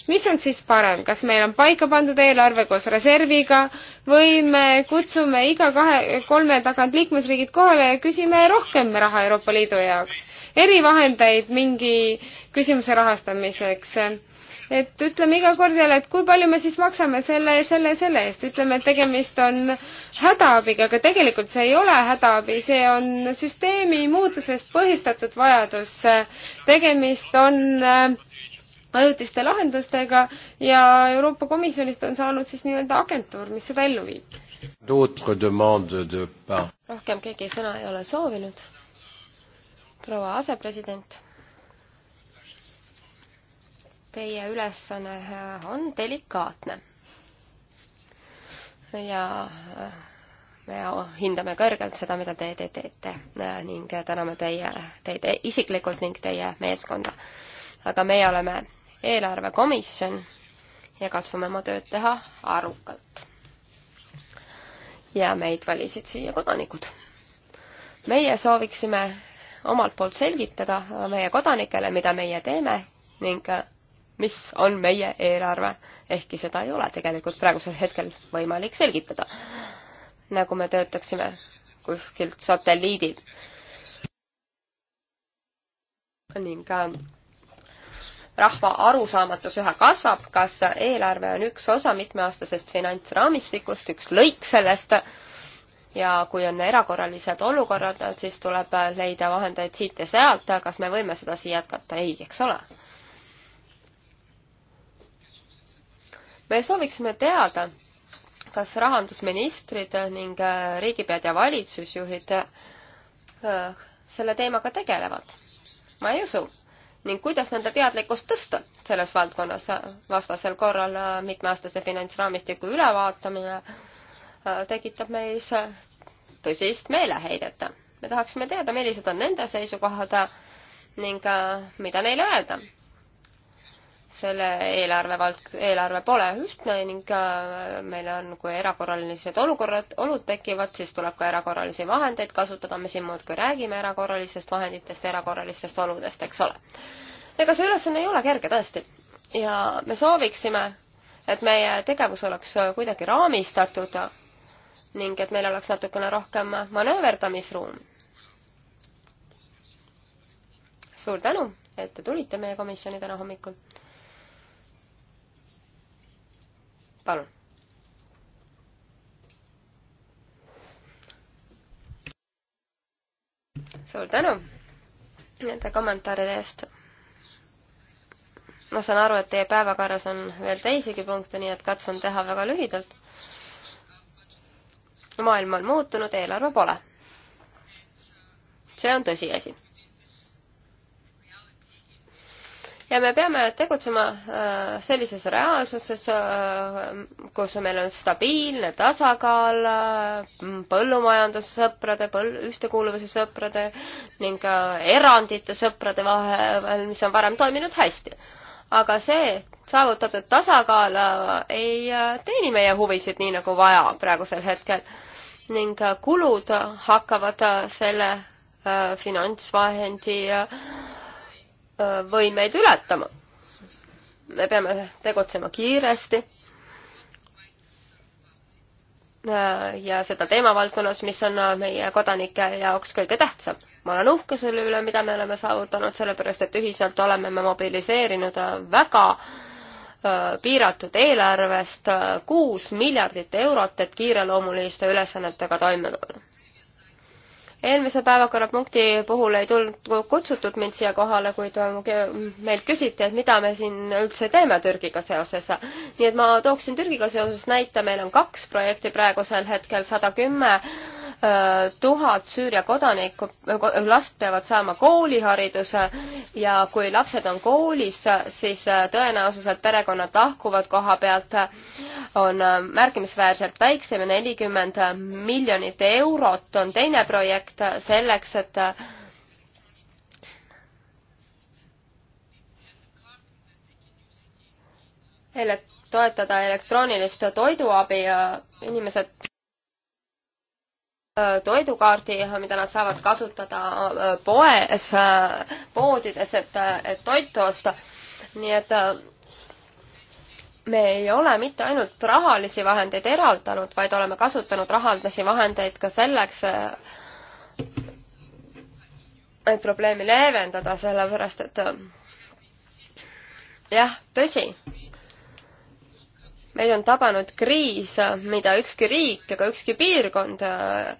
mis on siis parem, kas meil on paika pandud eelarve koos reserviga või me kutsume iga kahe, kolme tagant liikmesriigid kohale ja küsime rohkem raha Euroopa Liidu jaoks? erivahendeid mingi küsimuse rahastamiseks et ütleme iga kord jälle, et kui palju me siis maksame selle, selle, selle eest, ütleme, et tegemist on hädaabiga, aga tegelikult see ei ole hädaabi, see on süsteemi muutusest põhjustatud vajadus. tegemist on äh, ajutiste lahendustega ja Euroopa Komisjonist on saanud siis nii-öelda agentuur, mis seda ellu viib. rohkem keegi sõna ei ole soovinud. proua asepresident teie ülesanne äh, on delikaatne. ja äh, me hindame kõrgelt seda, mida te teete te, äh, ning täname teie, teid isiklikult ning teie meeskonda. aga meie oleme eelarvekomisjon ja katsume oma tööd teha arukalt. ja meid valisid siia kodanikud. meie sooviksime omalt poolt selgitada meie kodanikele, mida meie teeme ning mis on meie eelarve, ehkki seda ei ole tegelikult praegusel hetkel võimalik selgitada. nagu me töötaksime kuskilt satelliidil. ning äh, rahva arusaamatus üha kasvab, kas eelarve on üks osa mitmeaastasest finantsraamistikust, üks lõik sellest ja kui on erakorralised olukorrad, siis tuleb leida vahendeid siit ja sealt, kas me võime sedasi jätkata, ei, eks ole me sooviksime teada, kas rahandusministrid ning äh, riigipead ja valitsusjuhid äh, selle teemaga tegelevad? ma ei usu. ning kuidas nende teadlikkust tõsta selles valdkonnas? vastasel korral äh, mitmeaastase finantsraamistiku ülevaatamine tekitab meis tõsist meeleheidet. me tahaksime teada, millised on nende seisukohad ning mida neile öelda selle eelarve vald, eelarve pole ühtne ning äh, meil on, kui erakorralised olukorrad, olud tekivad, siis tuleb ka erakorralisi vahendeid kasutada, me siin muudkui räägime erakorralistest vahenditest, erakorralistest oludest, eks ole. ega see ülesanne ei ole kerge tõesti ja me sooviksime, et meie tegevus oleks kuidagi raamistatud ning et meil oleks natukene rohkem manööverdamisruumi. suur tänu, et te tulite meie komisjoni täna hommikul palun. suur tänu nende kommentaaride eest. ma saan aru, et teie päevakorras on veel teisigi punkte, nii et katsun teha väga lühidalt. maailm on muutunud, eelarve pole. see on tõsiasi ja me peame tegutsema äh, sellises reaalsuses, äh, kus meil on stabiilne tasakaal äh, põllumajandussõprade, põl-, ühtekuuluvuse sõprade ning erandite sõprade vahel, mis on varem toiminud hästi. aga see saavutatud tasakaal ei teeni meie huvisid nii nagu vaja praegusel hetkel ning kulud hakkavad selle finantsvahendi võimeid ületama. me peame tegutsema kiiresti. ja seda teemavaldkonnas, mis on meie kodanike jaoks kõige tähtsam. ma olen uhke selle üle, mida me oleme saavutanud, sellepärast et ühiselt oleme me mobiliseerinud väga piiratud eelarvest kuus miljardit eurot, et kiireloomuliste ülesannetega toime tulla eelmise päevakorrapunkti puhul ei tulnud, kutsutud mind siia kohale, kuid äh, meilt küsiti, et mida me siin üldse teeme Türgiga seoses. nii et ma tooksin Türgiga seoses näite, meil on kaks projekti praegusel hetkel, sada kümme tuhat Süüria kodanikku, last peavad saama koolihariduse ja kui lapsed on koolis, siis tõenäosuselt perekonnad lahkuvad koha pealt, on märkimisväärselt väiksem ja nelikümmend miljonit eurot on teine projekt selleks, et elekt-, toetada elektroonilist toiduabi ja inimesed Äh, toidukaardi, äh, mida nad saavad kasutada äh, poes, poodides, et, et toitu osta. nii et me ei ole mitte ainult rahalisi vahendeid eraldanud, vaid oleme kasutanud rahalisi vahendeid ka selleks, et probleemi leevendada, sellepärast et jah, tõsi, meid on tabanud kriis, mida ükski riik ega ükski piirkond äh,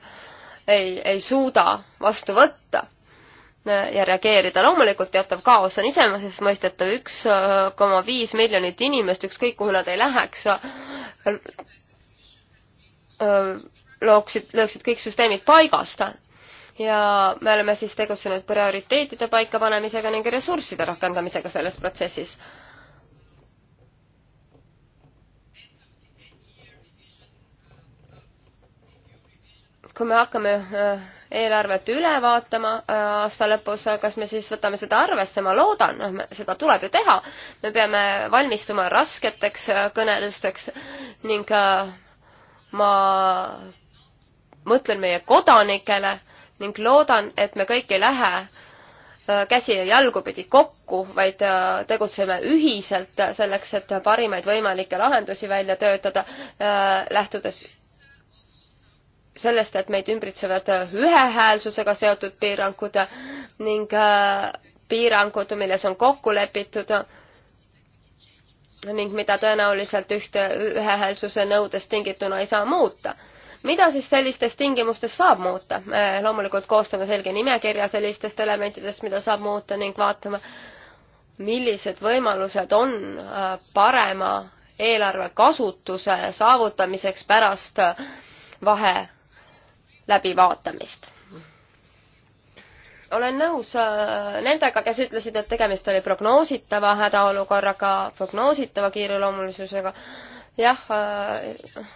ei, ei suuda vastu võtta äh, ja reageerida. loomulikult teatav kaos on iseenesestmõistetav, üks äh, koma viis miljonit inimest, ükskõik kuhu nad ei läheks, looksid, lööksid kõik süsteemid paigast. ja me oleme siis tegutsenud prioriteetide paikapanemisega ning ressursside rakendamisega selles protsessis kui me hakkame äh, eelarvet üle vaatama äh, aasta lõpus, äh, kas me siis võtame seda arvesse, ma loodan, noh, seda tuleb ju teha. me peame valmistuma rasketeks kõnelusteks ning ma mõtlen meie kodanikele ning loodan, et me kõik ei lähe käsi ja jalgupidi kokku, vaid tegutseme ühiselt selleks, et parimaid võimalikke lahendusi välja töötada, lähtudes sellest, et meid ümbritsevad ühehäälsusega seotud piirangud ning äh, piirangud, milles on kokku lepitud ning mida tõenäoliselt ühte, ühehäälsuse nõudest tingituna ei saa muuta. mida siis sellistes tingimustes saab muuta? me loomulikult koostame selge nimekirja sellistest elementidest, mida saab muuta ning vaatame, millised võimalused on äh, parema eelarve kasutuse saavutamiseks pärast äh, vahe läbivaatamist. olen nõus äh, nendega, kes ütlesid, et tegemist oli prognoositava hädaolukorraga, prognoositava kiireloomulisusega. jah, äh,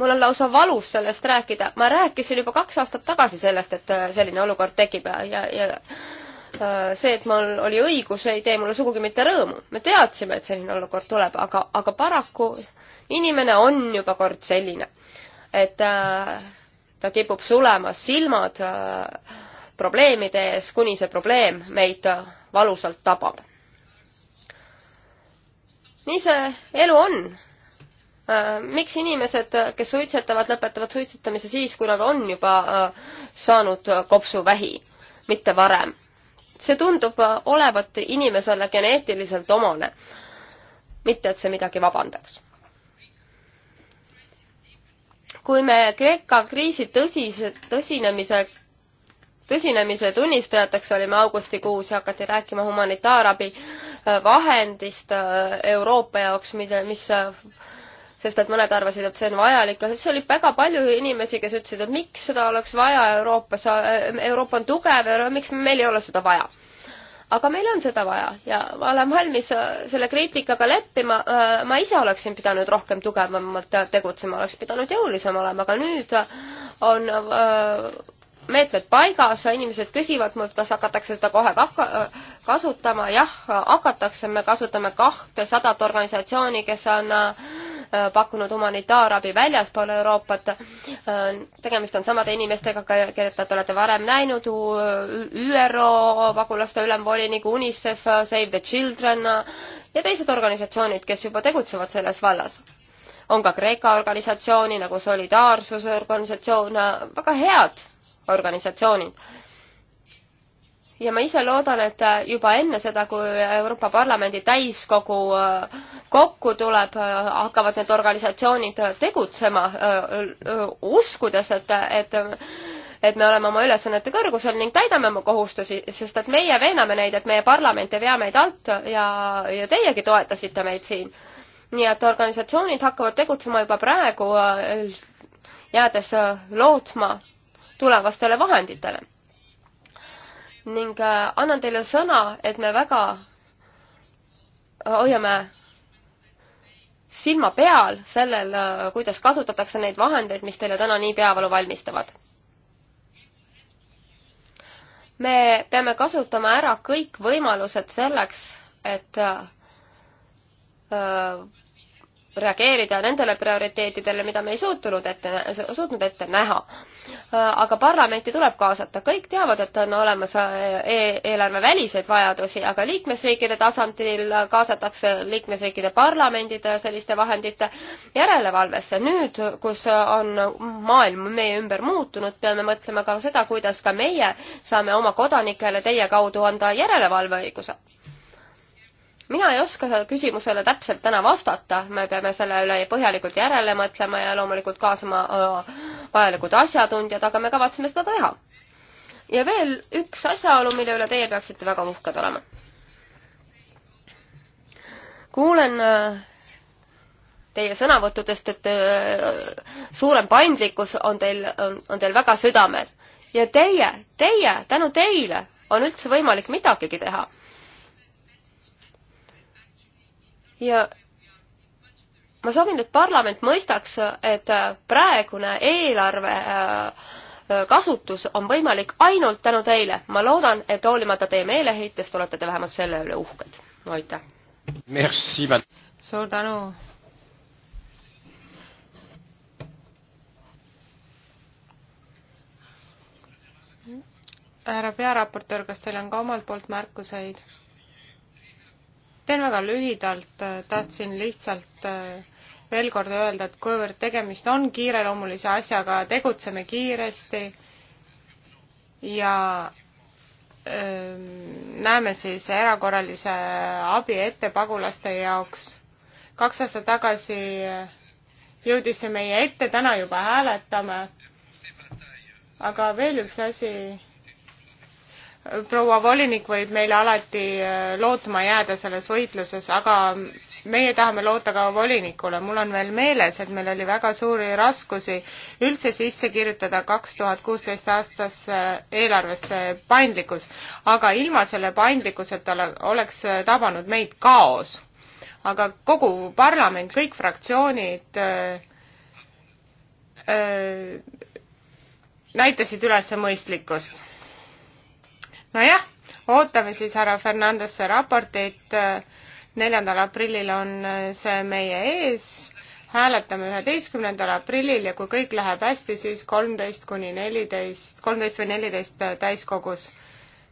mul on lausa valus sellest rääkida. ma rääkisin juba kaks aastat tagasi sellest, et äh, selline olukord tekib ja, ja, ja see, et mul oli õigus, ei tee mulle sugugi mitte rõõmu. me teadsime, et selline olukord tuleb, aga, aga paraku inimene on juba kord selline, et äh, ta kipub sulema silmad äh, probleemide ees, kuni see probleem meid äh, valusalt tabab. nii see elu on. Äh, miks inimesed, kes suitsetavad, lõpetavad suitsetamise siis, kui nad on juba saanud kopsuvähi, mitte varem? see tundub olevat inimesele geneetiliselt omane. mitte, et see midagi vabandaks kui me Kreeka kriisi tõsise, tõsinemise, tõsinemise tunnistajateks olime augustikuus ja hakati rääkima humanitaarabi äh, vahendist äh, Euroopa jaoks, mida, mis äh, sest et mõned arvasid, et see on vajalik, aga siis oli väga palju inimesi, kes ütlesid, et miks seda oleks vaja Euroopas, Euroopa on tugev ja miks meil ei ole seda vaja aga meil on seda vaja ja ma olen valmis äh, selle kriitikaga leppima. Äh, ma ise oleksin pidanud rohkem tugevamalt tegutsema, oleks pidanud jõulisem olema, aga nüüd on äh, meetmed paigas, inimesed küsivad mult, kas hakatakse seda kohe kasutama. jah, hakatakse, me kasutame kahtesadat organisatsiooni, kes on äh, Äh, pakkunud humanitaarabi väljaspool Euroopat. Äh, tegemist on samade inimestega, keda te olete varem näinud, ÜRO pagulaste ülemvoliniku UNICEF, Save the Children ja teised organisatsioonid, kes juba tegutsevad selles vallas on ka Kreeka organisatsiooni nagu Solidaarsuse organisatsioon, äh, väga head organisatsioonid ja ma ise loodan, et äh, juba enne seda, kui Euroopa Parlamendi täiskogu äh, kokku tuleb, äh, hakkavad need organisatsioonid tegutsema, uskudes, et, et et me oleme oma ülesannete kõrgusel ning täidame oma kohustusi, sest et meie veename neid, et meie parlament ei vea meid alt ja, ja teiegi toetasite meid siin. nii et organisatsioonid hakkavad tegutsema juba praegu, jäädes lootma tulevastele vahenditele ning äh, annan teile sõna, et me väga äh, hoiame silma peal sellel, äh, kuidas kasutatakse neid vahendeid, mis teile täna nii peavalu valmistavad. me peame kasutama ära kõik võimalused selleks, et äh, reageerida nendele prioriteetidele, mida me ei suutunud ette, suutnud ette näha Äh, aga parlamenti tuleb kaasata, kõik teavad, et on olemas äh, e eelarve väliseid vajadusi, aga liikmesriikide tasandil kaasatakse liikmesriikide parlamendid äh, selliste vahendite järelevalvesse. nüüd, kus on maailm meie ümber muutunud, peame mõtlema ka seda, kuidas ka meie saame oma kodanikele teie kaudu anda järelevalveõiguse mina ei oska küsimusele täpselt täna vastata, me peame selle üle põhjalikult järele mõtlema ja loomulikult kaasama äh, vajalikud asjatundjad, aga me kavatseme seda teha. ja veel üks asjaolu, mille üle teie peaksite väga uhked olema. kuulen äh, teie sõnavõttudest, et äh, suurem paindlikkus on teil, on teil väga südamel. ja teie, teie, tänu teile on üldse võimalik midagigi teha ja ma soovin, et parlament mõistaks, et praegune eelarve äh, kasutus on võimalik ainult tänu teile. ma loodan, et hoolimata teie meeleheitest olete te vähemalt selle üle uhked. aitäh! suur tänu! härra pearaportöör, kas teil on ka omalt poolt märkuseid? teen väga lühidalt, tahtsin lihtsalt äh, veel kord öelda, et kuivõrd tegemist on kiireloomulise asjaga, tegutseme kiiresti ja ähm, näeme siis erakorralise abi ette pagulaste jaoks. kaks aastat tagasi äh, jõudis see meie ette, täna juba hääletame. aga veel üks asi proua volinik võib meile alati äh, lootma jääda selles võitluses, aga meie tahame loota ka volinikule. mul on veel meeles, et meil oli väga suuri raskusi üldse sisse kirjutada kaks tuhat kuusteist aastasse eelarvesse paindlikkus, aga ilma selle paindlikkuseta oleks tabanud meid kaos. aga kogu parlament, kõik fraktsioonid öö, äh, öö, äh, näitasid üles mõistlikkust nojah, ootame siis härra Fernandesse raportit. neljandal aprillil on see meie ees. hääletame üheteistkümnendal aprillil ja kui kõik läheb hästi, siis kolmteist kuni neliteist, kolmteist või neliteist täiskogus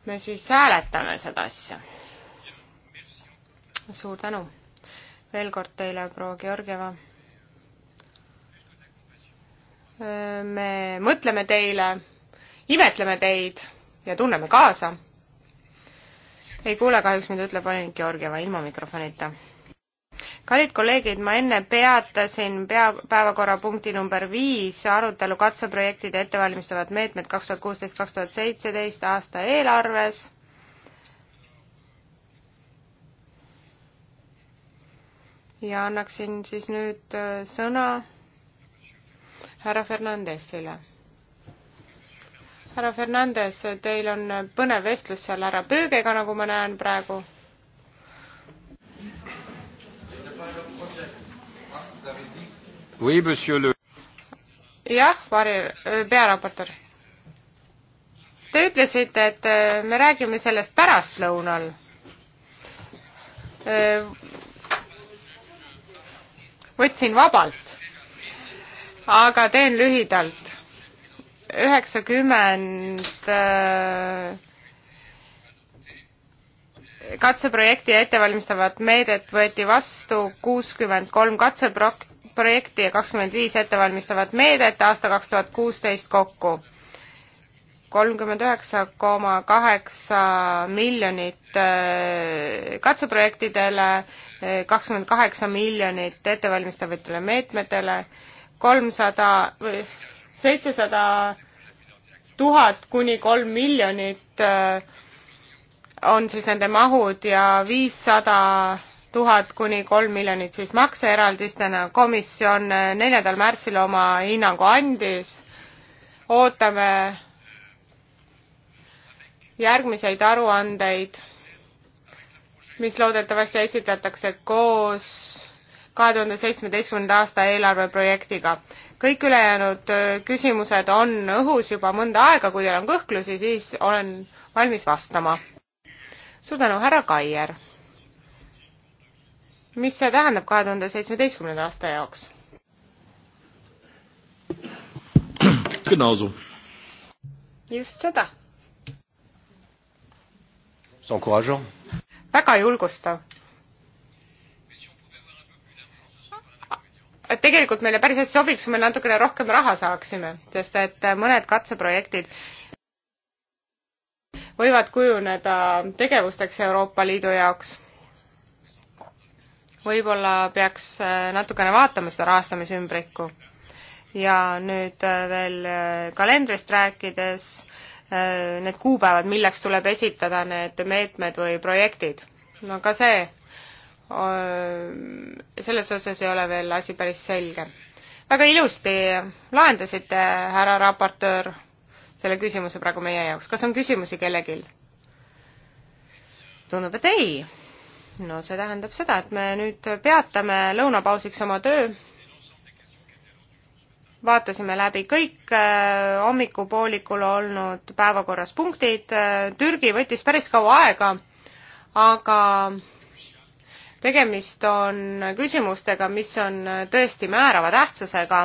me siis hääletame seda asja. suur tänu veel kord teile, proua Georgieva. me mõtleme teile, imetleme teid ja tunneme kaasa. ei kuule kahjuks, mida ütleb volinik Georgieva ilma mikrofonita. kallid kolleegid, ma enne peatasin pea, päevakorrapunkti number viis, arutelu katseprojektide ettevalmistavad meetmed kaks tuhat kuusteist, kaks tuhat seitseteist aasta eelarves ja annaksin siis nüüd äh, sõna härra Fernandesile härra Fernandes, teil on põnev vestlus seal härra Pöögega, nagu ma näen praegu. jah, vari-, äh, pearaportöör. Te ütlesite, et äh, me räägime sellest pärastlõunal äh, võtsin vabalt. aga teen lühidalt üheksakümmend äh, katseprojekti ja ettevalmistavat meedet võeti vastu kuuskümmend kolm katseprojekti ja kakskümmend viis ettevalmistavat meedet aasta kaks tuhat kuusteist kokku. kolmkümmend üheksa koma kaheksa miljonit äh, katseprojektidele, äh, kakskümmend kaheksa miljonit ettevalmistavatele meetmetele, kolmsada 300 seitsesada tuhat kuni kolm miljonit äh, on siis nende mahud ja viissada tuhat kuni kolm miljonit siis makseeraldistena. komisjon äh, neljandal märtsil oma hinnangu andis. ootame järgmiseid aruandeid, mis loodetavasti esitatakse koos kahe tuhande seitsmeteistkümnenda aasta eelarveprojektiga kõik ülejäänud äh, küsimused on õhus juba mõnda aega, kui teil on kõhklusi, siis olen valmis vastama. suur tänu, härra Kaier. mis see tähendab kahe tuhande seitsmeteistkümnenda aasta jaoks? Genauso. just seda. väga julgustav et tegelikult meile päris hästi sobiks, kui me natukene rohkem raha saaksime, sest et äh, mõned katseprojektid võivad kujuneda tegevusteks Euroopa Liidu jaoks. võib-olla peaks äh, natukene vaatama seda rahastamisümbrikku. ja nüüd äh, veel kalendrist rääkides, need kuupäevad, milleks tuleb esitada need meetmed või projektid. no ka see Äh, selles osas ei ole veel asi päris selge. väga ilusti lahendasite, härra raportöör, selle küsimuse praegu meie jaoks. kas on küsimusi kellelgi? tundub, et ei. no see tähendab seda, et me nüüd peatame lõunapausiks oma töö. vaatasime läbi kõik äh, hommikupoolikul olnud päevakorras punktid. Äh, Türgi võttis päris kaua aega, aga tegemist on küsimustega, mis on tõesti määrava tähtsusega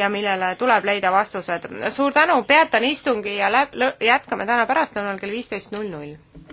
ja millele tuleb leida vastused. suur tänu, peatan istungi ja läb-, jätkame täna pärastlõunal kell viisteist null null.